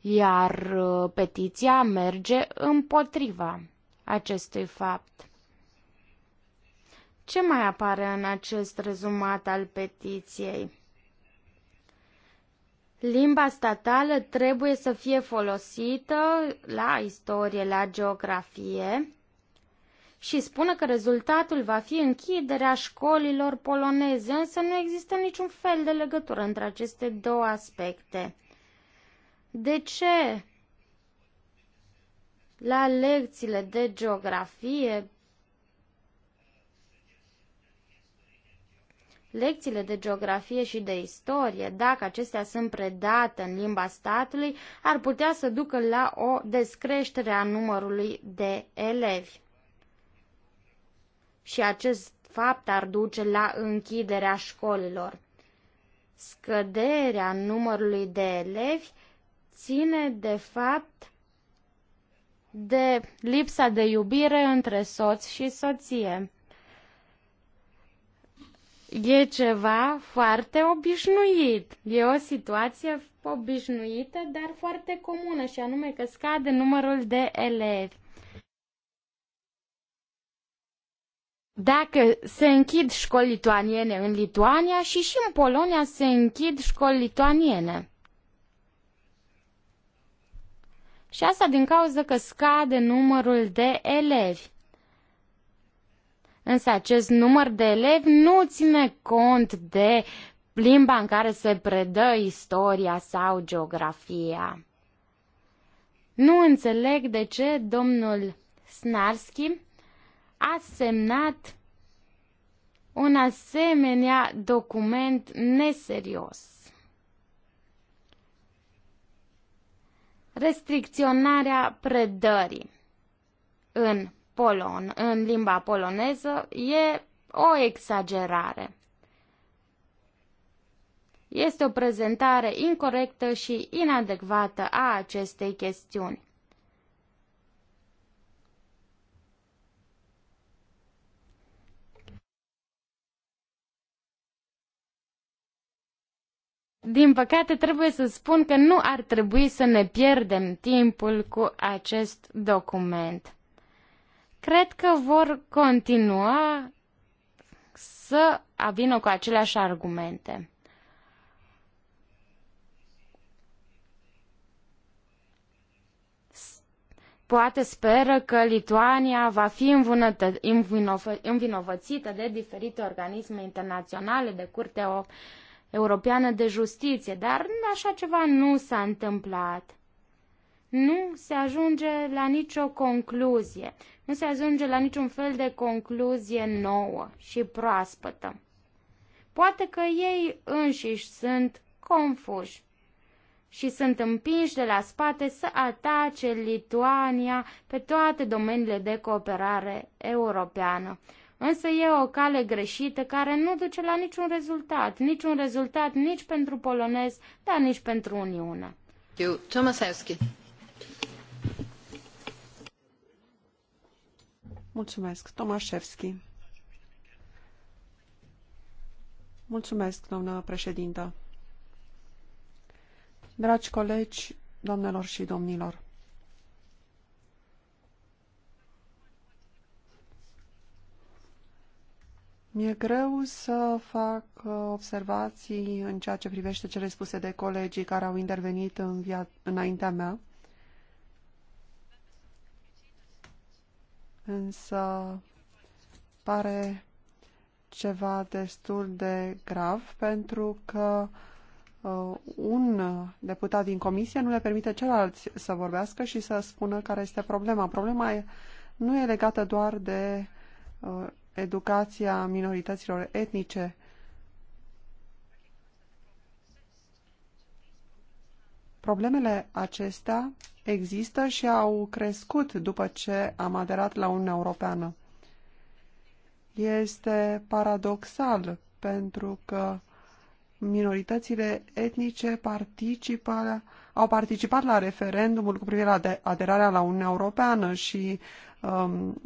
Iar uh, petiția merge împotriva acestui fapt. Ce mai apare în acest rezumat al petiției? Limba statală trebuie să fie folosită la istorie, la geografie, și spune că rezultatul va fi închiderea școlilor poloneze, însă nu există niciun fel de legătură între aceste două aspecte. De ce la lecțiile de geografie Lecțiile de geografie și de istorie, dacă acestea sunt predate în limba statului, ar putea să ducă la o descreștere a numărului de elevi și acest fapt ar duce la închiderea școlilor. Scăderea numărului de elevi ține de fapt de lipsa de iubire între soț și soție. E ceva foarte obișnuit. E o situație obișnuită, dar foarte comună, și anume că scade numărul de elevi. dacă se închid școli lituaniene în Lituania și și în Polonia se închid școli lituaniene. Și asta din cauza că scade numărul de elevi. Însă acest număr de elevi nu ține cont de limba în care se predă istoria sau geografia. Nu înțeleg de ce domnul Snarski a semnat un asemenea document neserios. Restricționarea predării în polon, în limba poloneză, e o exagerare. Este o prezentare incorrectă și inadecvată a acestei chestiuni. Din păcate, trebuie să spun că nu ar trebui să ne pierdem timpul cu acest document. Cred că vor continua să avină cu aceleași argumente. poate speră că Lituania va fi învinovățită de diferite organisme internaționale, de O... Europeană de Justiție, dar așa ceva nu s-a întâmplat. Nu se ajunge la nicio concluzie, nu se ajunge la niciun fel de concluzie nouă și proaspătă. Poate că ei înșiși sunt confuși și sunt împinși de la spate să atace Lituania pe toate domeniile de cooperare europeană. Însă e o cale greșită care nu duce la niciun rezultat, niciun rezultat nici pentru polonez, dar nici pentru Uniune. Mulțumesc, Tomașevski. Mulțumesc, doamnă președintă. Dragi colegi, doamnelor și domnilor, Mi-e greu să fac uh, observații în ceea ce privește cele spuse de colegii care au intervenit în via înaintea mea. Însă pare ceva destul de grav pentru că uh, un deputat din comisie nu le permite celălalt să vorbească și să spună care este problema. Problema nu e legată doar de uh, educația minorităților etnice. Problemele acestea există și au crescut după ce am aderat la Uniunea Europeană. Este paradoxal pentru că minoritățile etnice participă au participat la referendumul cu privire la aderarea la Uniunea Europeană și um,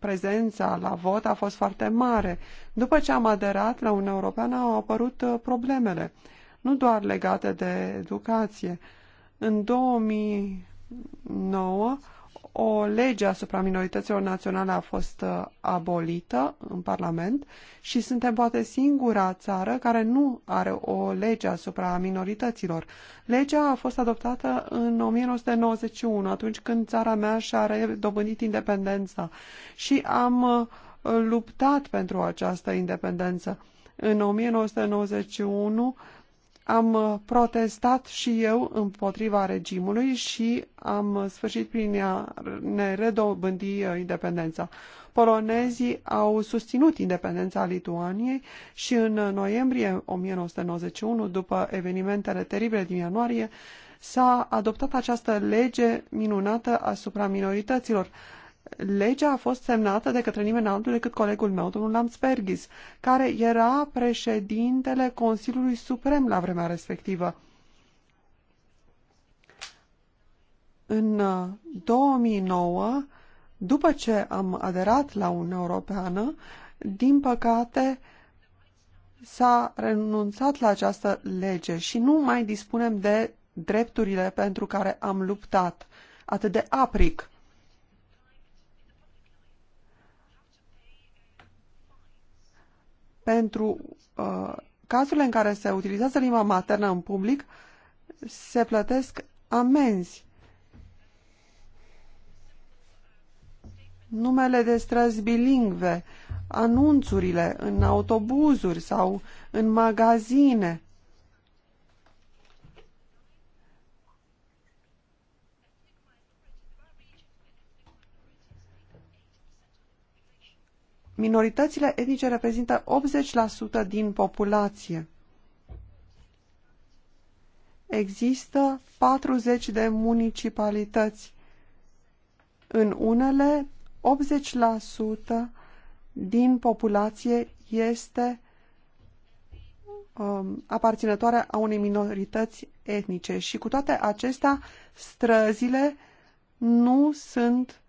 prezența la vot a fost foarte mare. După ce am aderat la Uniunea Europeană au apărut uh, problemele, nu doar legate de educație. În 2009 o lege asupra minorităților naționale a fost uh, abolită în Parlament și suntem poate singura țară care nu are o lege asupra minorităților. Legea a fost adoptată în 1991, atunci când țara mea și-a dobândit independența și am uh, luptat pentru această independență. În 1991 am uh, protestat și eu împotriva regimului și am sfârșit prin a ne redobândi uh, independența. Polonezii au susținut independența Lituaniei și în noiembrie 1991, după evenimentele teribile din ianuarie, s-a adoptat această lege minunată asupra minorităților legea a fost semnată de către nimeni altul decât colegul meu, domnul Lamsbergis, care era președintele Consiliului Suprem la vremea respectivă. În 2009, uh, după ce am aderat la Uniunea Europeană, din păcate s-a renunțat la această lege și nu mai dispunem de drepturile pentru care am luptat atât de apric Pentru uh, cazurile în care se utilizează limba maternă în public, se plătesc amenzi. Numele de străzi bilingve, anunțurile în autobuzuri sau în magazine, Minoritățile etnice reprezintă 80% din populație. Există 40 de municipalități. În unele, 80% din populație este um, aparținătoare a unei minorități etnice și cu toate acestea străzile nu sunt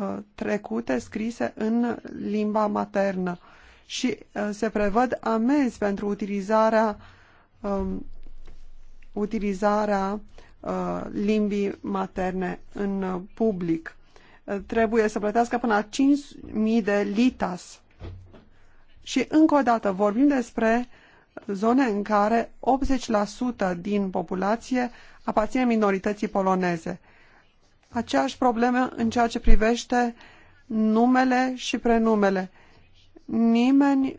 Uh, trecute scrise în limba maternă și uh, se prevăd amenzi pentru utilizarea um, utilizarea uh, limbii materne în public. Trebuie să plătească până la 5.000 de litas. Și încă o dată vorbim despre zone în care 80% din populație aparține minorității poloneze aceeași problemă în ceea ce privește numele și prenumele. Nimeni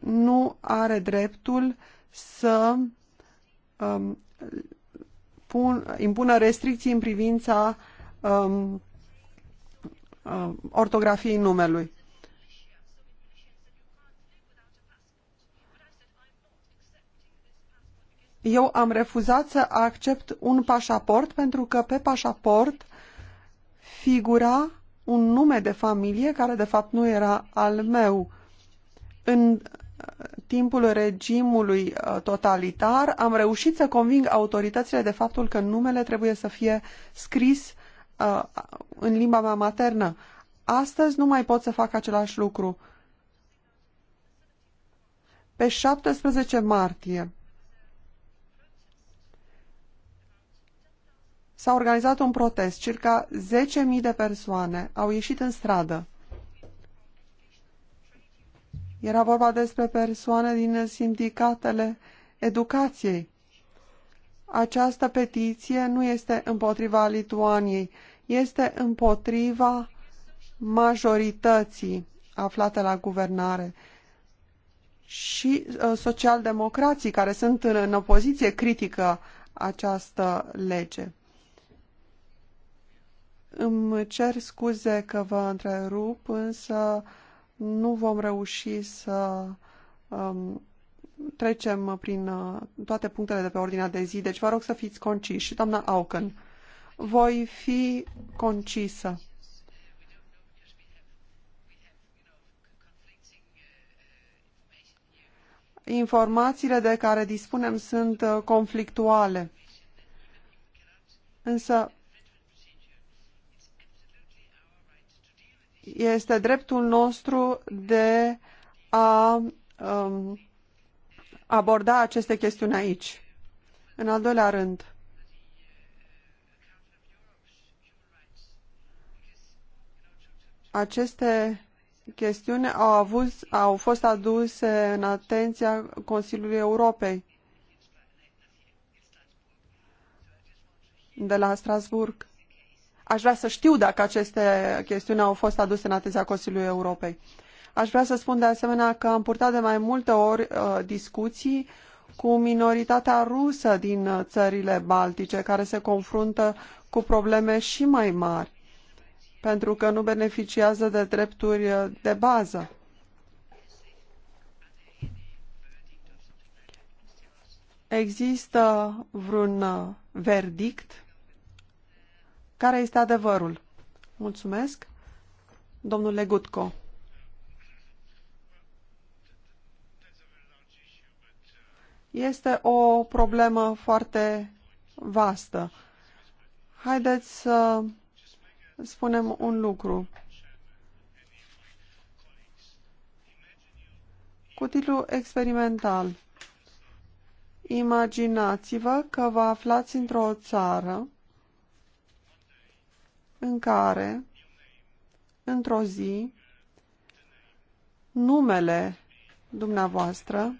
nu are dreptul să um, pun, impună restricții în privința um, um, ortografiei numelui. Eu am refuzat să accept un pașaport pentru că pe pașaport figura un nume de familie care de fapt nu era al meu. În uh, timpul regimului uh, totalitar am reușit să conving autoritățile de faptul că numele trebuie să fie scris uh, în limba mea maternă. Astăzi nu mai pot să fac același lucru. Pe 17 martie s-a organizat un protest. Circa 10.000 de persoane au ieșit în stradă. Era vorba despre persoane din sindicatele educației. Această petiție nu este împotriva Lituaniei, este împotriva majorității aflate la guvernare și ă, socialdemocrații care sunt în opoziție critică această lege. Îmi cer scuze că vă întrerup, însă nu vom reuși să um, trecem prin uh, toate punctele de pe ordinea de zi, deci vă rog să fiți conciși. Doamna Auken, voi fi concisă. Informațiile de care dispunem sunt uh, conflictuale. Însă este dreptul nostru de a um, aborda aceste chestiuni aici. În al doilea rând, aceste chestiuni au, avut, au fost aduse în atenția Consiliului Europei de la Strasburg. Aș vrea să știu dacă aceste chestiuni au fost aduse în atenția Consiliului Europei. Aș vrea să spun de asemenea că am purtat de mai multe ori uh, discuții cu minoritatea rusă din uh, țările baltice, care se confruntă cu probleme și mai mari, pentru că nu beneficiază de drepturi uh, de bază. Există vreun uh, verdict care este adevărul. Mulțumesc. Domnule Gutko. Este o problemă foarte vastă. Haideți să spunem un lucru. Cu titlu experimental. Imaginați-vă că vă aflați într-o țară în care, într-o zi, numele dumneavoastră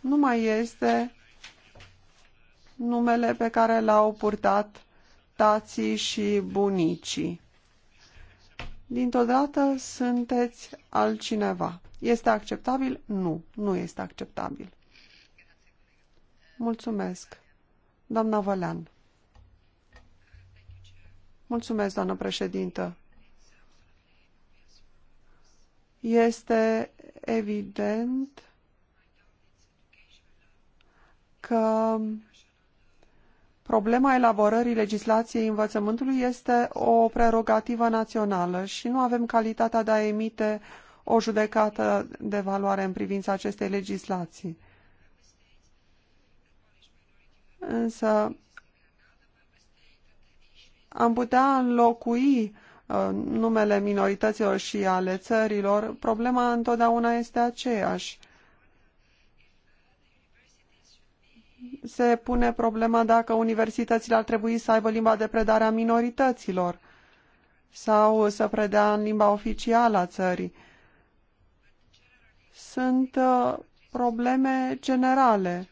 nu mai este numele pe care l-au purtat tații și bunicii. Dintr-o dată sunteți altcineva. Este acceptabil? Nu, nu este acceptabil. Mulțumesc. Doamna Vălean. Mulțumesc, doamnă președintă. Este evident că problema elaborării legislației învățământului este o prerogativă națională și nu avem calitatea de a emite o judecată de valoare în privința acestei legislații. Însă am putea înlocui uh, numele minorităților și ale țărilor, problema întotdeauna este aceeași. Se pune problema dacă universitățile ar trebui să aibă limba de predare a minorităților sau să predea în limba oficială a țării. Sunt uh, probleme generale.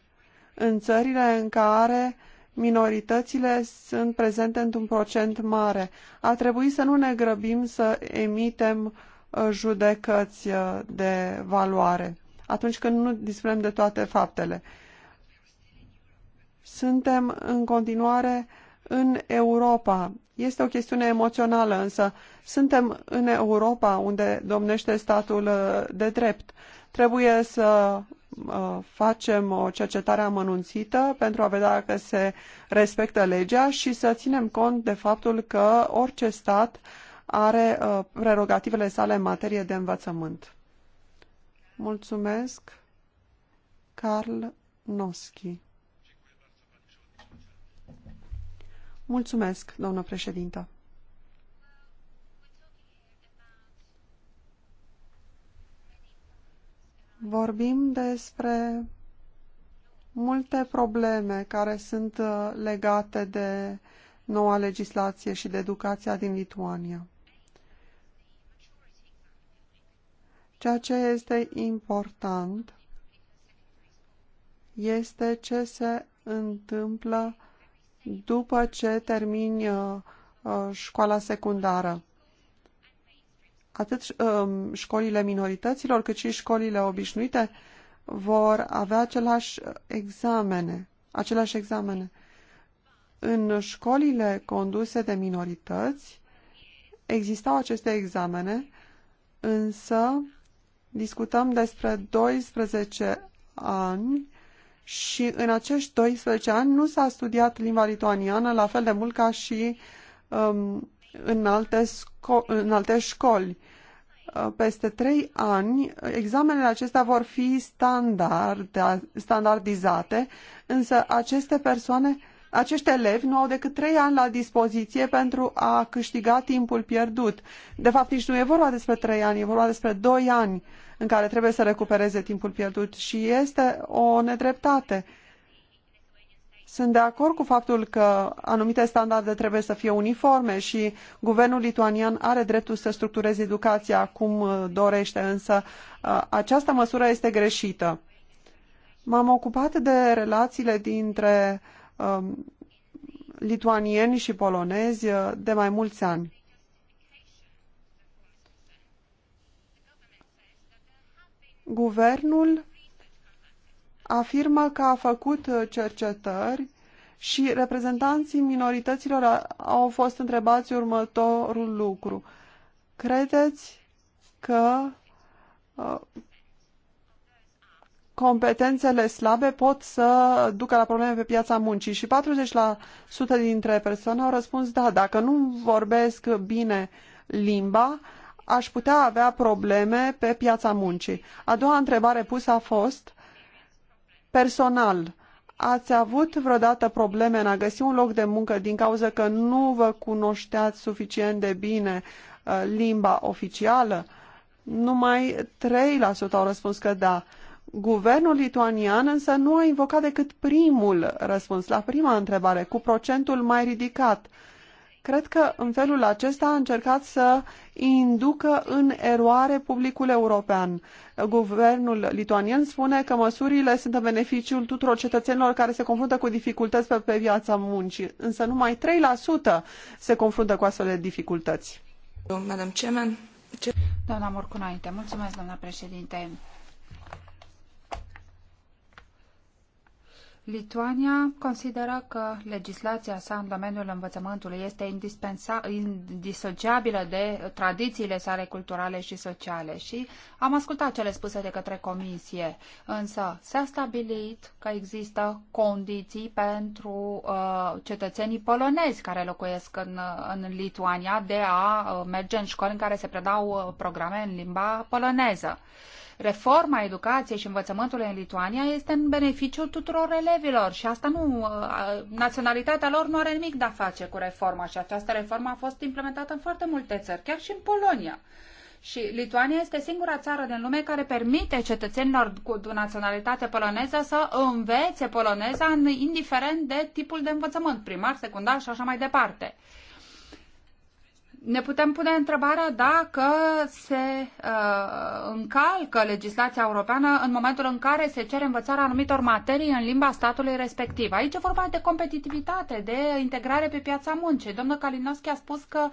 În țările în care minoritățile sunt prezente într-un procent mare. Ar trebui să nu ne grăbim să emitem uh, judecăți uh, de valoare atunci când nu dispunem de toate faptele. Suntem în continuare în Europa. Este o chestiune emoțională, însă suntem în Europa unde domnește statul uh, de drept. Trebuie să Uh, facem o cercetare amănunțită pentru a vedea dacă se respectă legea și să ținem cont de faptul că orice stat are uh, prerogativele sale în materie de învățământ. Mulțumesc, Carl Noschi. Mulțumesc, doamnă președintă. vorbim despre multe probleme care sunt uh, legate de noua legislație și de educația din Lituania. Ceea ce este important este ce se întâmplă după ce termin uh, uh, școala secundară atât um, școlile minorităților cât și școlile obișnuite vor avea aceleași examene, aceleași examene. În școlile conduse de minorități existau aceste examene, însă discutăm despre 12 ani și în acești 12 ani nu s-a studiat limba lituaniană la fel de mult ca și um, în alte, sco- în alte școli. Uh, peste trei ani, examenele acestea vor fi standard, standardizate, însă aceste persoane, acești elevi nu au decât trei ani la dispoziție pentru a câștiga timpul pierdut. De fapt, nici nu e vorba despre trei ani, e vorba despre doi ani în care trebuie să recupereze timpul pierdut și este o nedreptate sunt de acord cu faptul că anumite standarde trebuie să fie uniforme și guvernul lituanian are dreptul să structureze educația cum uh, dorește, însă uh, această măsură este greșită. M-am ocupat de relațiile dintre um, lituanieni și polonezi uh, de mai mulți ani. Guvernul afirmă că a făcut uh, cercetări și reprezentanții minorităților au fost întrebați următorul lucru. Credeți că uh, competențele slabe pot să ducă la probleme pe piața muncii și 40% dintre persoane au răspuns da, dacă nu vorbesc bine limba, aș putea avea probleme pe piața muncii. A doua întrebare pusă a fost Personal, ați avut vreodată probleme în a găsi un loc de muncă din cauza că nu vă cunoșteați suficient de bine uh, limba oficială? Numai 3% au răspuns că da. Guvernul lituanian însă nu a invocat decât primul răspuns la prima întrebare, cu procentul mai ridicat. Cred că în felul acesta a încercat să inducă în eroare publicul european. Guvernul lituanian spune că măsurile sunt în beneficiul tuturor cetățenilor care se confruntă cu dificultăți pe, pe viața muncii, însă numai 3% se confruntă cu astfel de dificultăți. Madam Chairman, ce... Doamna Morcunaite, mulțumesc, doamna președinte. Lituania consideră că legislația sa în domeniul învățământului este indisociabilă de tradițiile sale culturale și sociale și am ascultat cele spuse de către comisie, însă s-a stabilit că există condiții pentru uh, cetățenii polonezi care locuiesc în, uh, în Lituania de a uh, merge în școli în care se predau uh, programe în limba poloneză. Uh, reforma educației și învățământului în Lituania este în beneficiul tuturor elevilor și asta nu, uh, uh, naționalitatea lor nu are nimic de a face cu reforma și această reformă a fost implementată în foarte multe țări, chiar și în Polonia. Și Lituania este singura țară din lume care permite cetățenilor cu naționalitate poloneză să învețe poloneza indiferent de tipul de învățământ, primar, secundar și așa mai departe ne putem pune întrebarea dacă se uh, încalcă legislația europeană în momentul în care se cere învățarea anumitor materii în limba statului respectiv. Aici e vorba de competitivitate, de integrare pe piața muncii. Domnul Kalinowski a spus că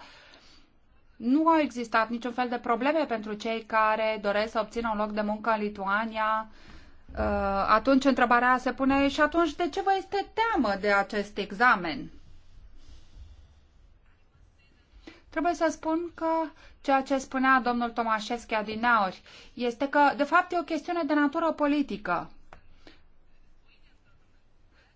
nu au existat niciun fel de probleme pentru cei care doresc să obțină un loc de muncă în Lituania. Uh, atunci întrebarea se pune și atunci de ce vă este teamă de acest examen? Trebuie să spun că ceea ce spunea domnul Tomașescu adinaori este că, de fapt, e o chestiune de natură politică.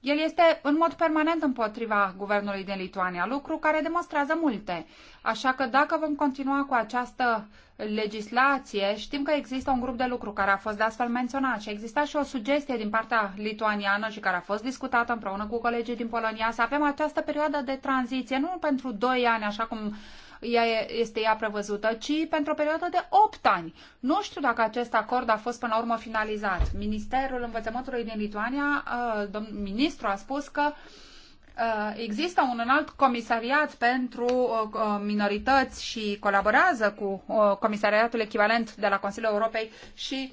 El este în mod permanent împotriva guvernului din Lituania, lucru care demonstrează multe. Așa că dacă vom continua cu această legislație, știm că există un grup de lucru care a fost de astfel menționat și exista și o sugestie din partea lituaniană și care a fost discutată împreună cu colegii din Polonia să avem această perioadă de tranziție, nu pentru doi ani, așa cum ea este ea prevăzută, ci pentru o perioadă de 8 ani. Nu știu dacă acest acord a fost până la urmă finalizat. Ministerul Învățământului din Lituania, uh, domnul ministru a spus că uh, Există un înalt comisariat pentru uh, minorități și colaborează cu comisariatul echivalent de la Consiliul Europei și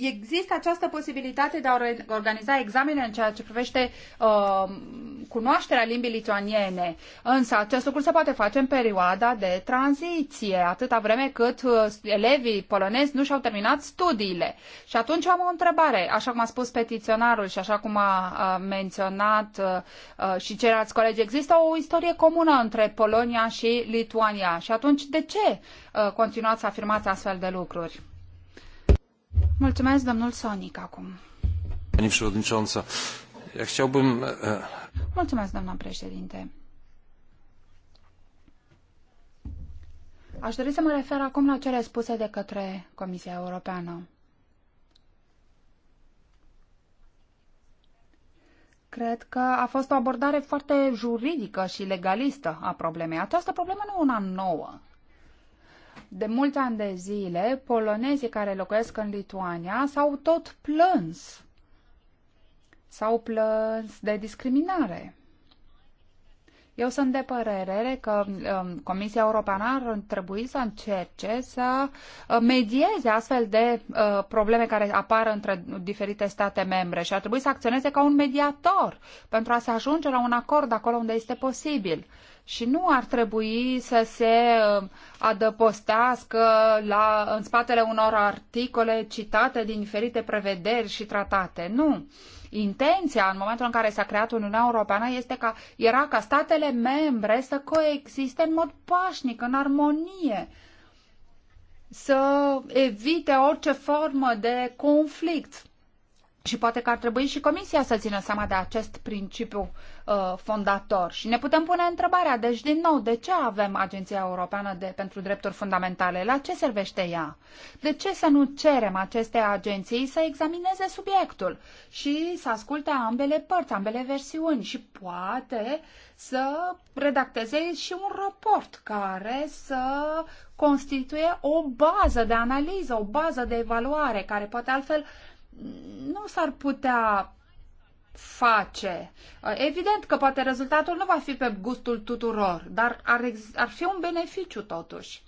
Există această posibilitate de a organiza examene în ceea ce privește uh, cunoașterea limbii lituaniene, însă acest lucru se poate face în perioada de tranziție, atâta vreme cât uh, elevii polonezi nu și-au terminat studiile. Și atunci am o întrebare, așa cum a spus petiționarul și așa cum a uh, menționat uh, și ceilalți colegi, există o istorie comună între Polonia și Lituania și atunci de ce uh, continuați să afirmați astfel de lucruri? Mulțumesc, domnul Sonic, acum. Pani przewodnicząca, ja chciałbym... Mulțumesc, doamna președinte. Aș dori să mă refer acum la cele spuse de către Comisia Europeană. Cred că a fost o abordare foarte juridică și legalistă a problemei. Această problemă nu e una nouă. De mulți ani de zile, polonezii care locuiesc în Lituania s-au tot plâns. S-au plâns de discriminare. Eu sunt de părere că um, Comisia Europeană ar trebui să încerce să uh, medieze astfel de uh, probleme care apar între diferite state membre și ar trebui să acționeze ca un mediator pentru a se ajunge la un acord acolo unde este posibil. Uh, și nu ar trebui să se uh, adăpostească la, în spatele unor articole citate din diferite prevederi și tratate. Nu. Intenția în momentul în care s-a creat Uniunea Europeană este ca, era ca statele membre să coexiste în mod pașnic, în armonie, să evite orice formă de conflict. Și poate că ar trebui și Comisia să țină seama de acest principiu uh, Uh, fondator. Și ne putem pune întrebarea, deci din nou, de ce avem Agenția Europeană de, pentru Drepturi Fundamentale? La ce servește ea? De ce să nu cerem aceste agenții să examineze subiectul și să asculte ambele părți, ambele versiuni și poate să redacteze și un raport care să constituie o bază de analiză, o bază de evaluare, care poate altfel nu s-ar putea face. Uh, evident că poate rezultatul nu va fi pe gustul tuturor, dar ar, ar fi un beneficiu totuși.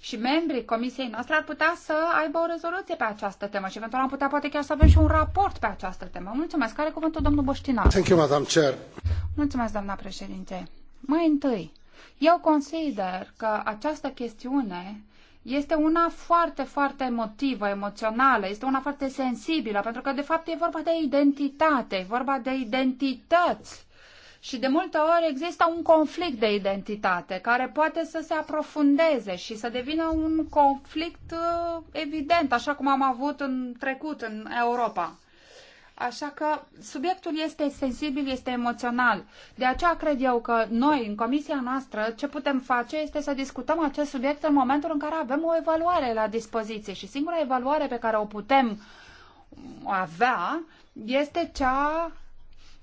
Și membrii comisiei noastre ar putea să aibă o rezoluție pe această temă și eventual am putea poate chiar să avem și un raport pe această temă. Mulțumesc. Care cuvântul domnul Boștina? Thank you, Madam Chair. Mulțumesc, doamna președinte. Mai întâi, eu consider că această chestiune este una foarte, foarte emotivă, emoțională, este una foarte sensibilă, pentru că, de fapt, e vorba de identitate, e vorba de identități. Și de multe ori există un conflict de identitate care poate să se aprofundeze și să devină un conflict uh, evident, așa cum am avut în trecut în Europa. Așa că subiectul este sensibil, este emoțional. De aceea cred eu că noi, în comisia noastră, ce putem face este să discutăm acest subiect în momentul în care avem o evaluare la dispoziție. Și singura evaluare pe care o putem avea este cea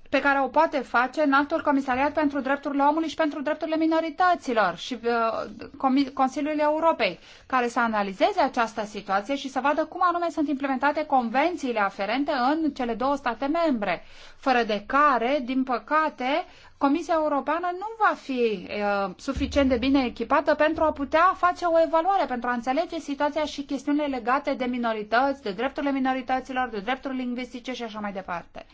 pe care o poate face în altul comisariat pentru drepturile omului și pentru drepturile minorităților și uh, Consiliul Europei, care să analizeze această situație și să vadă cum anume sunt implementate convențiile aferente în cele două state membre, fără de care, din păcate, Comisia Europeană nu va fi uh, suficient de bine echipată pentru a putea face o evaluare, pentru a înțelege situația și chestiunile legate de minorități, de drepturile minorităților, de drepturi lingvistice și așa mai departe.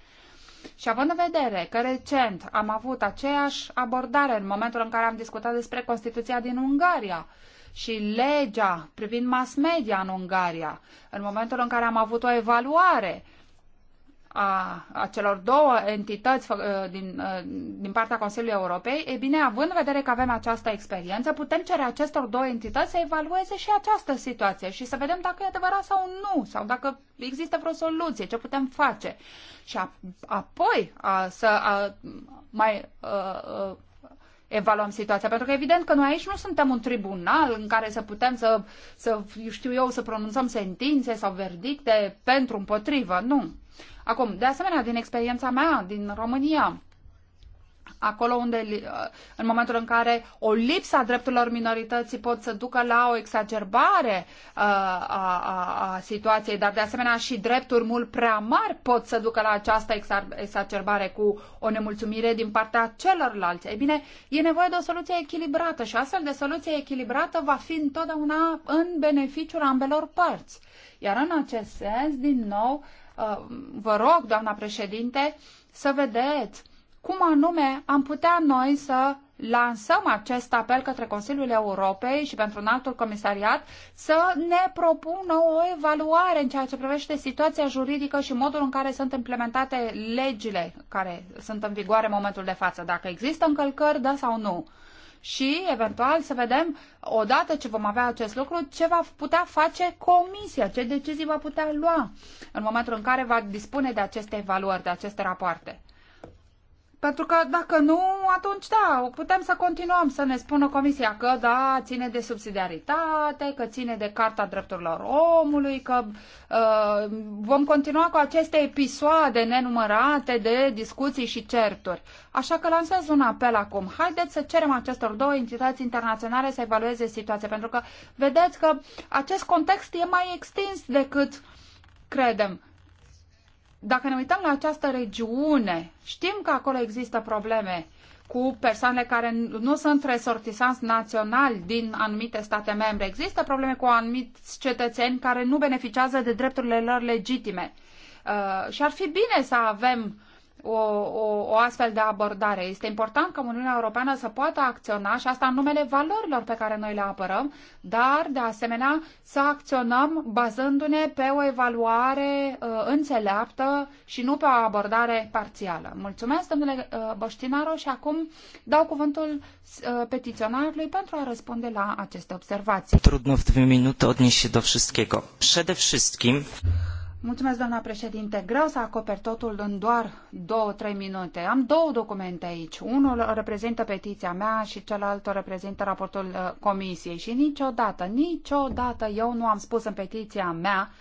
Și având în vedere că recent am avut aceeași abordare în momentul în care am discutat despre Constituția din Ungaria și legea privind mass media în Ungaria, în momentul în care am avut o evaluare a, celor două entități ă, din, ă, din partea Consiliului Europei, e bine, având în vedere că avem această experiență, putem cere acestor două entități să evalueze și această situație și să vedem dacă e adevărat sau nu, sau dacă există vreo soluție, ce putem face. Și a, apoi a, să a, mai a, ă, a, evaluăm situația. Pentru că evident că noi aici nu suntem un tribunal în care să putem să, să știu eu, să pronunțăm sentințe sau verdicte pentru împotrivă. Nu. Acum, de asemenea, din experiența mea din România, acolo unde, uh, în momentul în care o lipsă a drepturilor minorității pot să ducă la o exacerbare uh, a, a, a situației, dar de asemenea și drepturi mult prea mari pot să ducă la această exacerbare cu o nemulțumire din partea celorlalți. Ei bine, e nevoie de o soluție echilibrată și astfel de soluție echilibrată va fi întotdeauna în beneficiul ambelor părți. Iar în acest sens, din nou, uh, Uh, vă rog, doamna președinte, să vedeți cum anume am putea noi să lansăm acest apel către Consiliul Europei și pentru un altul comisariat să ne propună o evaluare în ceea ce privește situația juridică și modul în care sunt implementate legile care sunt în vigoare în momentul de față, dacă există încălcări, da sau nu și eventual să vedem, odată ce vom avea acest lucru, ce va putea face comisia, ce decizii va putea lua în momentul în care va dispune de aceste evaluări, de aceste rapoarte. Pentru că dacă nu, atunci da, putem să continuăm să ne spună Comisia că da, ține de subsidiaritate, că ține de Carta Drepturilor Omului, că uh, vom continua cu aceste episoade nenumărate de discuții și certuri. Așa că lansez un apel acum. Haideți să cerem acestor două entități internaționale să evalueze situația, pentru că vedeți că acest context e mai extins decât credem dacă ne uităm la această regiune, știm că acolo există probleme cu persoane care nu sunt resortisanți naționali din anumite state membre. Există probleme cu anumiți cetățeni care nu beneficiază de drepturile lor legitime. Uh, și ar fi bine să avem uh, o, o, o astfel de abordare. Este important ca Uniunea Europeană să poată acționa și asta în numele valorilor pe care noi le apărăm, dar de asemenea să acționăm bazându-ne pe o evaluare uh, înțeleaptă și nu pe o abordare parțială. Mulțumesc, domnule uh, Boștinaru, și acum dau cuvântul uh, petiționarului pentru a răspunde la aceste observații. Trudno w dwie minuty odnieść się do wszystkiego. Przede wszystkim Mulțumesc, doamna președinte. Greu să acoper totul în doar două, trei minute. Am două documente aici. Unul reprezintă petiția mea și celălalt reprezintă raportul uh, comisiei. Și niciodată, niciodată eu nu am spus în petiția mea uh,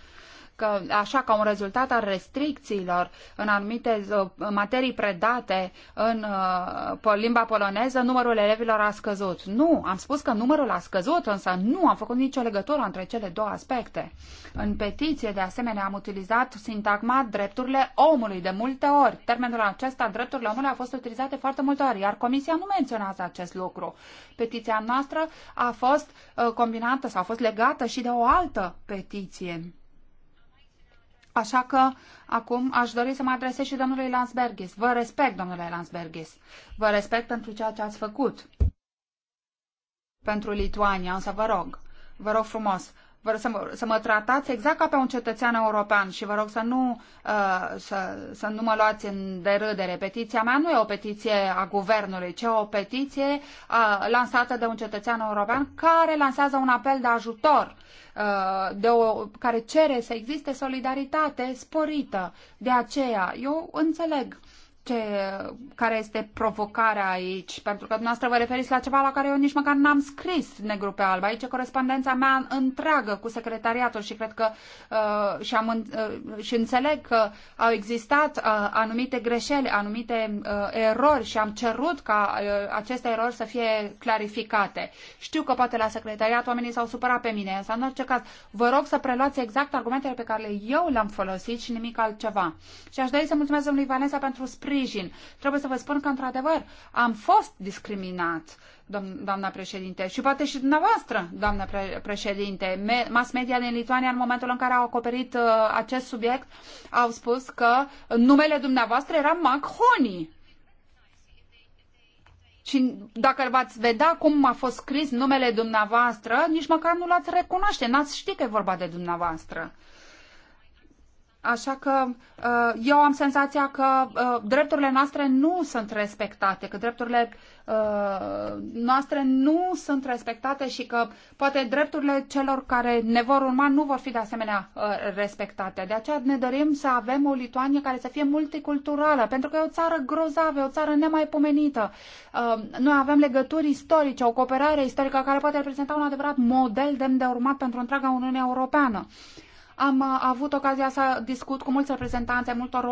că, așa ca un rezultat al restricțiilor în anumite uh, materii predate în uh, limba poloneză, numărul elevilor a scăzut. Nu, am spus că numărul a scăzut, însă nu am făcut nicio legătură între cele două aspecte. În petiție, de asemenea, am utilizat sintagma drepturile omului de multe ori. Termenul acesta, drepturile omului, a fost utilizate foarte multe ori, iar Comisia nu menționează acest lucru. Petiția noastră a fost uh, combinată sau a fost legată și de o altă petiție Așa că acum aș dori să mă adresez și domnului Lansbergis. Vă respect, domnule Lansbergis. Vă respect pentru ceea ce ați făcut pentru Lituania, însă vă rog, vă rog frumos, vă, să, mă, să mă tratați exact ca pe un cetățean european și vă rog să nu, uh, să, să nu mă luați în derâdere. Petiția mea nu e o petiție a guvernului, ci o petiție uh, lansată de un cetățean european care lansează un apel de ajutor uh, de o, care cere să existe solidaritate sporită. De aceea, eu înțeleg ce, care este provocarea aici, pentru că dumneavoastră vă referiți la ceva la care eu nici măcar n-am scris negru pe alb. Aici e corespondența mea întreagă cu secretariatul și cred că uh, și, am, uh, și înțeleg că au existat uh, anumite greșeli, anumite uh, erori și am cerut ca uh, aceste erori să fie clarificate. Știu că poate la secretariat oamenii s-au supărat pe mine, însă în orice caz vă rog să preluați exact argumentele pe care eu le-am folosit și nimic altceva. Și aș dori să mulțumesc domnului Vanessa pentru sprijin sprijin. Trebuie să vă spun că, într-adevăr, am fost discriminat, doamna președinte, și poate și dumneavoastră, doamna pre președinte. Me mass media din Lituania, în momentul în care au acoperit uh, acest subiect, au spus că numele dumneavoastră era Maghoni. Și dacă v-ați vedea cum a fost scris numele dumneavoastră, nici măcar nu l-ați recunoaște, n-ați ști că e vorba de dumneavoastră. Așa că uh, eu am senzația că uh, drepturile noastre nu sunt respectate, că drepturile uh, noastre nu sunt respectate și că poate drepturile celor care ne vor urma nu vor fi de asemenea respectate. De aceea ne dorim să avem o Lituanie care să fie multiculturală, pentru că e o țară grozavă, o țară nemaipomenită. Noi avem legături istorice, o cooperare istorică care poate reprezenta un adevărat model demn de urmat pentru întreaga Uniune Europeană. Am uh, avut ocazia să discut cu mulți reprezentanți ai multor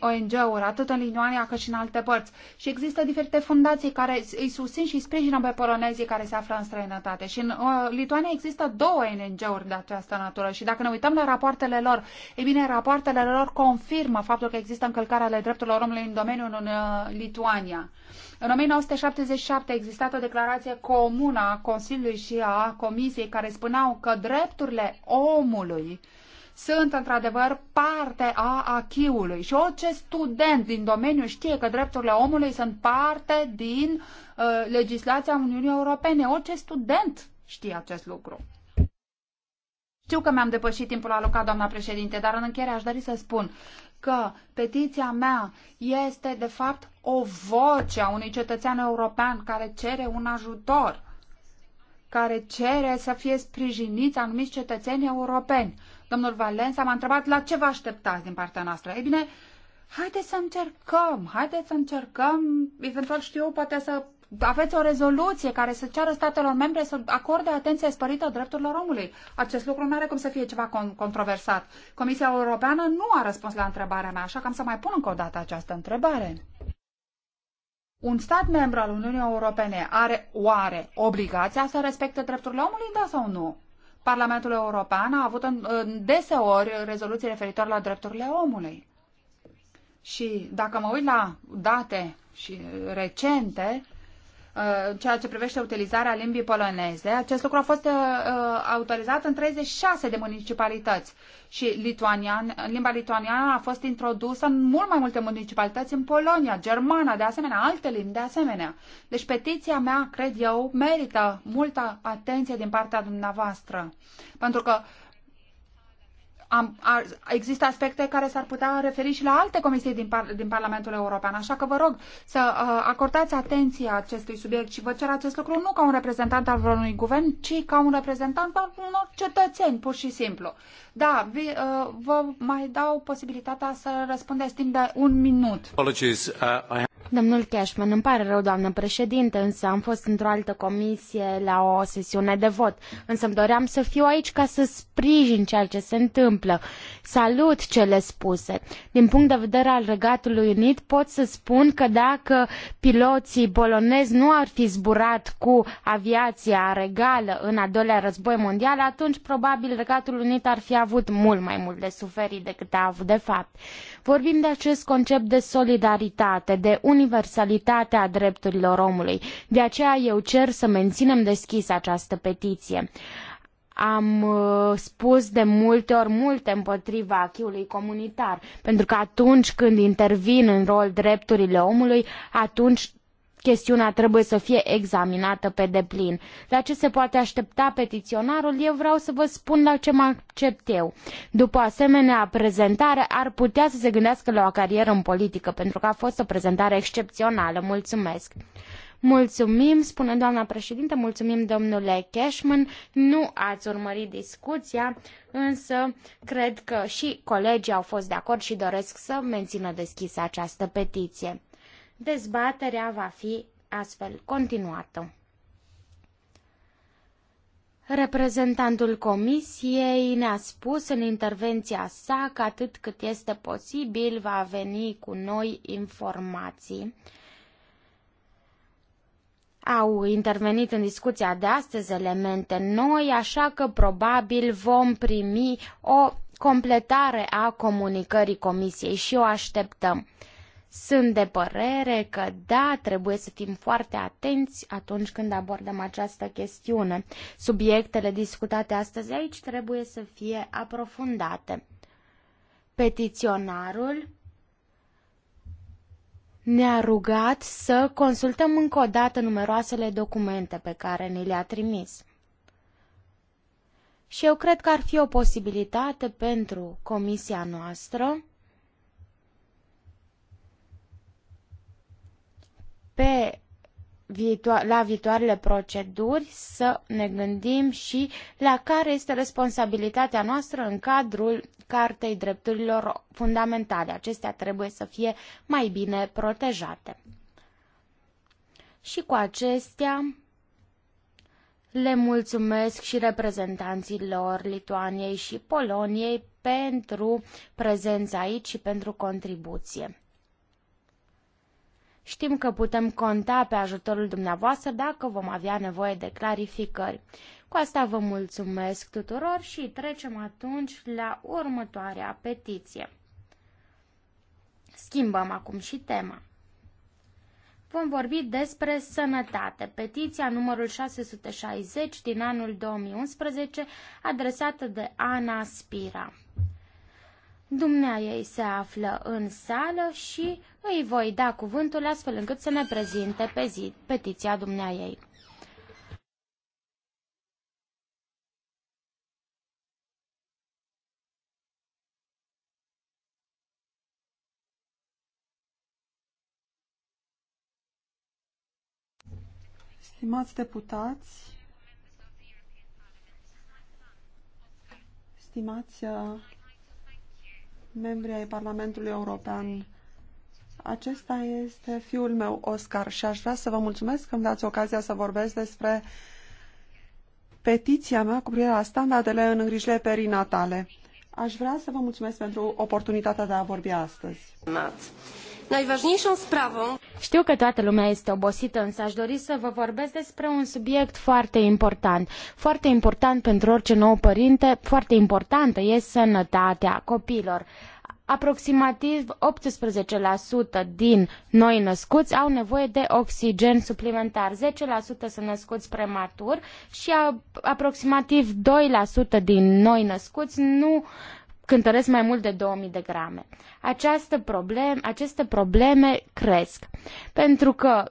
ONG-uri, atât în Linioania cât și în alte părți. Și există diferite fundații care îi susțin și îi sprijină pe polonezii care se află în străinătate. Și în uh, Lituania există două ONG-uri de această natură. Și dacă ne uităm la rapoartele lor, e bine, rapoartele lor confirmă faptul că există încălcare ale drepturilor omului în domeniul în uh, Lituania. În 1977 a existat o declarație comună a Consiliului și a Comisiei care spuneau că drepturile omului sunt într-adevăr parte a achiului și orice student din domeniu știe că drepturile omului sunt parte din uh, legislația Uniunii Europene. Orice student știe acest lucru. Știu că mi-am depășit timpul alocat, doamna președinte, dar în încheiere aș dori să spun că petiția mea este, de fapt, o voce a unui cetățean european care cere un ajutor, care cere să fie sprijiniți anumiți cetățeni europeni. Domnul Valența m-a întrebat la ce vă așteptați din partea noastră. Ei bine, haideți să încercăm, haideți să încercăm, eventual știu eu, poate să aveți o rezoluție care să ceară statelor membre să acorde atenție sporită drepturilor omului. Acest lucru nu are cum să fie ceva con- controversat. Comisia Europeană nu a răspuns la întrebarea mea, așa că am să mai pun încă o dată această întrebare. Un stat membru al Uniunii Europene are oare obligația să respecte drepturile omului, da sau nu? Parlamentul European a avut în, în deseori rezoluții referitoare la drepturile omului. Și dacă mă uit la date și recente, Uh, ceea ce privește utilizarea limbii poloneze. Acest lucru a fost uh, uh, autorizat în 36 de municipalități și lituanian, limba lituaniană a fost introdusă în mult mai multe municipalități în Polonia, Germana, de asemenea, alte limbi de asemenea. Deci petiția mea, cred eu, merită multă atenție din partea dumneavoastră, pentru că uh, am, a, există aspecte care s-ar putea referi și la alte comisii din, par, din Parlamentul European, așa că vă rog să uh, acordați atenție acestui subiect și vă cer acest lucru nu ca un reprezentant al vreunui guvern, ci ca un reprezentant al unor cetățeni, pur și simplu. Da, vi, uh, vă mai dau posibilitatea să răspundeți timp de un minut. Apologies, uh, Domnul Cashman, îmi pare rău, doamnă președinte, însă am fost într-o altă comisie la o sesiune de vot. Însă îmi doream să fiu aici ca să sprijin ceea ce se întâmplă. Salut cele spuse. Din punct de vedere al Regatului Unit pot să spun că dacă piloții polonezi nu ar fi zburat cu aviația regală în al doilea război mondial, atunci probabil Regatul Unit ar fi avut mult mai mult de suferit decât a avut de fapt. Vorbim de acest concept de solidaritate, de universalitate a drepturilor omului. De aceea eu cer să menținem deschis această petiție am uh, spus de multe ori multe împotriva achiului comunitar, pentru că atunci când intervin în rol drepturile omului, atunci chestiunea trebuie să fie examinată pe deplin. La ce se poate aștepta petiționarul, eu vreau să vă spun la ce mă accept eu. După asemenea prezentare, ar putea să se gândească la o carieră în politică, pentru că a fost o prezentare excepțională. Mulțumesc! Mulțumim, spune doamna președinte, mulțumim domnule Cashman. Nu ați urmărit discuția, însă cred că și colegii au fost de acord și doresc să mențină deschisă această petiție. Dezbaterea va fi astfel continuată. Reprezentantul comisiei ne-a spus în intervenția sa că atât cât este posibil va veni cu noi informații au intervenit în discuția de astăzi elemente noi, așa că probabil vom primi o completare a comunicării Comisiei și o așteptăm. Sunt de părere că da, trebuie să fim foarte atenți atunci când abordăm această chestiune. Subiectele discutate astăzi aici trebuie să fie aprofundate. Petiționarul ne-a rugat să consultăm încă o dată numeroasele documente pe care ni le-a trimis. Și eu cred că ar fi o posibilitate pentru comisia noastră pe la viitoarele proceduri să ne gândim și la care este responsabilitatea noastră în cadrul Cartei Drepturilor Fundamentale. Acestea trebuie să fie mai bine protejate. Și cu acestea le mulțumesc și reprezentanților Lituaniei și Poloniei pentru prezența aici și pentru contribuție. Știm că putem conta pe ajutorul dumneavoastră dacă vom avea nevoie de clarificări. Cu asta vă mulțumesc tuturor și trecem atunci la următoarea petiție. Schimbăm acum și tema. Vom vorbi despre sănătate. Petiția numărul 660 din anul 2011, adresată de Ana Spira. Dumnea ei se află în sală și îi voi da cuvântul astfel încât să ne prezinte pe zi, petiția dumneaei. Stimați deputați, stimați uh, membri ai Parlamentului European, acesta este fiul meu, Oscar, și aș vrea să vă mulțumesc că îmi dați ocazia să vorbesc despre petiția mea cu privire la standardele în îngrijire perinatale. Aș vrea să vă mulțumesc pentru oportunitatea de a vorbi astăzi. Știu că toată lumea este obosită, însă aș dori să vă vorbesc despre un subiect foarte important. Foarte important pentru orice nou părinte, foarte importantă e sănătatea copiilor aproximativ 18% din noi născuți au nevoie de oxigen suplimentar, 10% sunt născuți prematur și aproximativ 2% din noi născuți nu cântăresc mai mult de 2000 de grame. Această problem, aceste probleme cresc pentru că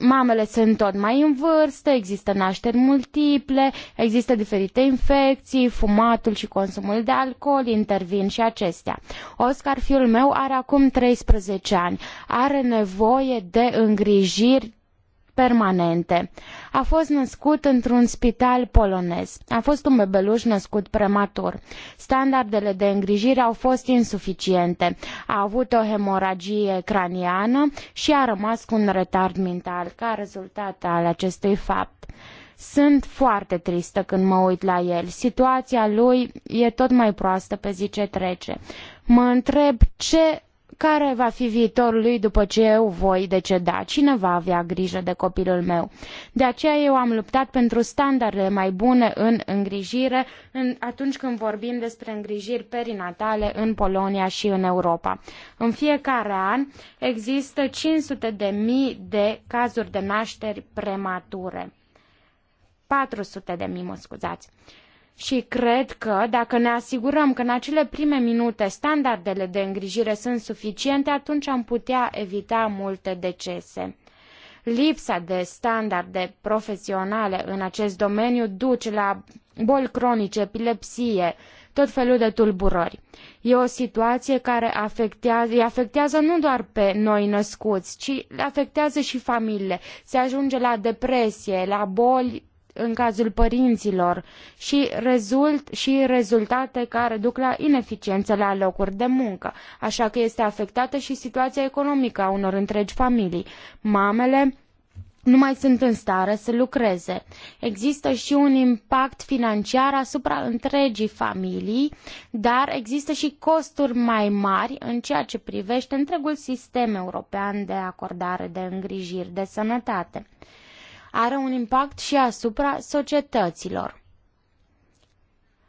mamele sunt tot mai în vârstă, există nașteri multiple, există diferite infecții, fumatul și consumul de alcool intervin și acestea. Oscar, fiul meu, are acum 13 ani. Are nevoie de îngrijiri permanente. A fost născut într-un spital polonez. A fost un bebeluș născut prematur. Standardele de îngrijire au fost insuficiente. A avut o hemoragie craniană și a rămas cu un retard mental ca rezultat al acestui fapt. Sunt foarte tristă când mă uit la el. Situația lui e tot mai proastă pe zi ce trece. Mă întreb ce care va fi viitorul lui după ce eu voi deceda? Cine va avea grijă de copilul meu? De aceea eu am luptat pentru standarde mai bune în îngrijire în, atunci când vorbim despre îngrijiri perinatale în Polonia și în Europa. În fiecare an există 500 de mii de cazuri de nașteri premature. 400 de mii, mă scuzați. Uh, și cred că dacă ne asigurăm că în acele prime minute standardele de îngrijire sunt suficiente, atunci am putea evita multe decese. Lipsa de standarde profesionale în acest domeniu duce la boli cronice, epilepsie, tot felul de tulburări. E o situație care afectează, îi afectează nu doar pe noi născuți, ci afectează și familiile. Se ajunge la depresie, la boli în cazul părinților și, rezult, și rezultate care duc la ineficiență la locuri de muncă, așa că este afectată și situația economică a unor întregi familii. Mamele nu mai sunt în stare să lucreze. Există și un impact financiar asupra întregii familii, dar există și costuri mai mari în ceea ce privește întregul sistem european de acordare de îngrijiri de sănătate are un impact și asupra societăților.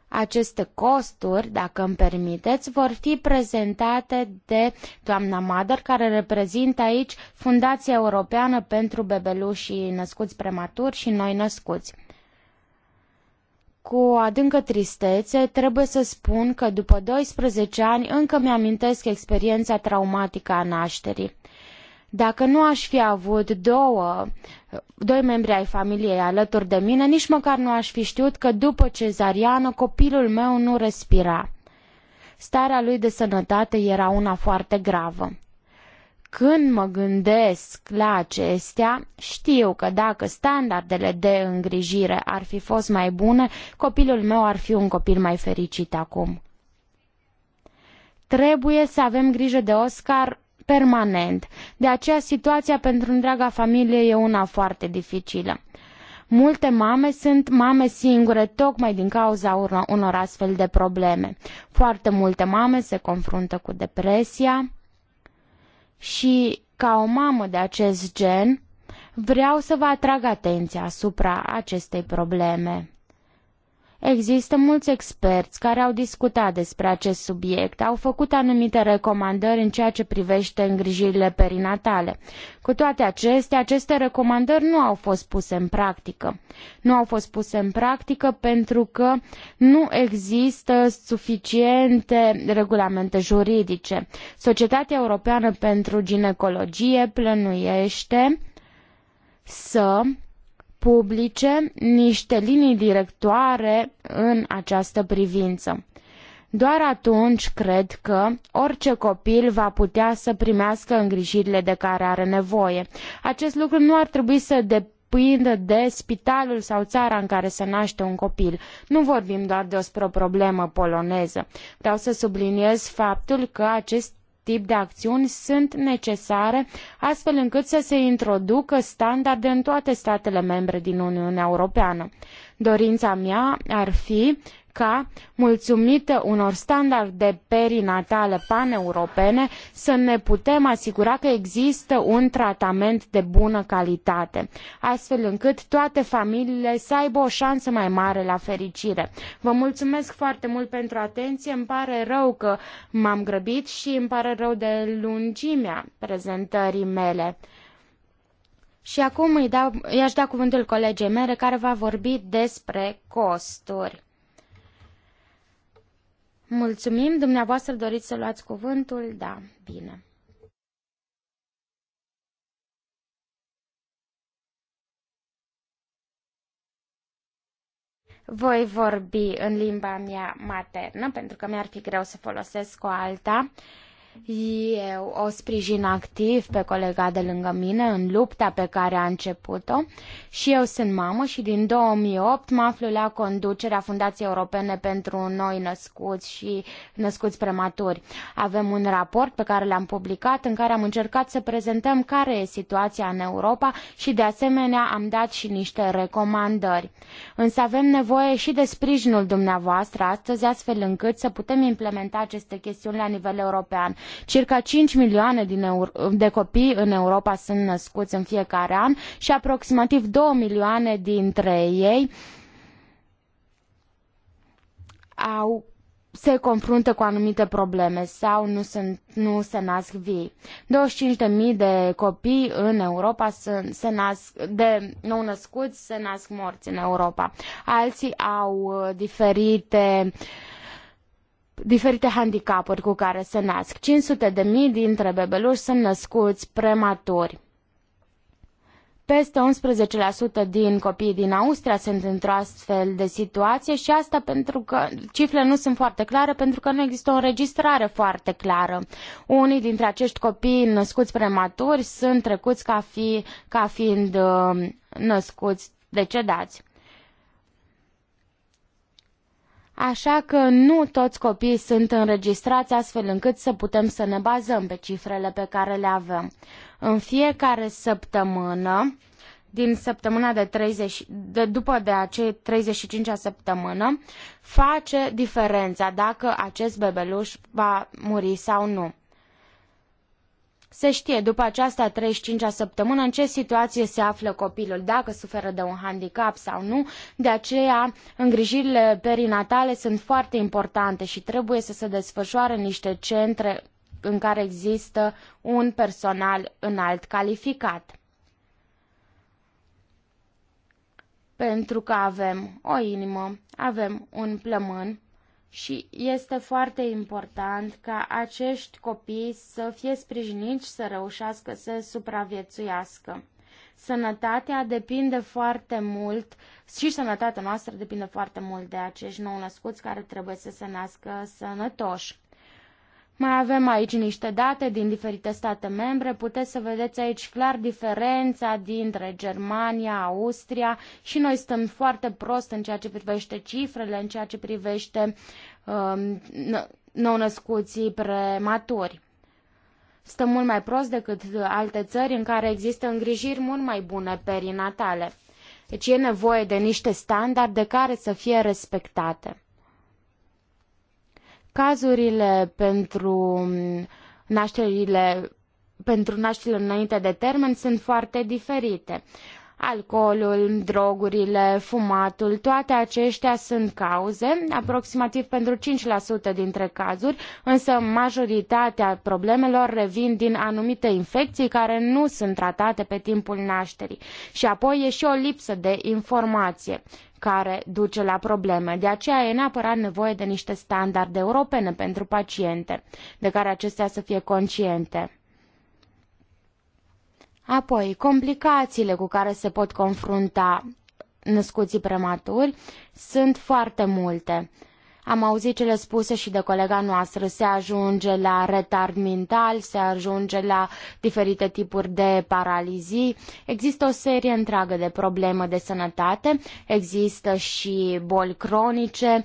Aceste costuri, dacă îmi permiteți, vor fi prezentate de doamna Mader, care reprezintă aici Fundația Europeană pentru Bebelușii Născuți Prematur și Noi Născuți. Cu adâncă tristețe, trebuie să spun că după 12 ani încă mi-amintesc experiența traumatică a nașterii. Dacă nu aș fi avut două, doi membri ai familiei alături de mine, nici măcar nu aș fi știut că după cezariană copilul meu nu respira. Starea lui de sănătate era una foarte gravă. Când mă gândesc la acestea, știu că dacă standardele de îngrijire ar fi fost mai bune, copilul meu ar fi un copil mai fericit acum. Trebuie să avem grijă de Oscar permanent. De aceea situația pentru întreaga familie e una foarte dificilă. Multe mame sunt mame singure tocmai din cauza unor astfel de probleme. Foarte multe mame se confruntă cu depresia și ca o mamă de acest gen vreau să vă atrag atenția asupra acestei probleme. Există mulți experți care au discutat despre acest subiect, au făcut anumite recomandări în ceea ce privește îngrijirile perinatale. Cu toate acestea, aceste recomandări nu au fost puse în practică. Nu au fost puse în practică pentru că nu există suficiente regulamente juridice. Societatea Europeană pentru Ginecologie plănuiește să publice niște linii directoare în această privință. Doar atunci cred că orice copil va putea să primească îngrijirile de care are nevoie. Acest lucru nu ar trebui să depindă de spitalul sau țara în care se naște un copil. Nu vorbim doar despre o problemă poloneză. Vreau să subliniez faptul că acest tip de acțiuni sunt necesare astfel încât să se introducă standarde în toate statele membre din Uniunea Europeană. Dorința mea ar fi ca, mulumită unor standarde perinatale paneuropene, să ne putem asigura că există un tratament de bună calitate, astfel încât toate familiile să aibă o șansă mai mare la fericire. Vă mulțumesc foarte mult pentru atenție, îmi pare rău că m-am grăbit și îmi pare rău de lungimea prezentării mele. Și acum îi dau, i-aș da cuvântul colegei mele care va vorbi despre costuri. Mulțumim. Dumneavoastră doriți să luați cuvântul? Da, bine. Voi vorbi în limba mea maternă, pentru că mi-ar fi greu să folosesc o alta. Uh, eu o sprijin activ pe colega de lângă mine în lupta pe care a început-o și eu sunt mamă și din 2008 mă aflu la conducerea Fundației Europene pentru Noi Născuți și Născuți Prematuri. Avem un raport pe care l-am publicat în care am încercat să prezentăm care e situația în Europa și de asemenea am dat și niște recomandări. Însă avem nevoie și de sprijinul dumneavoastră astăzi astfel încât să putem implementa aceste chestiuni la nivel european Circa 5 milioane din de copii în Europa sunt născuți în fiecare an și aproximativ 2 milioane dintre ei au se confruntă cu anumite probleme sau nu, sunt, nu se nasc vii. 25.000 de copii în Europa se, se nasc, de nou născuți se nasc morți în Europa. Alții au uh, diferite uh, diferite handicapuri cu care se nasc. 500 de mii dintre bebeluși sunt născuți prematuri. Peste 11% din copiii din Austria sunt într-o astfel de situație și asta pentru că cifrele nu sunt foarte clare, pentru că nu există o înregistrare foarte clară. Unii dintre acești copii născuți prematuri sunt trecuți ca, fi, ca fiind uh, născuți decedați. așa că nu toți copiii sunt înregistrați astfel încât să putem să ne bazăm pe cifrele pe care le avem. În fiecare săptămână, din săptămâna de 30, de, după de acei 35-a săptămână, face diferența dacă acest bebeluș va muri sau nu. Se știe după aceasta 35-a săptămână în ce situație se află copilul, dacă suferă de un handicap sau nu. De aceea, îngrijirile perinatale sunt foarte importante și trebuie să se desfășoare în niște centre în care există un personal înalt calificat. Pentru că avem o inimă, avem un plămân și este foarte important ca acești copii să fie sprijiniți să reușească să supraviețuiască. Sănătatea depinde foarte mult și sănătatea noastră depinde foarte mult de acești nou născuți care trebuie să se nască sănătoși. Mai avem aici niște date din diferite state membre. Puteți să vedeți aici clar diferența dintre Germania, Austria și noi stăm foarte prost în ceea ce privește cifrele, în ceea ce privește um, nou-născuții prematuri. Stăm mult mai prost decât alte țări în care există îngrijiri mult mai bune perinatale. Deci e nevoie de niște standarde care să fie respectate. Cazurile pentru nașterile pentru nașterile înainte de termen sunt foarte diferite. Alcoolul, drogurile, fumatul, toate aceștia sunt cauze, aproximativ pentru 5% dintre cazuri, însă majoritatea problemelor revin din anumite infecții care nu sunt tratate pe timpul nașterii. Și apoi e și o lipsă de informație care duce la probleme. De aceea e neapărat nevoie de niște standarde europene pentru paciente, de care acestea să fie conștiente. Apoi, complicațiile cu care se pot confrunta născuții prematuri sunt foarte multe. Am auzit cele spuse și de colega noastră, se ajunge la retard mental, se ajunge la diferite tipuri de paralizii. Există o serie întreagă de probleme de sănătate, există și boli cronice,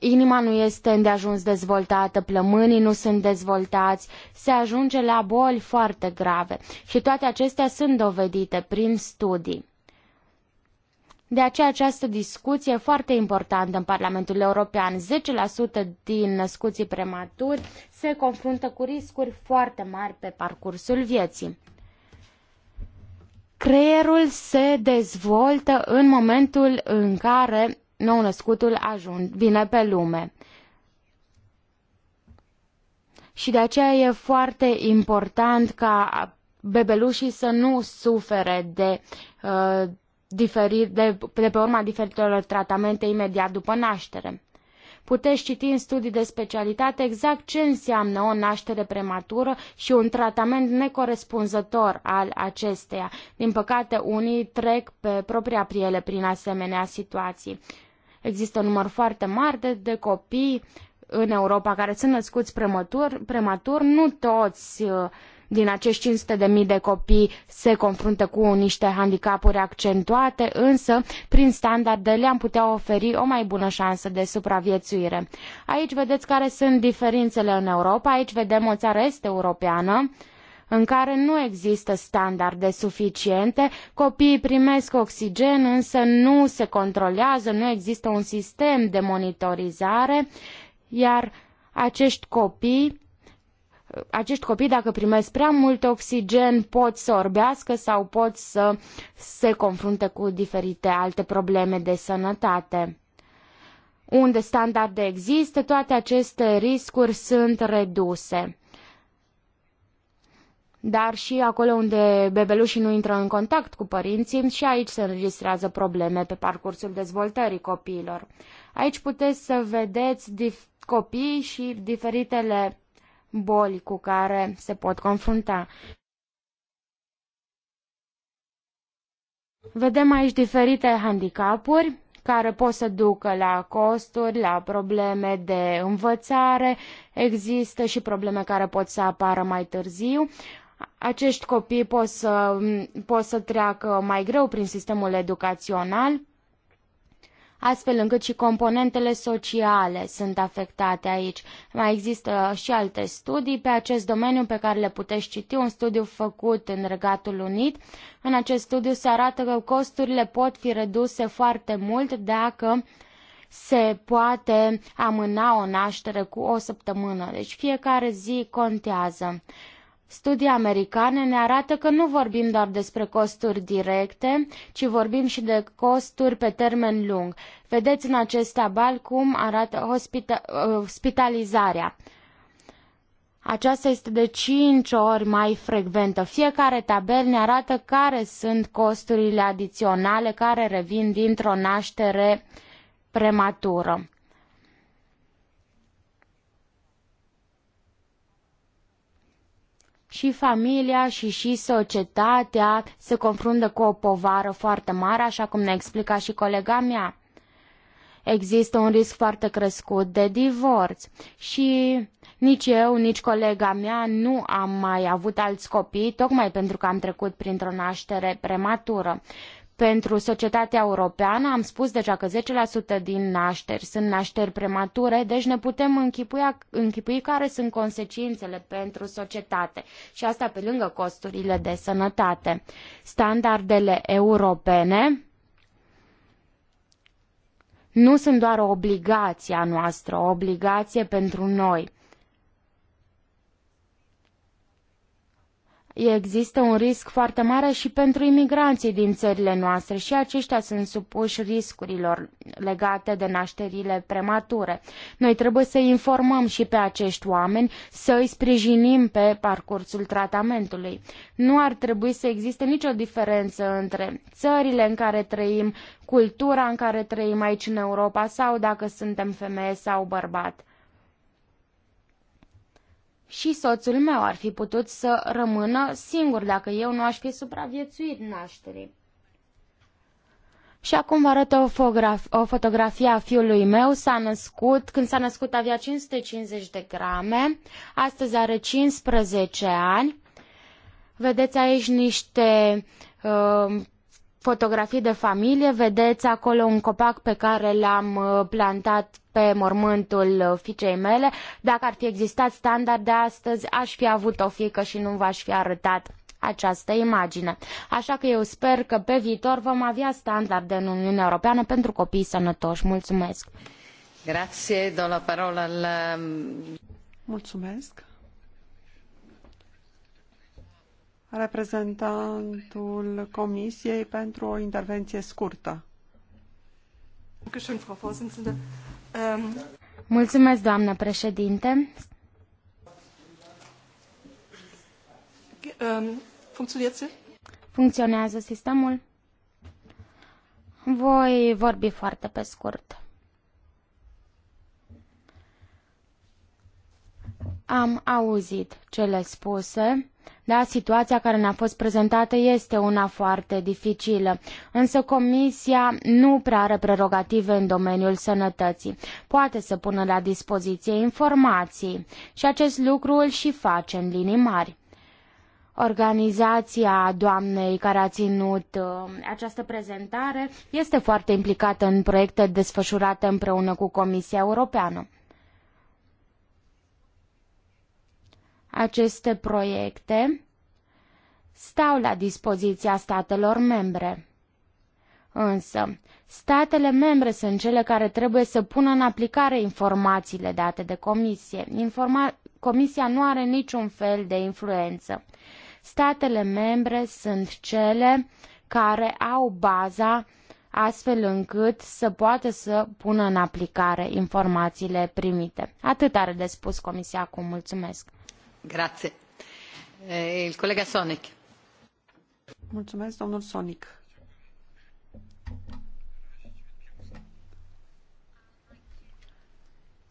inima nu este îndeajuns dezvoltată, plămânii nu sunt dezvoltați, se ajunge la boli foarte grave și toate acestea sunt dovedite prin studii. De aceea această discuție foarte importantă în Parlamentul European. 10% din născuții prematuri se confruntă cu riscuri foarte mari pe parcursul vieții. Creierul se dezvoltă în momentul în care nou-născutul ajunge, vine pe lume. Și de aceea e foarte important ca bebelușii să nu sufere de uh, diferit, de, de pe urma diferitelor tratamente imediat după naștere. Puteți citi în studii de specialitate exact ce înseamnă o naștere prematură și un tratament necorespunzător al acesteia. Din păcate, unii trec pe propria piele prin asemenea situații. Există un număr foarte mare de copii în Europa care sunt născuți prematur, prematur nu toți uh, din acești 500.000 de copii se confruntă cu niște handicapuri accentuate, însă prin standarde le-am putea oferi o mai bună șansă de supraviețuire. Aici vedeți care sunt diferențele în Europa, aici vedem o țară est-europeană, în care nu există standarde suficiente, copiii primesc oxigen, însă nu se controlează, nu există un sistem de monitorizare, iar acești copii acești copii, dacă primesc prea mult oxigen, pot să orbească sau pot să se confrunte cu diferite alte probleme de sănătate. Unde standarde există, toate aceste riscuri sunt reduse dar și acolo unde bebelușii nu intră în contact cu părinții și aici se înregistrează probleme pe parcursul dezvoltării copiilor. Aici puteți să vedeți dif- copii și diferitele boli cu care se pot confrunta. Vedem aici diferite handicapuri care pot să ducă la costuri, la probleme de învățare, există și probleme care pot să apară mai târziu. Acești copii pot să, pot să treacă mai greu prin sistemul educațional astfel încât și componentele sociale sunt afectate aici. Mai există și alte studii pe acest domeniu pe care le puteți citi, un studiu făcut în Regatul Unit. În acest studiu se arată că costurile pot fi reduse foarte mult dacă se poate amâna o naștere cu o săptămână, deci fiecare zi contează. Studii americane ne arată că nu vorbim doar despre costuri directe, ci vorbim și de costuri pe termen lung. Vedeți în acest tabel cum arată hospita- uh, spitalizarea. Aceasta este de 5 ori mai frecventă. Fiecare tabel ne arată care sunt costurile adiționale care revin dintr-o naștere prematură. și familia și și societatea se confruntă cu o povară foarte mare, așa cum ne explica și colega mea. Există un risc foarte crescut de divorț și nici eu, nici colega mea nu am mai avut alți copii, tocmai pentru că am trecut printr-o naștere prematură. Pentru societatea europeană am spus deja că 10% din nașteri sunt nașteri premature, deci ne putem închipui, închipui care sunt consecințele pentru societate și asta pe lângă costurile de sănătate. Standardele europene nu sunt doar o obligație a noastră, o obligație pentru noi. există un risc foarte mare și pentru imigranții din țările noastre și aceștia sunt supuși riscurilor legate de nașterile premature. Noi trebuie să informăm și pe acești oameni, să îi sprijinim pe parcursul tratamentului. Nu ar trebui să existe nicio diferență între țările în care trăim, cultura în care trăim aici în Europa sau dacă suntem femeie sau bărbat și soțul meu ar fi putut să rămână singur dacă eu nu aș fi supraviețuit nașterii. Și acum vă arăt o, o fotografie a fiului meu. S-a născut, când s-a născut avea 550 de grame, astăzi are 15 ani. Vedeți aici niște uh, fotografii de familie, vedeți acolo un copac pe care l-am uh, plantat pe mormântul uh, fiicei mele. Dacă ar fi existat standarde astăzi, aș fi avut o fică și nu v-aș fi arătat această imagine. Așa că eu sper că pe viitor vom avea standarde în Uniunea Europeană pentru copii sănătoși. Mulțumesc! Grazie, do la parola al... Um, Mulțumesc! reprezentantul Comisiei pentru o intervenție scurtă. Ähm, Mulțumesc, doamnă președinte. Ähm, funcționează sistemul? Voi vorbi foarte pe scurt. Am auzit cele spuse da, situația care ne-a fost prezentată este una foarte dificilă, însă Comisia nu prea are prerogative în domeniul sănătății. Poate să pună la dispoziție informații și acest lucru îl și face în linii mari organizația doamnei care a ținut uh, această prezentare este foarte implicată în proiecte desfășurate împreună cu Comisia Europeană. Aceste proiecte stau la dispoziția statelor membre. Însă, statele membre sunt cele care trebuie să pună în aplicare informațiile date de comisie. Informa- comisia nu are niciun fel de influență. Statele membre sunt cele care au baza astfel încât să poată să pună în aplicare informațiile primite. Atât are de spus Comisia acum. Mulțumesc! Grazie. Eh, Mulțumesc, domnul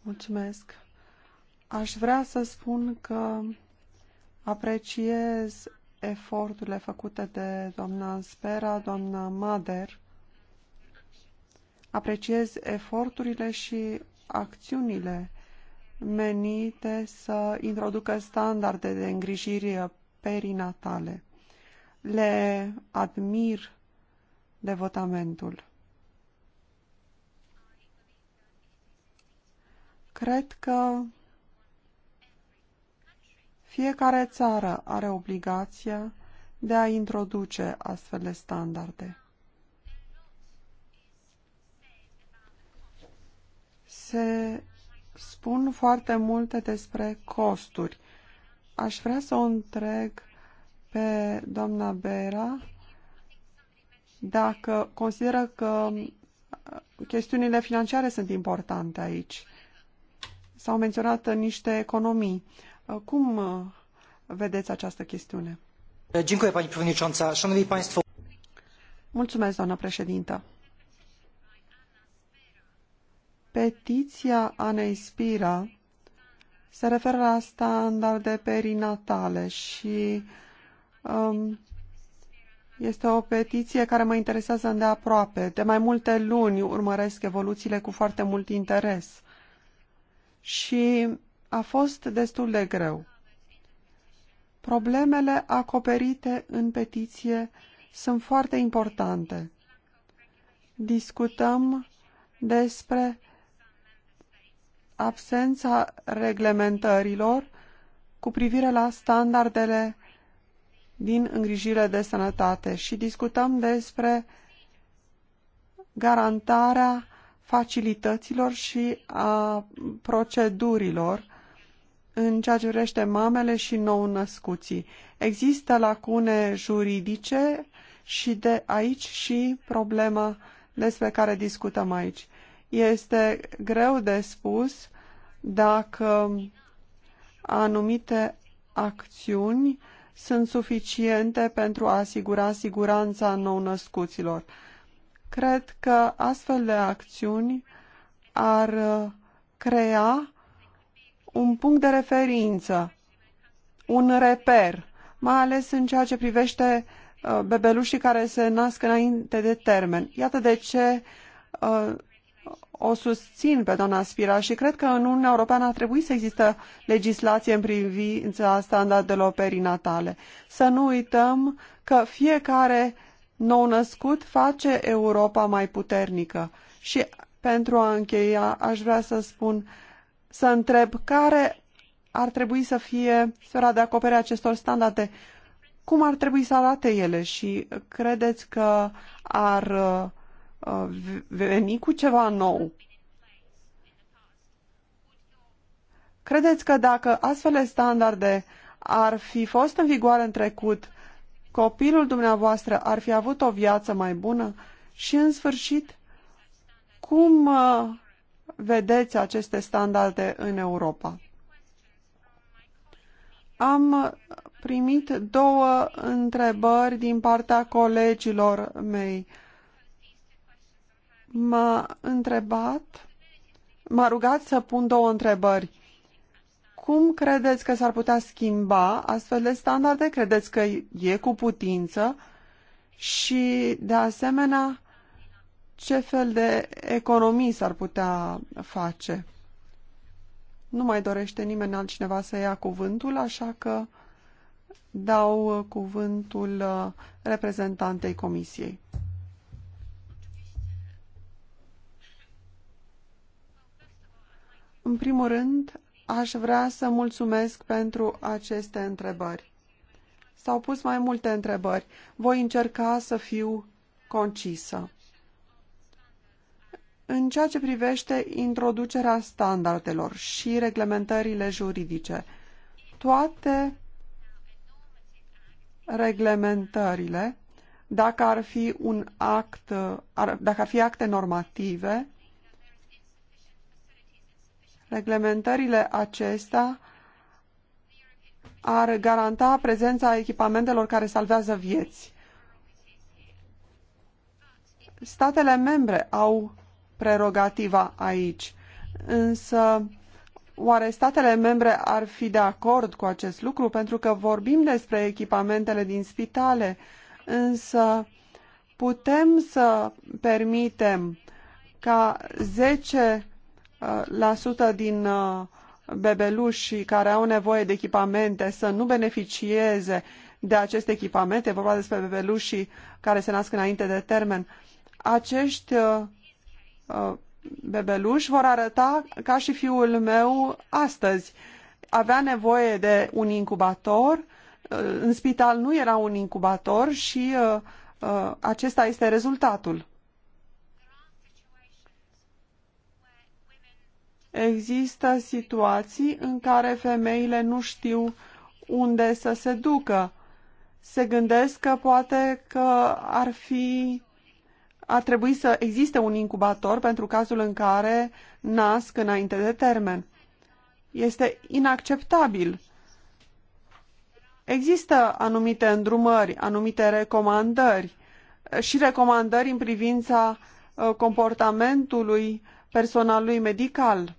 Mulțumesc. Aș vrea să spun că apreciez eforturile făcute de doamna Spera, doamna Mader. Apreciez eforturile și acțiunile menite să introducă standarde de îngrijire perinatale. Le admir devotamentul. Cred că fiecare țară are obligația de a introduce astfel de standarde. Se spun foarte multe despre costuri. Aș vrea să o întreg pe doamna Bera dacă consideră că uh, chestiunile financiare sunt importante aici. S-au menționat niște economii. Uh, cum uh, vedeți această chestiune? Mulțumesc, doamnă președintă. Petiția ne Spira se referă la standarde perinatale și um, este o petiție care mă interesează îndeaproape. De mai multe luni urmăresc evoluțiile cu foarte mult interes și a fost destul de greu. Problemele acoperite în petiție sunt foarte importante. Discutăm despre absența reglementărilor cu privire la standardele din îngrijire de sănătate și discutăm despre garantarea facilităților și a procedurilor în ceea ce vrește mamele și nou-născuții. Există lacune juridice și de aici și problema despre care discutăm aici. Este greu de spus dacă anumite acțiuni sunt suficiente pentru a asigura siguranța nou-născuților. Cred că astfel de acțiuni ar uh, crea un punct de referință, un reper, mai ales în ceea ce privește uh, bebelușii care se nasc înainte de termen. Iată de ce uh, o susțin pe doamna Spira și cred că în Uniunea Europeană ar trebui să există legislație în privința standardelor perinatale. Să nu uităm că fiecare nou-născut face Europa mai puternică. Și pentru a încheia, aș vrea să spun, să întreb care ar trebui să fie sfera de acopere a acestor standarde. Cum ar trebui să arate ele și credeți că ar uh, Uh, veni cu ceva nou. Credeți că dacă astfel de standarde ar fi fost în vigoare în trecut, copilul dumneavoastră ar fi avut o viață mai bună? Și în sfârșit, cum uh, vedeți aceste standarde în Europa? Am primit două întrebări din partea colegilor mei m-a întrebat, m-a rugat să pun două întrebări. Cum credeți că s-ar putea schimba astfel de standarde? Credeți că e cu putință? Și, de asemenea, ce fel de economii s-ar putea face? Nu mai dorește nimeni altcineva să ia cuvântul, așa că dau cuvântul uh, reprezentantei comisiei. În primul rând, aș vrea să mulțumesc pentru aceste întrebări. S-au pus mai multe întrebări. Voi încerca să fiu concisă. În ceea ce privește introducerea standardelor și reglementările juridice, toate reglementările, dacă ar fi un act, ar, dacă ar fi acte normative, Reglementările acestea ar garanta prezența echipamentelor care salvează vieți. Statele membre au prerogativa aici, însă oare statele membre ar fi de acord cu acest lucru? Pentru că vorbim despre echipamentele din spitale, însă putem să permitem ca 10 la sută din uh, bebeluși care au nevoie de echipamente să nu beneficieze de aceste echipamente, vorba despre bebelușii care se nasc înainte de termen, acești uh, uh, bebeluși vor arăta ca și fiul meu astăzi. Avea nevoie de un incubator, în spital nu era un incubator și acesta este rezultatul. Există situații în care femeile nu știu unde să se ducă. Se gândesc că poate că ar fi ar trebui să existe un incubator pentru cazul în care nasc înainte de termen. Este inacceptabil. Există anumite îndrumări, anumite recomandări și recomandări în privința uh, comportamentului personalului medical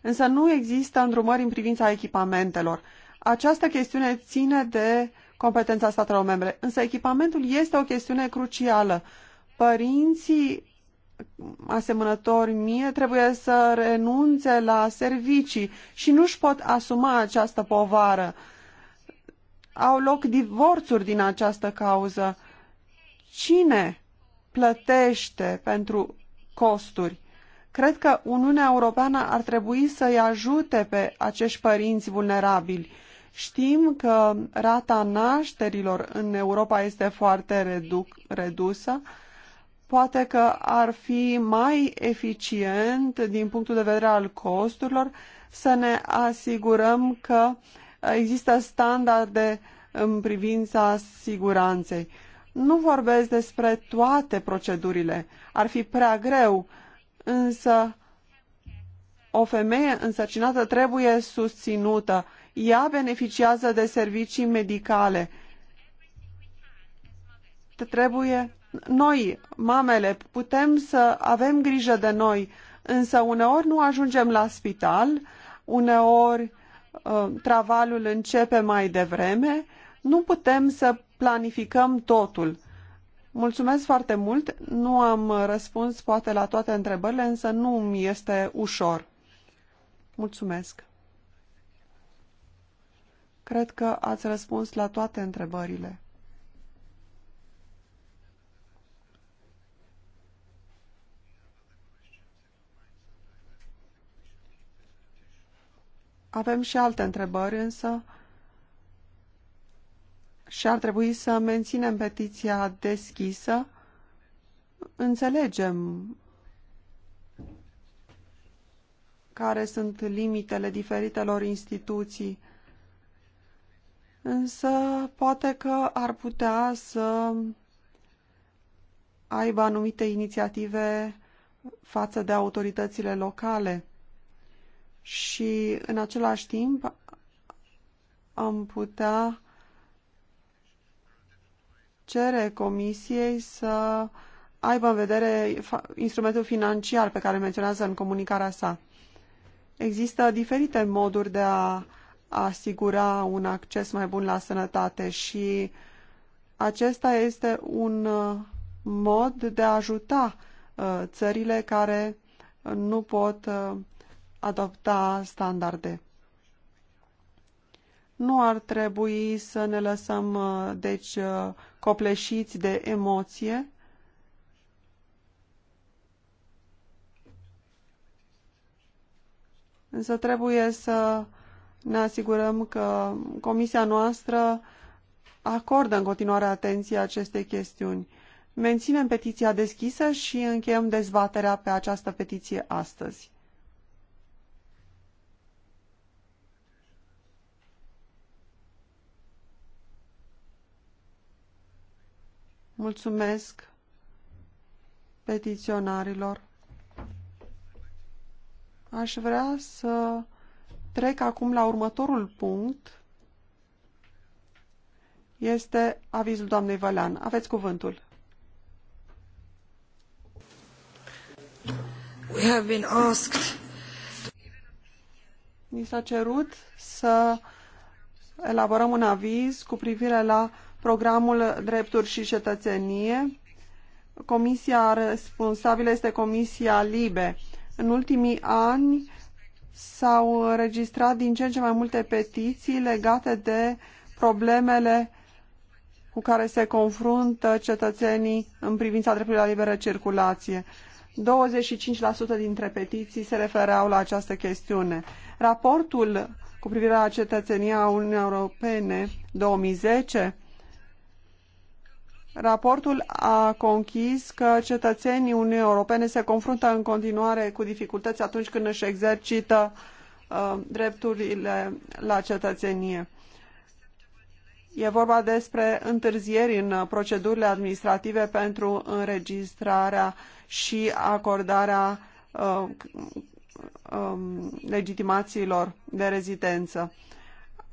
însă nu există îndrumări în privința echipamentelor. Această chestiune ține de competența statelor membre, însă echipamentul este o chestiune crucială. Părinții asemănători mie trebuie să renunțe la servicii și nu-și pot asuma această povară. Au loc divorțuri din această cauză. Cine plătește pentru costuri? Cred că Uniunea Europeană ar trebui să-i ajute pe acești părinți vulnerabili. Știm că rata nașterilor în Europa este foarte reduc, redusă. Poate că ar fi mai eficient din punctul de vedere al costurilor să ne asigurăm că există standarde în privința siguranței. Nu vorbesc despre toate procedurile. Ar fi prea greu însă o femeie însărcinată trebuie susținută. Ea beneficiază de servicii medicale. Trebuie noi, mamele, putem să avem grijă de noi, însă uneori nu ajungem la spital, uneori uh, travalul începe mai devreme, nu putem să planificăm totul. Mulțumesc foarte mult. Nu am răspuns poate la toate întrebările, însă nu mi este ușor. Mulțumesc. Cred că ați răspuns la toate întrebările. Avem și alte întrebări, însă și ar trebui să menținem petiția deschisă. Înțelegem care sunt limitele diferitelor instituții, însă poate că ar putea să aibă anumite inițiative față de autoritățile locale și în același timp am putea cere Comisiei să aibă în vedere instrumentul financiar pe care menționează în comunicarea sa. Există diferite moduri de a asigura un acces mai bun la sănătate și acesta este un uh, mod de a ajuta uh, țările care nu pot uh, adopta standarde. Nu ar trebui să ne lăsăm, deci, copleșiți de emoție, însă trebuie să ne asigurăm că comisia noastră acordă în continuare atenție acestei chestiuni. Menținem petiția deschisă și încheiem dezbaterea pe această petiție astăzi. Mulțumesc petiționarilor. Aș vrea să trec acum la următorul punct. Este avizul doamnei Valean. Aveți cuvântul. We have been asked. Ni s-a cerut să elaborăm un aviz cu privire la programul Drepturi și Cetățenie. Comisia responsabilă este Comisia Libe. În ultimii ani s-au înregistrat din ce în ce mai multe petiții legate de problemele cu care se confruntă cetățenii în privința dreptului la liberă circulație. 25% dintre petiții se refereau la această chestiune. Raportul cu privire la cetățenia Uniunii Europene 2010 Raportul a conchis că cetățenii Uniunii Europene se confruntă în continuare cu dificultăți atunci când își exercită uh, drepturile la cetățenie. E vorba despre întârzieri în procedurile administrative pentru înregistrarea și acordarea uh, um, legitimațiilor de rezidență.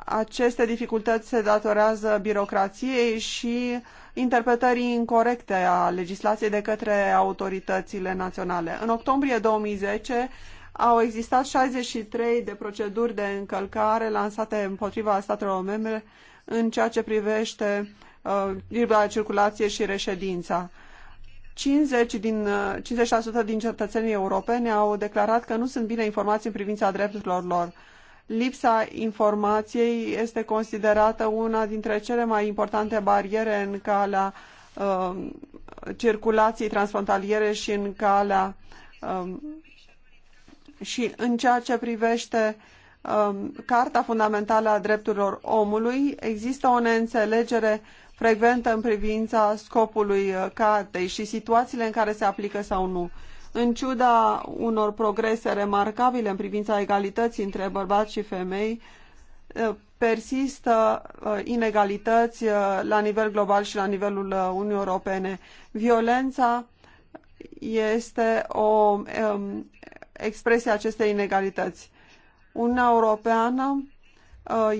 Aceste dificultăți se datorează birocrației și interpretării incorrecte a legislației de către autoritățile naționale. În octombrie 2010 au existat 63 de proceduri de încălcare lansate împotriva statelor membre în ceea ce privește uh, libera circulație și reședința. 50 din, 50% uh, din cetățenii europeni au declarat că nu sunt bine informați în privința drepturilor lor. Lipsa informației este considerată una dintre cele mai importante bariere în calea um, circulației transfrontaliere și în calea um, și în ceea ce privește um, Carta Fundamentală a Drepturilor Omului există o neînțelegere frecventă în privința scopului uh, cartei și situațiile în care se aplică sau nu. În ciuda unor progrese remarcabile în privința egalității între bărbați și femei, eh, persistă eh, inegalități eh, la nivel global și la nivelul Uniunii Europene. Violența este o expresie a acestei inegalități. Uniunea Europeană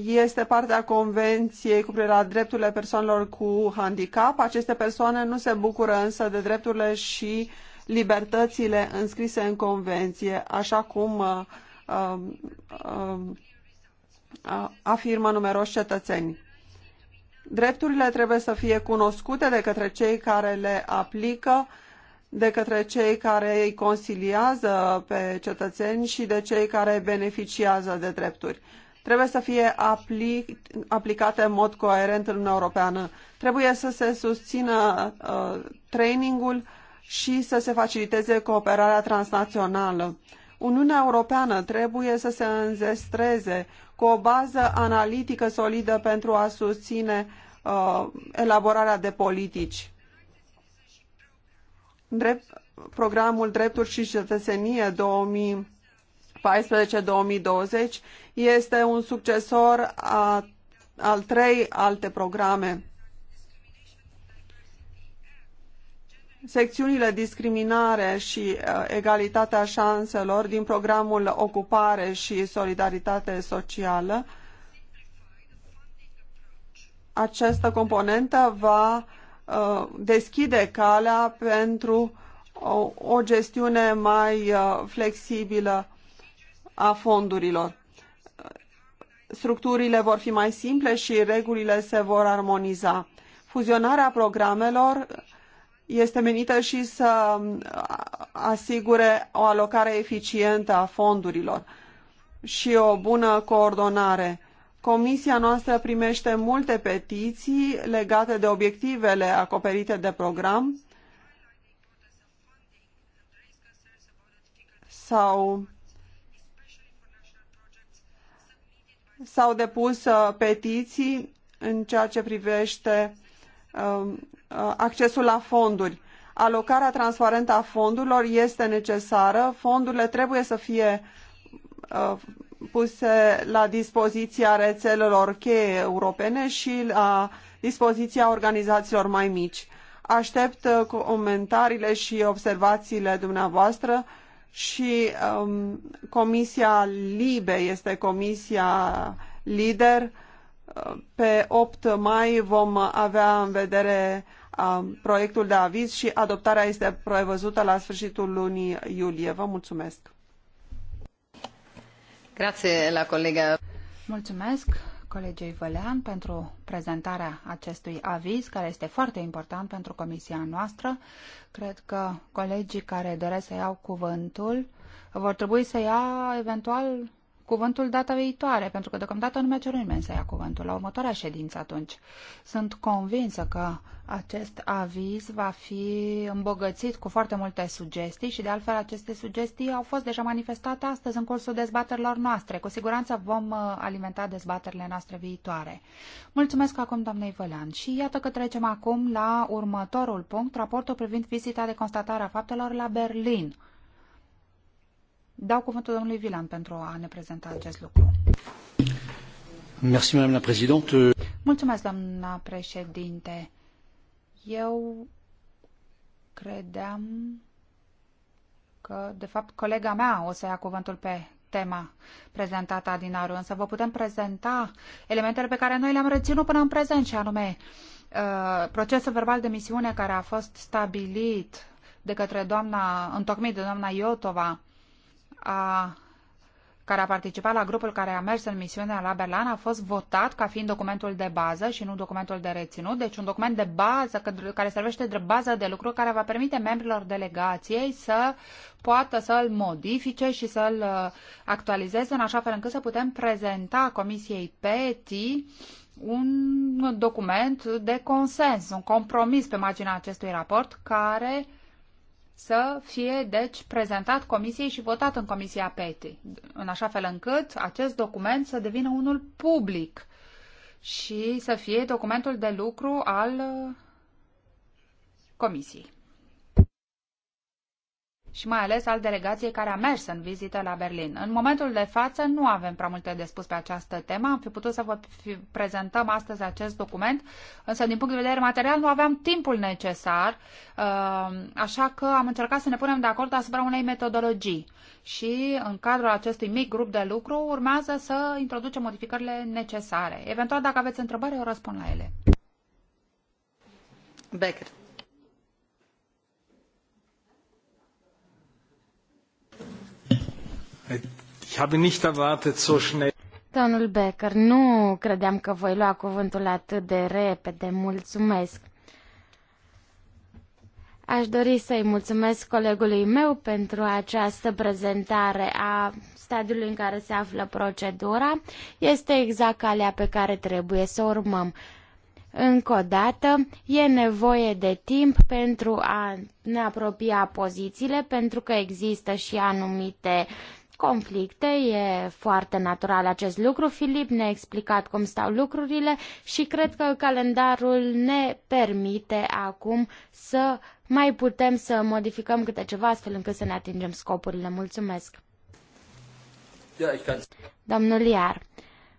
este parte a Convenției cu privire la drepturile persoanelor cu handicap. Aceste persoane nu se bucură însă de drepturile și libertățile înscrise în convenție, așa cum uh, uh, uh, afirmă numeroși cetățeni. Drepturile trebuie să fie cunoscute de către cei care le aplică, de către cei care îi consiliază pe cetățeni și de cei care beneficiază de drepturi trebuie să fie aplic, aplicate în mod coerent în Uniunea Europeană. Trebuie să se susțină uh, trainingul, și să se faciliteze cooperarea transnațională. Uniunea Europeană trebuie să se înzestreze cu o bază analitică solidă pentru a susține uh, elaborarea de politici. Drept, programul Drepturi și Cetățenie 2014-2020 este un succesor a, al trei alte programe. secțiunile discriminare și uh, egalitatea șanselor din programul Ocupare și Solidaritate Socială. Această componentă va uh, deschide calea pentru o, gestiune mai uh, flexibilă a fondurilor. Structurile vor fi mai simple și regulile se vor armoniza. Fuzionarea programelor este menită și să uh, asigure o alocare eficientă a fondurilor și o bună coordonare. Comisia noastră primește multe petiții legate de obiectivele acoperite de program sau s-au depus uh, petiții în ceea ce privește Um, uh, accesul la fonduri. Alocarea transparentă a fondurilor este necesară. Fondurile trebuie să fie uh, puse la dispoziția rețelelor cheie europene și la dispoziția organizațiilor mai mici. Aștept uh, comentariile și observațiile dumneavoastră și um, Comisia LIBE este comisia lider pe 8 mai vom avea în vedere um, proiectul de aviz și adoptarea este prevăzută la sfârșitul lunii iulie. Vă mulțumesc! la colega. Mulțumesc colegei Vălean pentru prezentarea acestui aviz, care este foarte important pentru comisia noastră. Cred că colegii care doresc să iau cuvântul vor trebui să ia eventual cuvântul data viitoare, pentru că deocamdată nu mi-a cerut nimeni să ia cuvântul, la următoarea ședință atunci. Sunt convinsă că acest aviz va fi îmbogățit cu foarte multe sugestii și de altfel aceste sugestii au fost deja manifestate astăzi în cursul dezbaterilor noastre. Cu siguranță vom uh, alimenta dezbaterile noastre viitoare. Mulțumesc acum doamnei Vălean și iată că trecem acum la următorul punct, raportul privind vizita de constatare a faptelor la Berlin. Dau cuvântul domnului Vilan pentru a ne prezenta acest lucru. Merci, la Mulțumesc, doamna președinte. Eu credeam că, de fapt, colega mea o să ia cuvântul pe tema prezentată adinaru, însă vă putem prezenta elementele pe care noi le-am reținut până în prezent, și anume uh, procesul verbal de misiune care a fost stabilit de către doamna, întocmit de doamna Iotova a, care a participat la grupul care a mers în misiunea la Berlan a fost votat ca fiind documentul de bază și nu documentul de reținut, deci un document de bază care servește de bază de lucru care va permite membrilor delegației să poată să-l modifice și să-l uh, actualizeze în așa fel încât să putem prezenta Comisiei PETI un document de consens, un compromis pe marginea acestui raport care să fie, deci, prezentat comisiei și votat în Comisia PETI, în așa fel încât acest document să devină unul public și să fie documentul de lucru al uh, comisiei și mai ales al delegației care a mers în vizită la Berlin. În momentul de față nu avem prea multe de spus pe această temă. Am fi putut să vă prezentăm astăzi acest document, însă din punct de vedere material nu aveam timpul necesar, uh, așa că am încercat să ne punem de acord asupra unei metodologii. Și în cadrul acestui mic grup de lucru urmează să introducem modificările necesare. Eventual, dacă aveți întrebări, eu răspund la ele. Becker. Ich habe nicht erwartet, so schnell. Domnul Becker, nu credeam că voi lua cuvântul atât de repede. Mulțumesc. Aș dori să-i mulțumesc colegului meu pentru această prezentare a stadiului în care se află procedura. Este exact calea pe care trebuie să o urmăm. Încă o dată, e nevoie de timp pentru a ne apropia pozițiile, pentru că există și anumite uh, conflicte, e foarte natural acest lucru. Filip ne-a explicat cum stau lucrurile și cred că calendarul ne permite acum să mai putem să modificăm câte ceva astfel încât să ne atingem scopurile. Mulțumesc! Domnul Iar,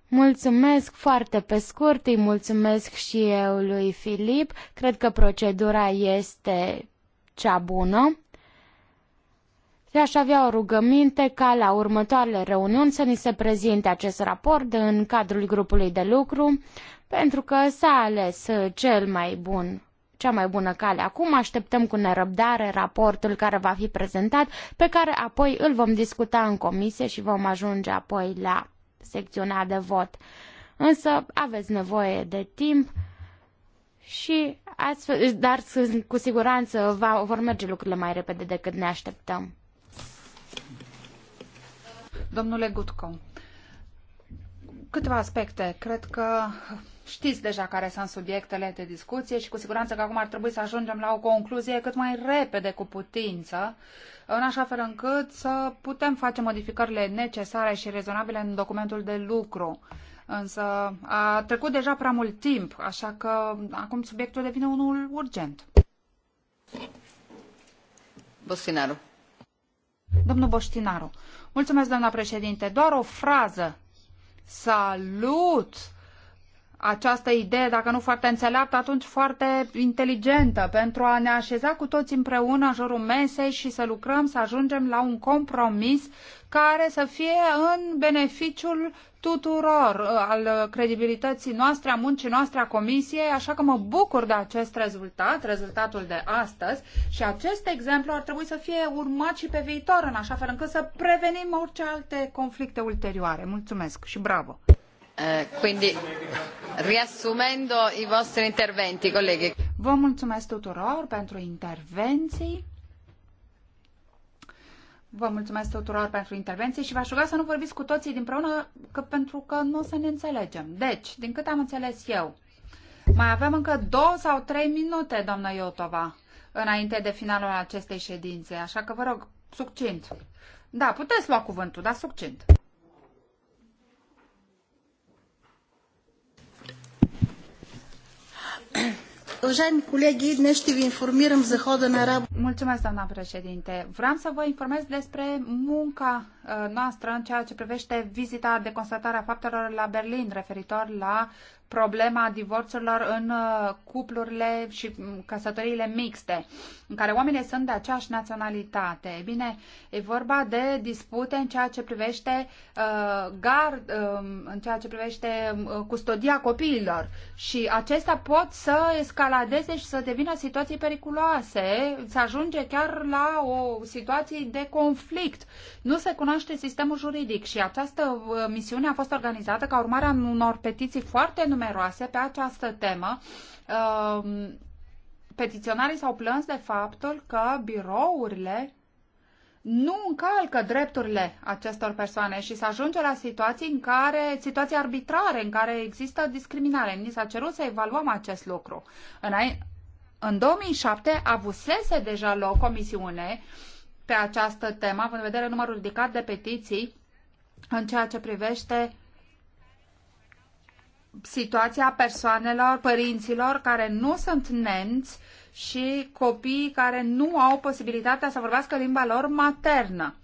mulțumesc foarte pe scurt, îi mulțumesc și eu lui Filip. Cred că procedura este cea bună aș avea o rugăminte ca la următoarele reuniuni să ni se prezinte acest raport în cadrul grupului de lucru, pentru că s-a ales cel mai bun cea mai bună cale. Acum așteptăm cu nerăbdare raportul care va fi prezentat, pe care apoi îl vom discuta în comisie și vom ajunge apoi la secțiunea de vot. Însă aveți nevoie de timp și astfel, dar cu siguranță va, vor merge lucrurile mai repede decât ne așteptăm. Domnule Gutco, câteva aspecte. Cred că știți deja care sunt subiectele de discuție și cu siguranță că acum ar trebui să ajungem la o concluzie cât mai repede cu putință, în așa fel încât să putem face modificările necesare și rezonabile în documentul de lucru. Însă a trecut deja prea mult timp, așa că acum subiectul devine unul urgent. Bostinaru. Domnul Boștinaru, Mulțumesc, doamna președinte. Doar o frază. Salut! această idee, dacă nu foarte înțeleaptă, atunci foarte inteligentă, pentru a ne așeza cu toți împreună în jurul mesei și să lucrăm, să ajungem la un compromis care să fie în beneficiul tuturor, uh, al credibilității noastre, a muncii noastre, a comisiei, așa că mă bucur de acest rezultat, rezultatul de astăzi și acest exemplu ar trebui să fie urmat și pe viitor, în așa fel încât să prevenim orice alte conflicte ulterioare. Mulțumesc și bravo! Eh, quindi, riassumendo i vostri interventi, colleghi. Vă mulțumesc tuturor pentru intervenții. Vă mulțumesc tuturor pentru intervenție și v-aș ruga să nu vorbiți cu toții din preună, că, pentru că nu o să ne înțelegem. Deci, din cât am înțeles eu, mai avem încă două sau trei minute, doamna Iotova, înainte de finalul acestei ședințe, așa că vă rog, succint. Da, puteți lua cuvântul, dar succint. Уважаеми колеги, днес ще ви информирам за хода на работа. Mulțumesc, doamna președinte. Vreau să vă informez despre munca uh, noastră în ceea ce privește vizita de constatare a faptelor la Berlin, referitor la problema divorțurilor în uh, cuplurile și mm, căsătoriile mixte, în care oamenii sunt de aceeași naționalitate. E bine, e vorba de dispute în ceea ce privește uh, gard, uh, um, în ceea ce privește um, uh, custodia copiilor și acestea pot să escaladeze și să devină situații periculoase, să ajunge chiar la o situație de conflict. Nu se cunoaște sistemul juridic și această uh, misiune a fost organizată ca urmare a unor petiții foarte numeroase numeroase pe această temă. Um, petiționarii s-au plâns de faptul că birourile nu încalcă drepturile acestor persoane și să ajunge la situații în care, situații arbitrare în care există discriminare. Ni s-a cerut să evaluăm acest lucru. În, în 2007 avusese deja loc comisiune pe această temă, având în vedere numărul ridicat de petiții în ceea ce privește situația persoanelor, părinților care nu sunt nemți și copiii care nu au posibilitatea să vorbească limba lor maternă.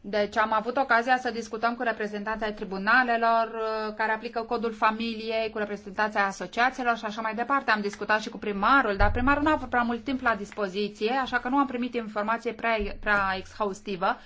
Deci am avut ocazia să discutăm cu reprezentanții ai tribunalelor uh, care aplică codul familiei, cu reprezentanții asociațiilor și așa mai departe. Am discutat și cu primarul, dar primarul nu a avut prea mult timp la dispoziție, așa că nu am primit informație prea, prea exhaustivă.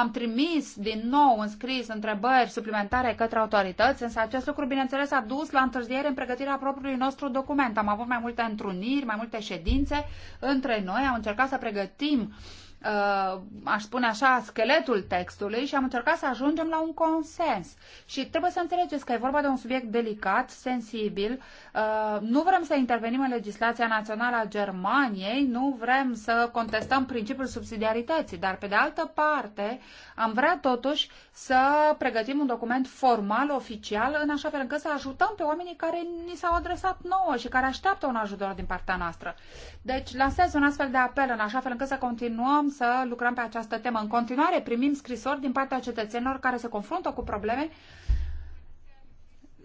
Am trimis din nou în scris întrebări suplimentare către autorități, însă acest lucru, bineînțeles, a dus la întârziere în pregătirea propriului nostru document. Am avut mai multe întruniri, mai multe ședințe între noi, am încercat să pregătim uh, Uh, aș spune așa, scheletul textului și am încercat să ajungem la un consens. Și trebuie să înțelegeți că e vorba de un subiect delicat, sensibil. Uh, nu vrem să intervenim în legislația națională a Germaniei, nu vrem să contestăm principiul subsidiarității, dar pe de altă parte am vrea totuși să pregătim un document formal, oficial, în așa fel încât să ajutăm pe oamenii care ni s-au adresat nouă și care așteaptă un ajutor din partea noastră. Deci lansez un astfel de apel în așa fel încât să continuăm să lucrăm pe această temă. În continuare primim scrisori din partea cetățenilor care se confruntă cu probleme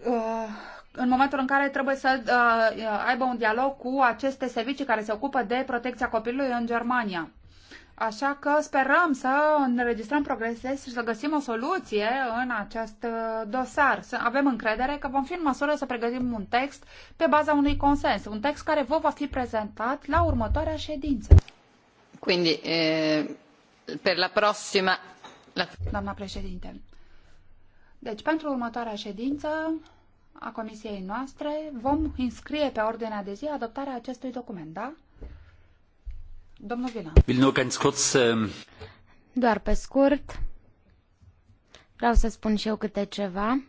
uh, în momentul în care trebuie să uh, aibă un dialog cu aceste servicii care se ocupă de protecția copilului în Germania. Așa că sperăm să înregistrăm progrese și să găsim o soluție în acest uh, dosar. Să avem încredere că vom fi în măsură să pregătim un text pe baza unui consens, un text care vă va fi prezentat la următoarea ședință. Quindi, eh, per la prossima... La... Doamna președinte, deci pentru următoarea ședință a comisiei noastre vom inscrie pe ordinea de zi adoptarea acestui document, da? Ähm, Doar pe scurt, vreau să spun și eu câte ceva.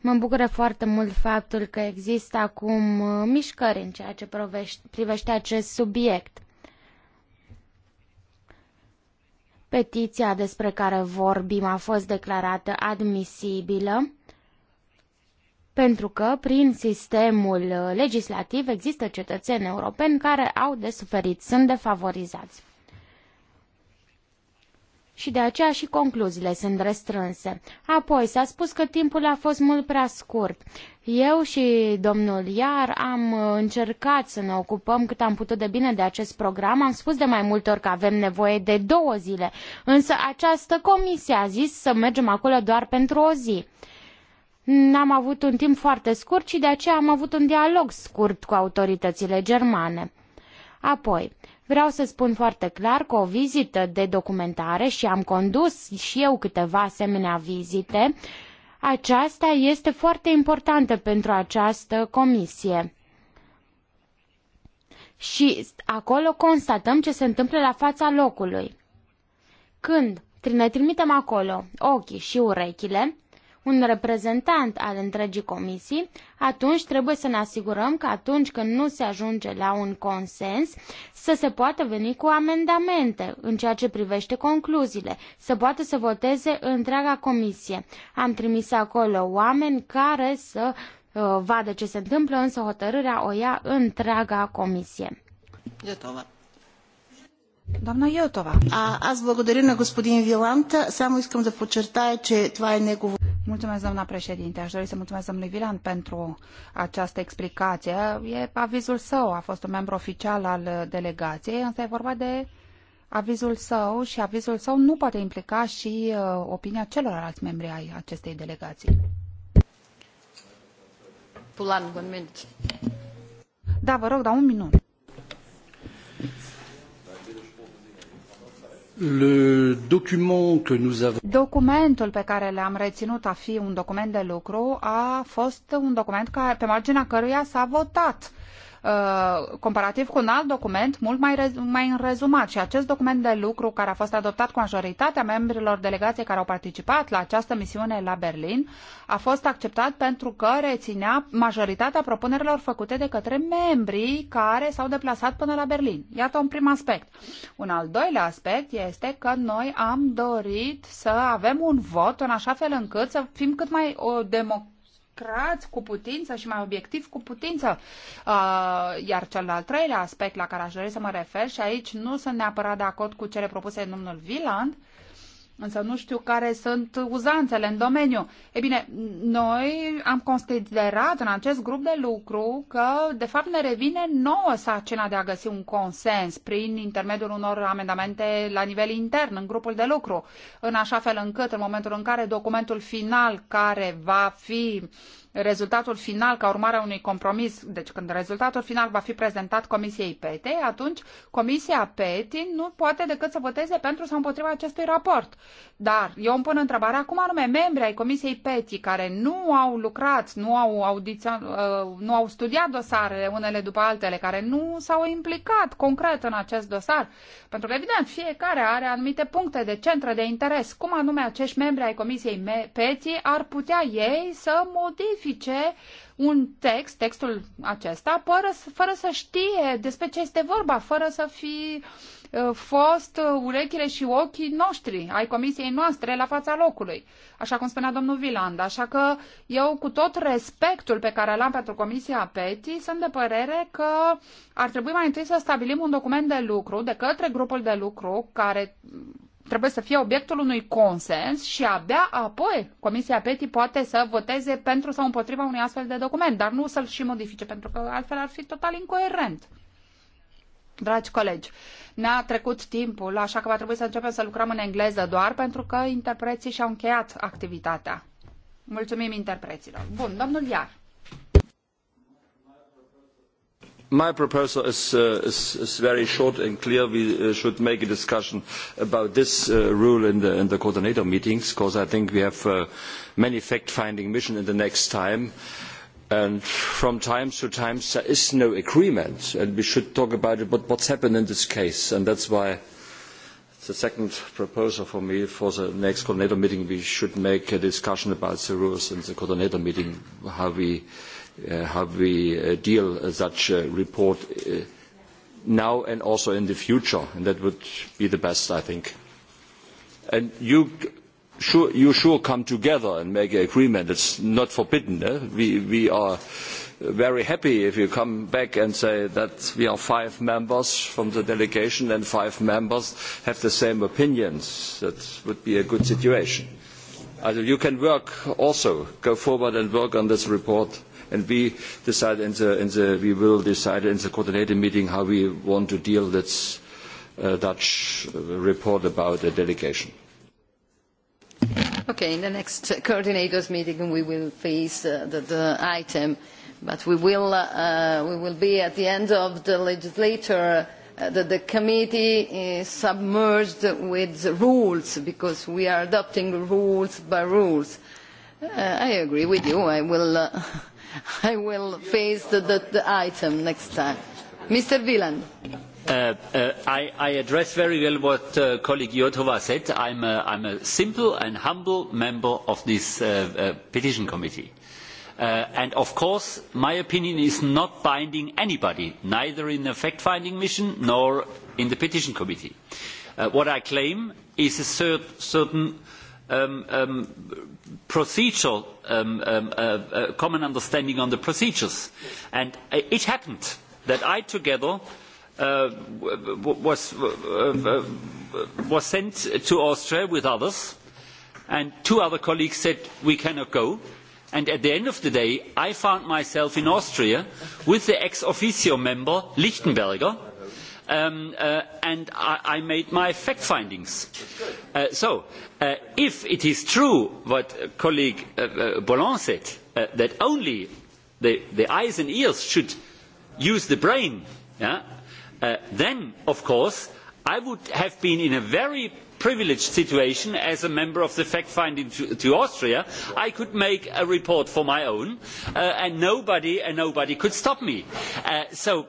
Mă bucură foarte mult faptul că există acum uh, mișcări în ceea ce privește acest subiect. Petiția despre care vorbim a fost declarată admisibilă pentru că prin sistemul uh, legislativ există cetățeni europeni care au de suferit, sunt defavorizați. Și de aceea și concluziile sunt restrânse. Apoi s-a spus că timpul a fost mult prea scurt. Eu și domnul Iar am uh, încercat să ne ocupăm cât am putut de bine de acest program. Am spus de mai multe ori că avem nevoie de două zile, însă această comisie a zis să mergem acolo doar pentru o zi. N-am avut un timp foarte scurt și de aceea am avut un dialog scurt cu autoritățile germane. Apoi, vreau să spun foarte clar că o vizită de documentare și am condus și eu câteva asemenea vizite, aceasta este foarte importantă pentru această comisie. Și acolo constatăm ce se întâmplă la fața locului. Când ne trimitem acolo ochii și urechile, un reprezentant al întregii comisii, atunci trebuie să ne asigurăm că atunci când nu se ajunge la un consens, să se poată veni cu amendamente în ceea ce privește concluziile, să poată să voteze întreaga comisie. Am trimis acolo oameni care să uh, vadă ce se întâmplă, însă hotărârea o ia întreaga comisie. Iotova. Doamna Йотова. А, аз благодаря на господин Вилант. Само искам да подчертая, ce tva e negu Mulțumesc, doamna președinte. Aș dori să mulțumesc domnului Vilan pentru această explicație. E avizul său, a fost un membru oficial al delegației, însă e vorba de avizul său și avizul său nu poate implica și uh, opinia celorlalți membri ai acestei delegații. Da, vă rog, da un minut. Documentul pe care l-am reținut a fi un document de lucru a fost un document pe marginea căruia s-a votat Uh, comparativ cu un alt document mult mai, rez- mai rezumat și acest document de lucru care a fost adoptat cu majoritatea membrilor delegației care au participat la această misiune la Berlin a fost acceptat pentru că reținea majoritatea propunerilor făcute de către membrii care s-au deplasat până la Berlin. Iată un prim aspect. Un al doilea aspect este că noi am dorit să avem un vot în așa fel încât să fim cât mai democratici democrați cu putință și mai obiectiv cu putință. Uh, iar cel de-al treilea aspect la care aș dori să mă refer și aici nu sunt neapărat de acord cu cele propuse de domnul Viland, însă nu știu care sunt uzanțele în domeniu. E bine, noi am considerat în acest grup de lucru că, de fapt, ne revine nouă sacina de a găsi un consens prin intermediul unor amendamente la nivel intern, în grupul de lucru, în așa fel încât, în momentul în care documentul final care va fi rezultatul final ca urmare a unui compromis, deci când rezultatul final va fi prezentat Comisiei PETE, atunci Comisia PETI nu poate decât să voteze pentru sau împotriva acestui raport. Dar eu îmi pun întrebarea cum anume membrii ai Comisiei PETI care nu au lucrat, nu au, audiția, uh, nu au studiat dosarele unele după altele, care nu s-au implicat concret în acest dosar, pentru că evident fiecare are anumite puncte de centre de interes, cum anume acești membri ai Comisiei PETI ar putea ei să modifice modifice un text, textul acesta, fără, fără să știe despre ce este vorba, fără să fi uh, fost uh, urechile și ochii noștri, ai comisiei noastre, la fața locului, așa cum spunea domnul Viland. Așa că eu, cu tot respectul pe care l-am pentru Comisia PETI, sunt de părere că ar trebui mai întâi să stabilim un document de lucru de către grupul de lucru care trebuie să fie obiectul unui consens și abia apoi Comisia PETI poate să voteze pentru sau împotriva unui astfel de document, dar nu să-l și modifice, pentru că altfel ar fi total incoerent. Dragi colegi, ne-a trecut timpul, așa că va trebui să începem să lucrăm în engleză doar pentru că interpreții și-au încheiat activitatea. Mulțumim interpreților. Bun, domnul Iar my proposal is, uh, is, is, very short and clear. We uh, should make a discussion about this uh, rule in the, in the, coordinator meetings, because I think we have uh, many fact-finding missions in the next time. And from time to time, there is no agreement, and we should talk about it, but what's happened in this case. And that's why the second proposal for me for the next coordinator meeting, we should make a discussion about the rules in the coordinator meeting, how we... Uh, how we uh, deal uh, such a report now and also in the future. And that would be the best, I think. And you sure, you sure come together and make an agreement. It's not forbidden. Eh? We, we are very happy if you come back and say that we are five members from the delegation and five members have the same opinions. That would be a good situation. Also, you can work also, go forward and work on this report and we decide in the, in the, we will decide in the coordinated meeting how we want to deal with uh, Dutch uh, report about the delegation. Okay, in the next coordinators meeting we will face uh, the, the item, but we will, uh, uh, we will be at the end of the legislature Uh, that the committee is submerged with the rules because we are adopting rules by rules. Uh, I agree with you. I will uh, I will face the, the, the item next time. Mr. Wieland. Uh, uh, I, I address very well what uh, colleague Iotova said. I'm a, I'm a simple and humble member of this uh, uh, petition committee. Uh, and of course, my opinion is not binding anybody, neither in the fact-finding mission nor in the petition committee. what I claim is a cert certain Um, um, procedural um, um, uh, uh, common understanding on the procedures. And uh, it happened that I, together, uh, was, was sent to Austria with others, and two other colleagues said, we cannot go. And at the end of the day, I found myself in Austria with the ex officio member, Lichtenberger, Um, uh, and I, made my fact findings. Uh, so, uh, if it is true what colleague boulland said, that only the, eyes and ears should use the brain, then, of course, I would have been in a very privileged situation as a member of the fact finding committee to Austria. I could make a report for my own, and nobody and nobody could stop me. so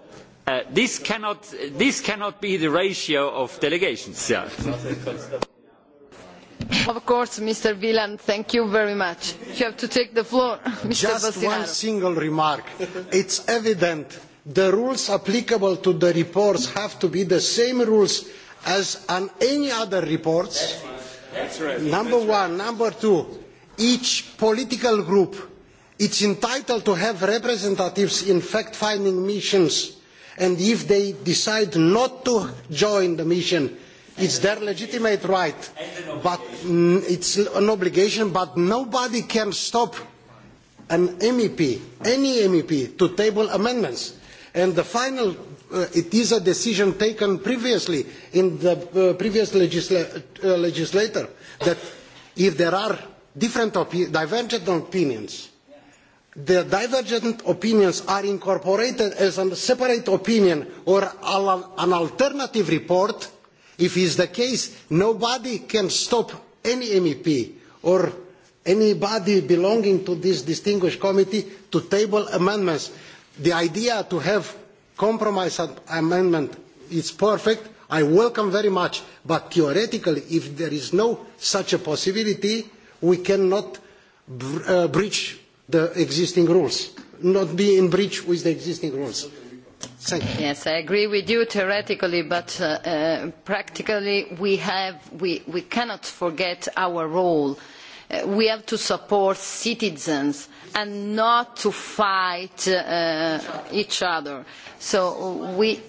Uh, this, cannot, this cannot be the ratio of delegations. of course mr wieland thank you very much. you have to take the floor mr just one single remark it is evident the rules applicable to the reports have to be the same rules as on any other reports That's right. That's right. number That's right. one number two each political group is entitled to have representatives in fact finding missions and if they decide not to join the mission, it's their legitimate right, but mm, it's an obligation, but nobody can stop an MEP, any MEP, to table amendments. And the final, uh, it is a decision taken previously in the uh, previous legisla uh, legislator that if there are different opi divergent opinions, the divergent opinions are incorporated as a separate opinion or an alternative report, if is the case, nobody can stop any MEP or anybody belonging to this distinguished committee to table amendments. The idea to have compromise amendment is perfect. I welcome very much, but theoretically, if there is no such a possibility, we cannot uh, breach the existing rules, not be in breach with the existing rules. Yes, I agree with you theoretically, but uh, uh, practically we, have, we, we, cannot forget our role. Uh, we have to support citizens and not to fight uh, each other. So we,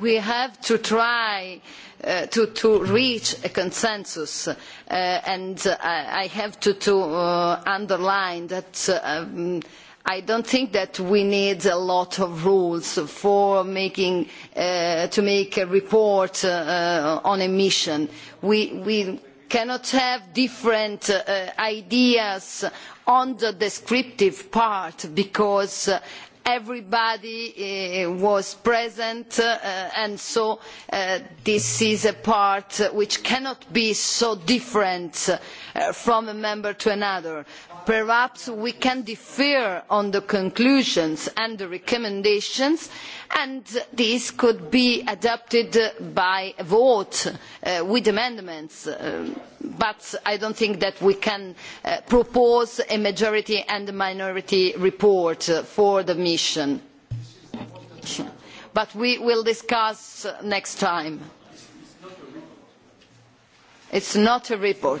we have to try uh, Uh, to, reach a consensus uh, and I have to, uh, underline that i I don't think that we need a lot of rules for making, to make a report on emission. we cannot have different ideas on the descriptive part because everybody eh, was present eh, and so eh, this is a part which cannot be so different from a member to another perhaps we can differ on the conclusions and the recommendations and these could be adopted by a vote uh, with amendments uh, but i do not think that we can uh, propose a majority and a minority report for the mission but we will discuss next time. it is not a report